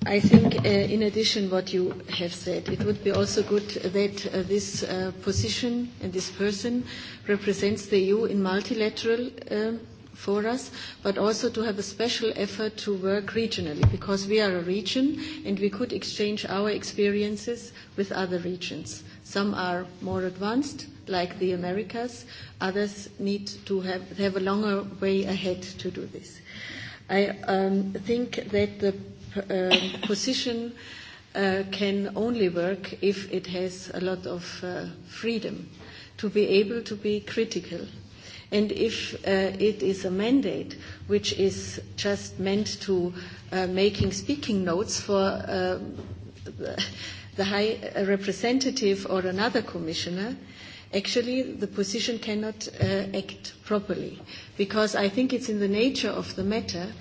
i think, uh, in addition what you have said, it would be also good that uh, this uh, position and this person represents the EU in multilateral uh, for us, but also to have a special effort to work regionally, because we are a region and we could exchange our experiences with other regions. Some are more advanced, like the Americas. Others need to have, have a longer way ahead to do this. I um, think that the Uh, position uh, can only work if it has a lot of uh, freedom to be able to be critical. And if uh, it is a mandate which is just meant to uh, making speaking notes for uh, the high representative or another commissioner, uh, actually the position cannot uh, act properly because I think it's in the nature of the matter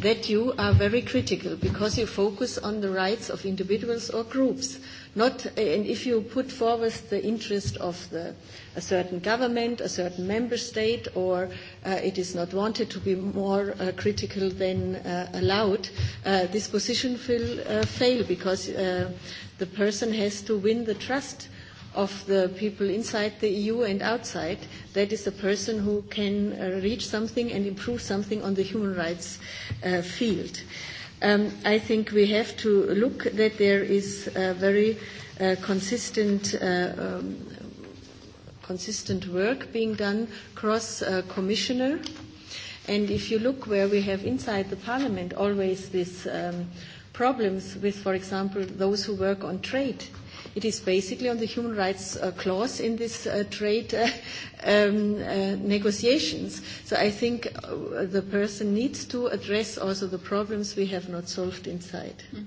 that you are very critical because you focus on the rights of individuals or groups. Not, and if you put forward the interest of the, a certain government, a certain member state, or uh, it is not wanted to be more uh, critical than uh, allowed, uh, this position will uh, fail because uh, the person has to win the trust of the people inside the EU and outside, that is the person who can uh, reach something and improve something on the human rights uh, field. Um, I think we have to look that there is a very uh, consistent uh, um, consistent work being done cross uh, commissioner and if you look where we have inside the parliament always these um, problems with for example those who work on trade uh, It is basically on the human rights uh, clause in this uh, trade uh, um, uh, negotiations. So I think uh, the person needs to address also the problems we have not solved inside. Mm-hmm.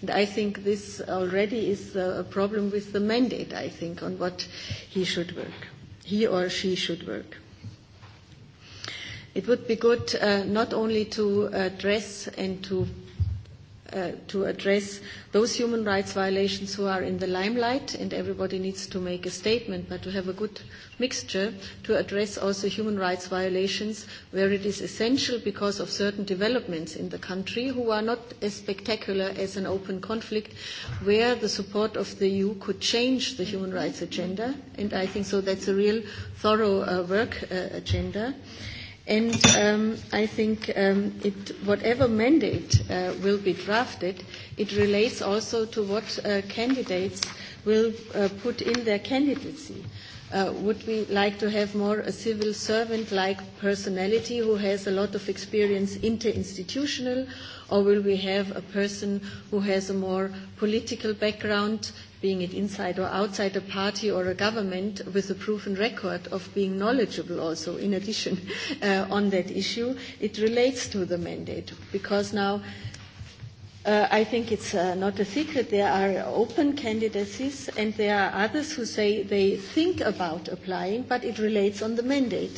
And I think this already is a problem with the mandate, I think, on what he should work, he or she should work. It would be good uh, not only to address and to uh, to address those human rights violations who are in the limelight, and everybody needs to make a statement, but to have a good mixture to address also human rights violations where it is essential because of certain developments in the country who are not as spectacular as an open conflict, where the support of the EU could change the human rights agenda. And I think so that's a real thorough uh, work uh, agenda. Uh, And um, I think um, it, whatever mandate uh, will be drafted, it relates also to what uh, candidates will uh, put in their candidacy. Uh, would we like to have more a civil servant-like personality who has a lot of experience interinstitutional, or will we have a person who has a more political background being it inside or outside a party or a government, with a proven record of being knowledgeable also, in addition, [LAUGHS] uh, on that issue. It relates to the mandate because now Uh, I think it's uh, not a secret. There are open candidacies, and there are others who say they think about applying, but it relates on the mandate.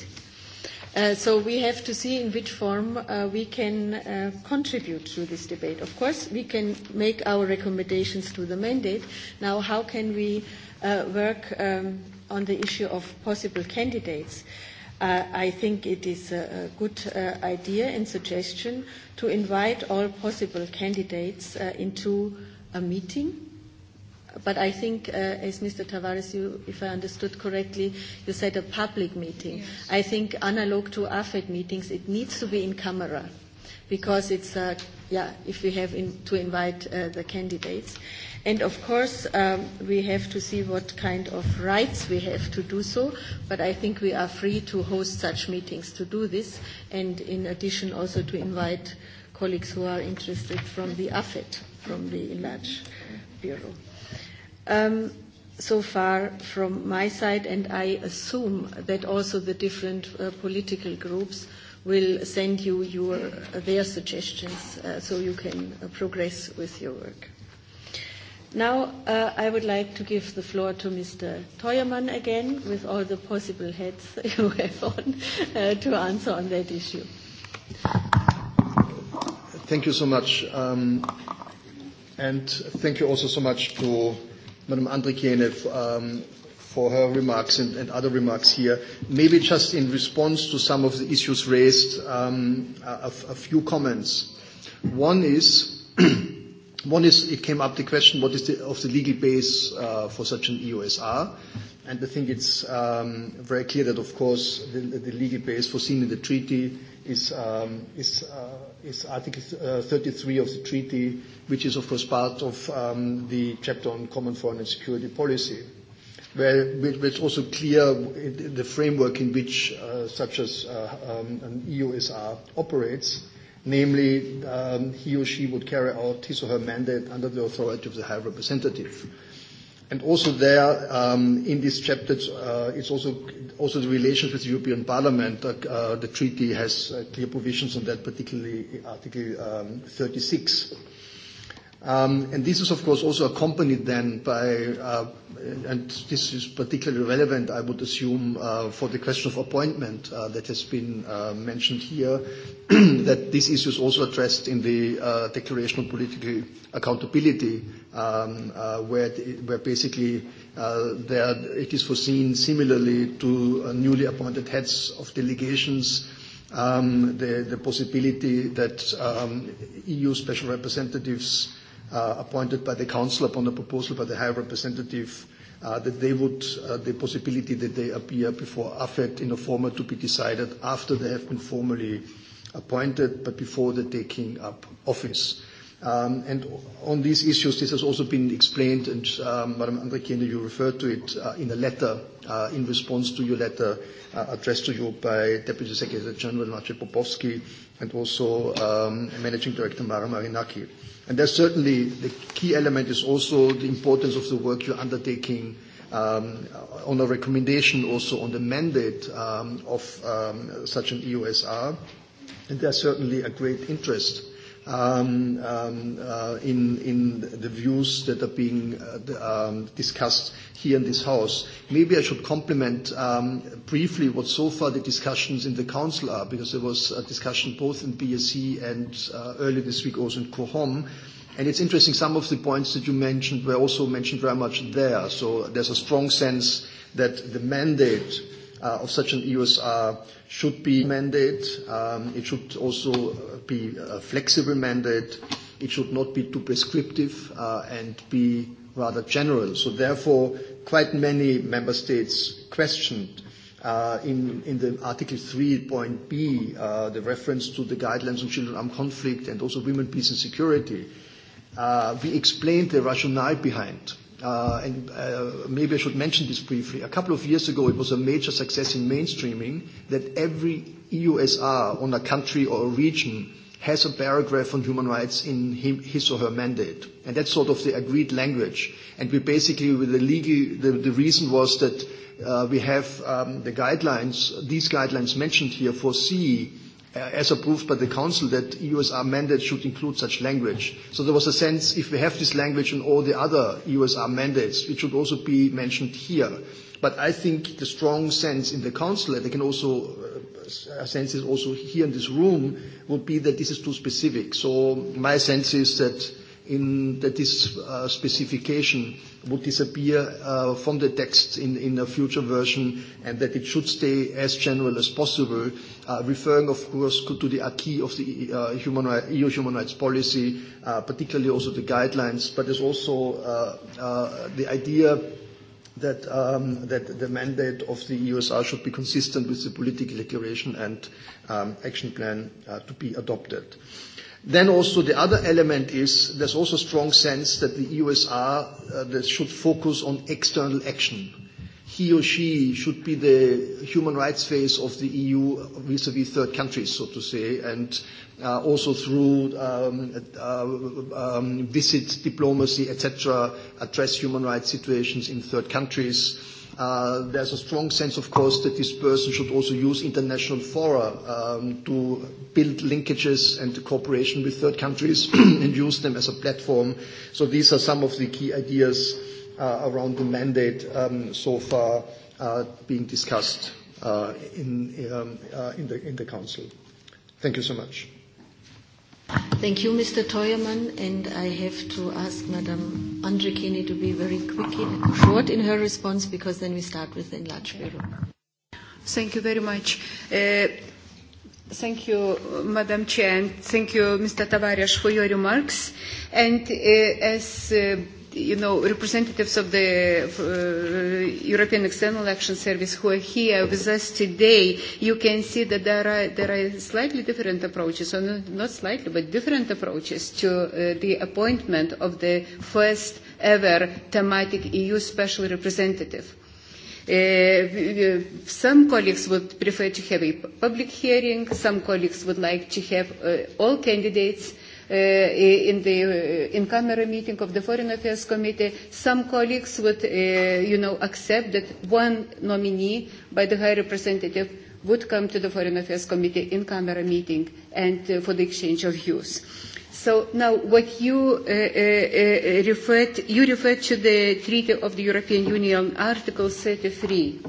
Uh, so we have to see in which form uh, we can uh, contribute to this debate. Of course, we can make our recommendations to the mandate. Now, how can we uh, work um, on the issue of possible candidates? Uh, I think it is a good uh, idea and suggestion to invite all possible candidates uh, into a meeting But I think, uh, as Mr. Tavares, you, if I understood correctly, you said a public meeting. Yes. I think analog to AFED meetings, it needs to be in camera because it's, uh, yeah, if we have in, to invite uh, the candidates. And of course, um, we have to see what kind of rights we have to do so, but I think we are free to host such meetings to do this, and in addition also to invite colleagues who are interested from the AFED, from the Enlarge Bureau. Um, so far from my side, and I assume that also the different uh, political groups will send you your, uh, their suggestions uh, so you can uh, progress with your work. Now, uh, I would like to give the floor to Mr. Teuermann again, with all the possible hats [LAUGHS] you have on, uh, to answer on that issue. Thank you so much. Um, and thank you also so much to Madam Andrikiene um, for her remarks and, and other remarks here. Maybe just in response to some of the issues raised, um, a, a few comments. One is, [CLEARS THROAT] one is it came up the question, what is the, of the legal base uh, for such an EOSR? And I think it's um, very clear that, of course, the, the legal base foreseen in the treaty is, um, is uh, is Article uh, 33 of the treaty, which is of course part of um, the chapter on common foreign and security policy, where it's also clear the framework in which uh, such as uh, um, an EUSR operates, namely um, he or she would carry out his or her mandate under the authority of the High Representative. And also there, um, in this chapter, uh, it's also also the relations with the European Parliament. Uh, uh, the treaty has uh, clear provisions on that, particularly Article um, 36. Um, and this is, of course, also accompanied then by, uh, and this is particularly relevant, I would assume, uh, for the question of appointment uh, that has been uh, mentioned here, [CLEARS THROAT] that this issue is also addressed in the uh, Declaration on Political Accountability, um, uh, where, it, where basically uh, there it is foreseen similarly to uh, newly appointed heads of delegations um, the, the possibility that um, EU special representatives uh, appointed by the Council upon a proposal by the High Representative uh, that they would, uh, the possibility that they appear before AFET in a format to be decided after they have been formally appointed, but before the taking up office. Um, and on these issues, this has also been explained, and um, Madam Andrikien, you referred to it uh, in a letter, uh, in response to your letter uh, addressed to you by Deputy Secretary General Maciej Popovsky and also um, Managing Director Mara Marinaki. Uh, And that's certainly the key element is also the importance of the work you're undertaking um, on a recommendation also on the mandate um, of um, such an EOSR. And there's certainly a great interest Um, um, uh, in, in the views that are being uh, the, um, discussed here in this House. Maybe I should complement um, briefly what so far the discussions in the Council are, because there was a discussion both in BSC and uh, earlier this week also in COHOM. And it's interesting, some of the points that you mentioned were also mentioned very much there. So there's a strong sense that the mandate uh, of such an EUSR should be mandate. Um, it should also be a flexible mandate. It should not be too prescriptive uh, and be rather general. So therefore, quite many member states questioned uh, in, in the Article 3 point B, uh, the reference to the guidelines on children armed conflict and also women, peace and security. Uh, we explained the rationale behind Uh, and uh, maybe I should mention this briefly. A couple of years ago, it was a major success in mainstreaming that every EUSR on a country or a region has a paragraph on human rights in his or her mandate. And that's sort of the agreed language. And we basically, with the legal, the, the reason was that uh, we have um, the guidelines, these guidelines mentioned here foresee Uh, as approved by the Council, that e USR mandates should include such language. So there was a sense, if we have this language in all the other e USR mandates, it should also be mentioned here. But I think the strong sense in the Council, and I can also uh, sense is also here in this room, would be that this is too specific. So my sense is that in that this uh, specification would disappear uh, from the text in, in a future version and that it should stay as general as possible, uh, referring, of course, to the acquis of the uh, human right, EU human rights policy, uh, particularly also the guidelines, but there's also uh, uh, the idea that, um, that the mandate of the EUSR should be consistent with the political declaration and um, action plan uh, to be adopted. Then also the other element is there's also a strong sense that the USR uh, that should focus on external action. He or she should be the human rights face of the EU vis-à-vis -vis third countries, so to say, and uh, also through um, uh, um, visit diplomacy, etc., address human rights situations in third countries Uh, there's a strong sense, of course, that this person should also use international fora um, to build linkages and cooperation with third countries [CLEARS THROAT] and use them as a platform. So these are some of the key ideas uh, around the mandate um, so far uh, being discussed uh, in, um, uh, in, the, in the Council. Thank you so much. Thank you, Mr. Teuermann, and I have to ask Madam Andrikini to be very quick and short in her response because then we start with the enlarged bureau. Thank you very much. Uh, Thank you, Madam Chair, and thank you, Mr. Tavares, for your remarks. And uh, as uh, you know, representatives of the uh, European External Action Service who are here with us today, you can see that there are, there are slightly different approaches, or not, not slightly, but different approaches to uh, the appointment of the first ever thematic EU special representative. Uh, some colleagues would prefer to have a public hearing, some colleagues would like to have uh, all candidates Eh, in the eh, in-camera meeting of the Foreign Affairs Committee, some colleagues would, uh, you know, accept that one nominee by the High Representative would come to the Foreign Affairs Committee in-camera meeting and uh, for the exchange of views. So now what you uh, uh, referred, you referred to the Treaty of the European Union, Article 33.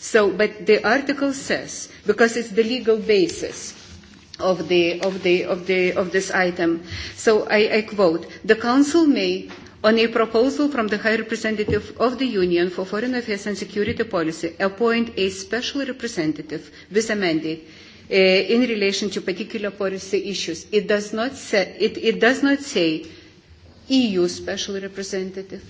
So, but the article says, because it's the legal basis, of the of the of the of this item. So I, I quote: the Council may on a proposal from the High Representative of the Union for Foreign Affairs and Security Policy, appoint a special representative with a mandate uh, in relation to particular policy issues. It does not say, it, it does not say EU special representative.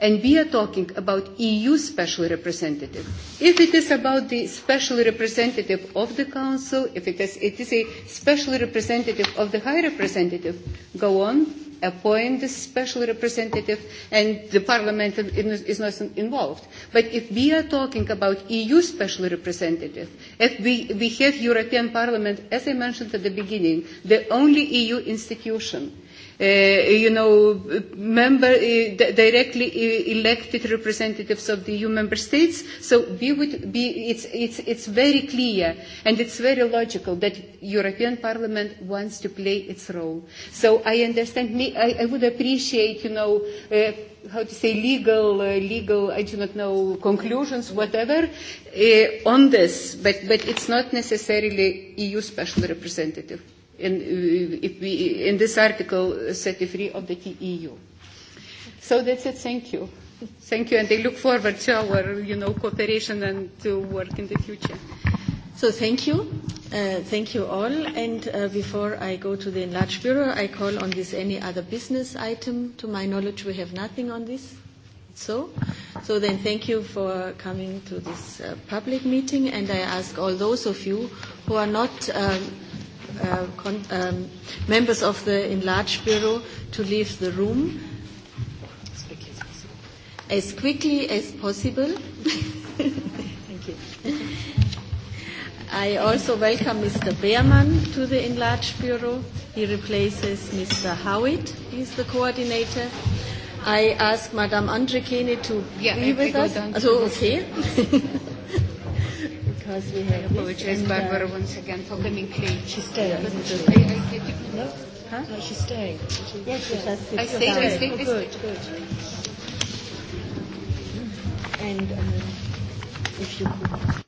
And we are talking about EU special representative. If it is about the special representative of the Council, if it is, it is a special representative of the High Representative, go on, appoint this special representative, and the Parliament is not involved. But if we are talking about EU special representative, if we, we have European Parliament, as I mentioned at the beginning, the only EU institution uh, you know, member, uh, directly eh, elected representatives of the EU member states. So we would be, it's, it's, it's very clear and it's very logical that European Parliament wants to play its role. So I understand, me, I, I would appreciate, you know, uh, how to say, legal, uh, legal, I do not know, conclusions, whatever, uh, on this, but, but it's not necessarily EU special representative in, uh, if we, in this Article 33 uh, of the TEU. So that's it. Thank you. Thank you, and I look forward to our, you know, cooperation and to work in the future. So thank you. Uh, thank you all. And uh, before I go to the enlarged bureau, I call on this any other business item. To my knowledge, we have nothing on this. So, so then thank you for coming to this uh, public meeting. And I ask all those of you who are not um, uh, um, members of the enlarged bureau to leave the room as quickly as possible. [LAUGHS] Thank you. I also welcome Mr. Behrmann to the enlarged bureau. He replaces Mr. Howitt. He's the coordinator. I ask Madame Andrekene to yeah, be with us. So, okay. [LAUGHS] because we have. I apologize, and, Barbara, uh, once again for coming late. She's staying. But I, I, I didn't Huh? No, she's staying. She, yes, yes, yes. I stayed. I stayed. Oh, good, good. And um, if you could.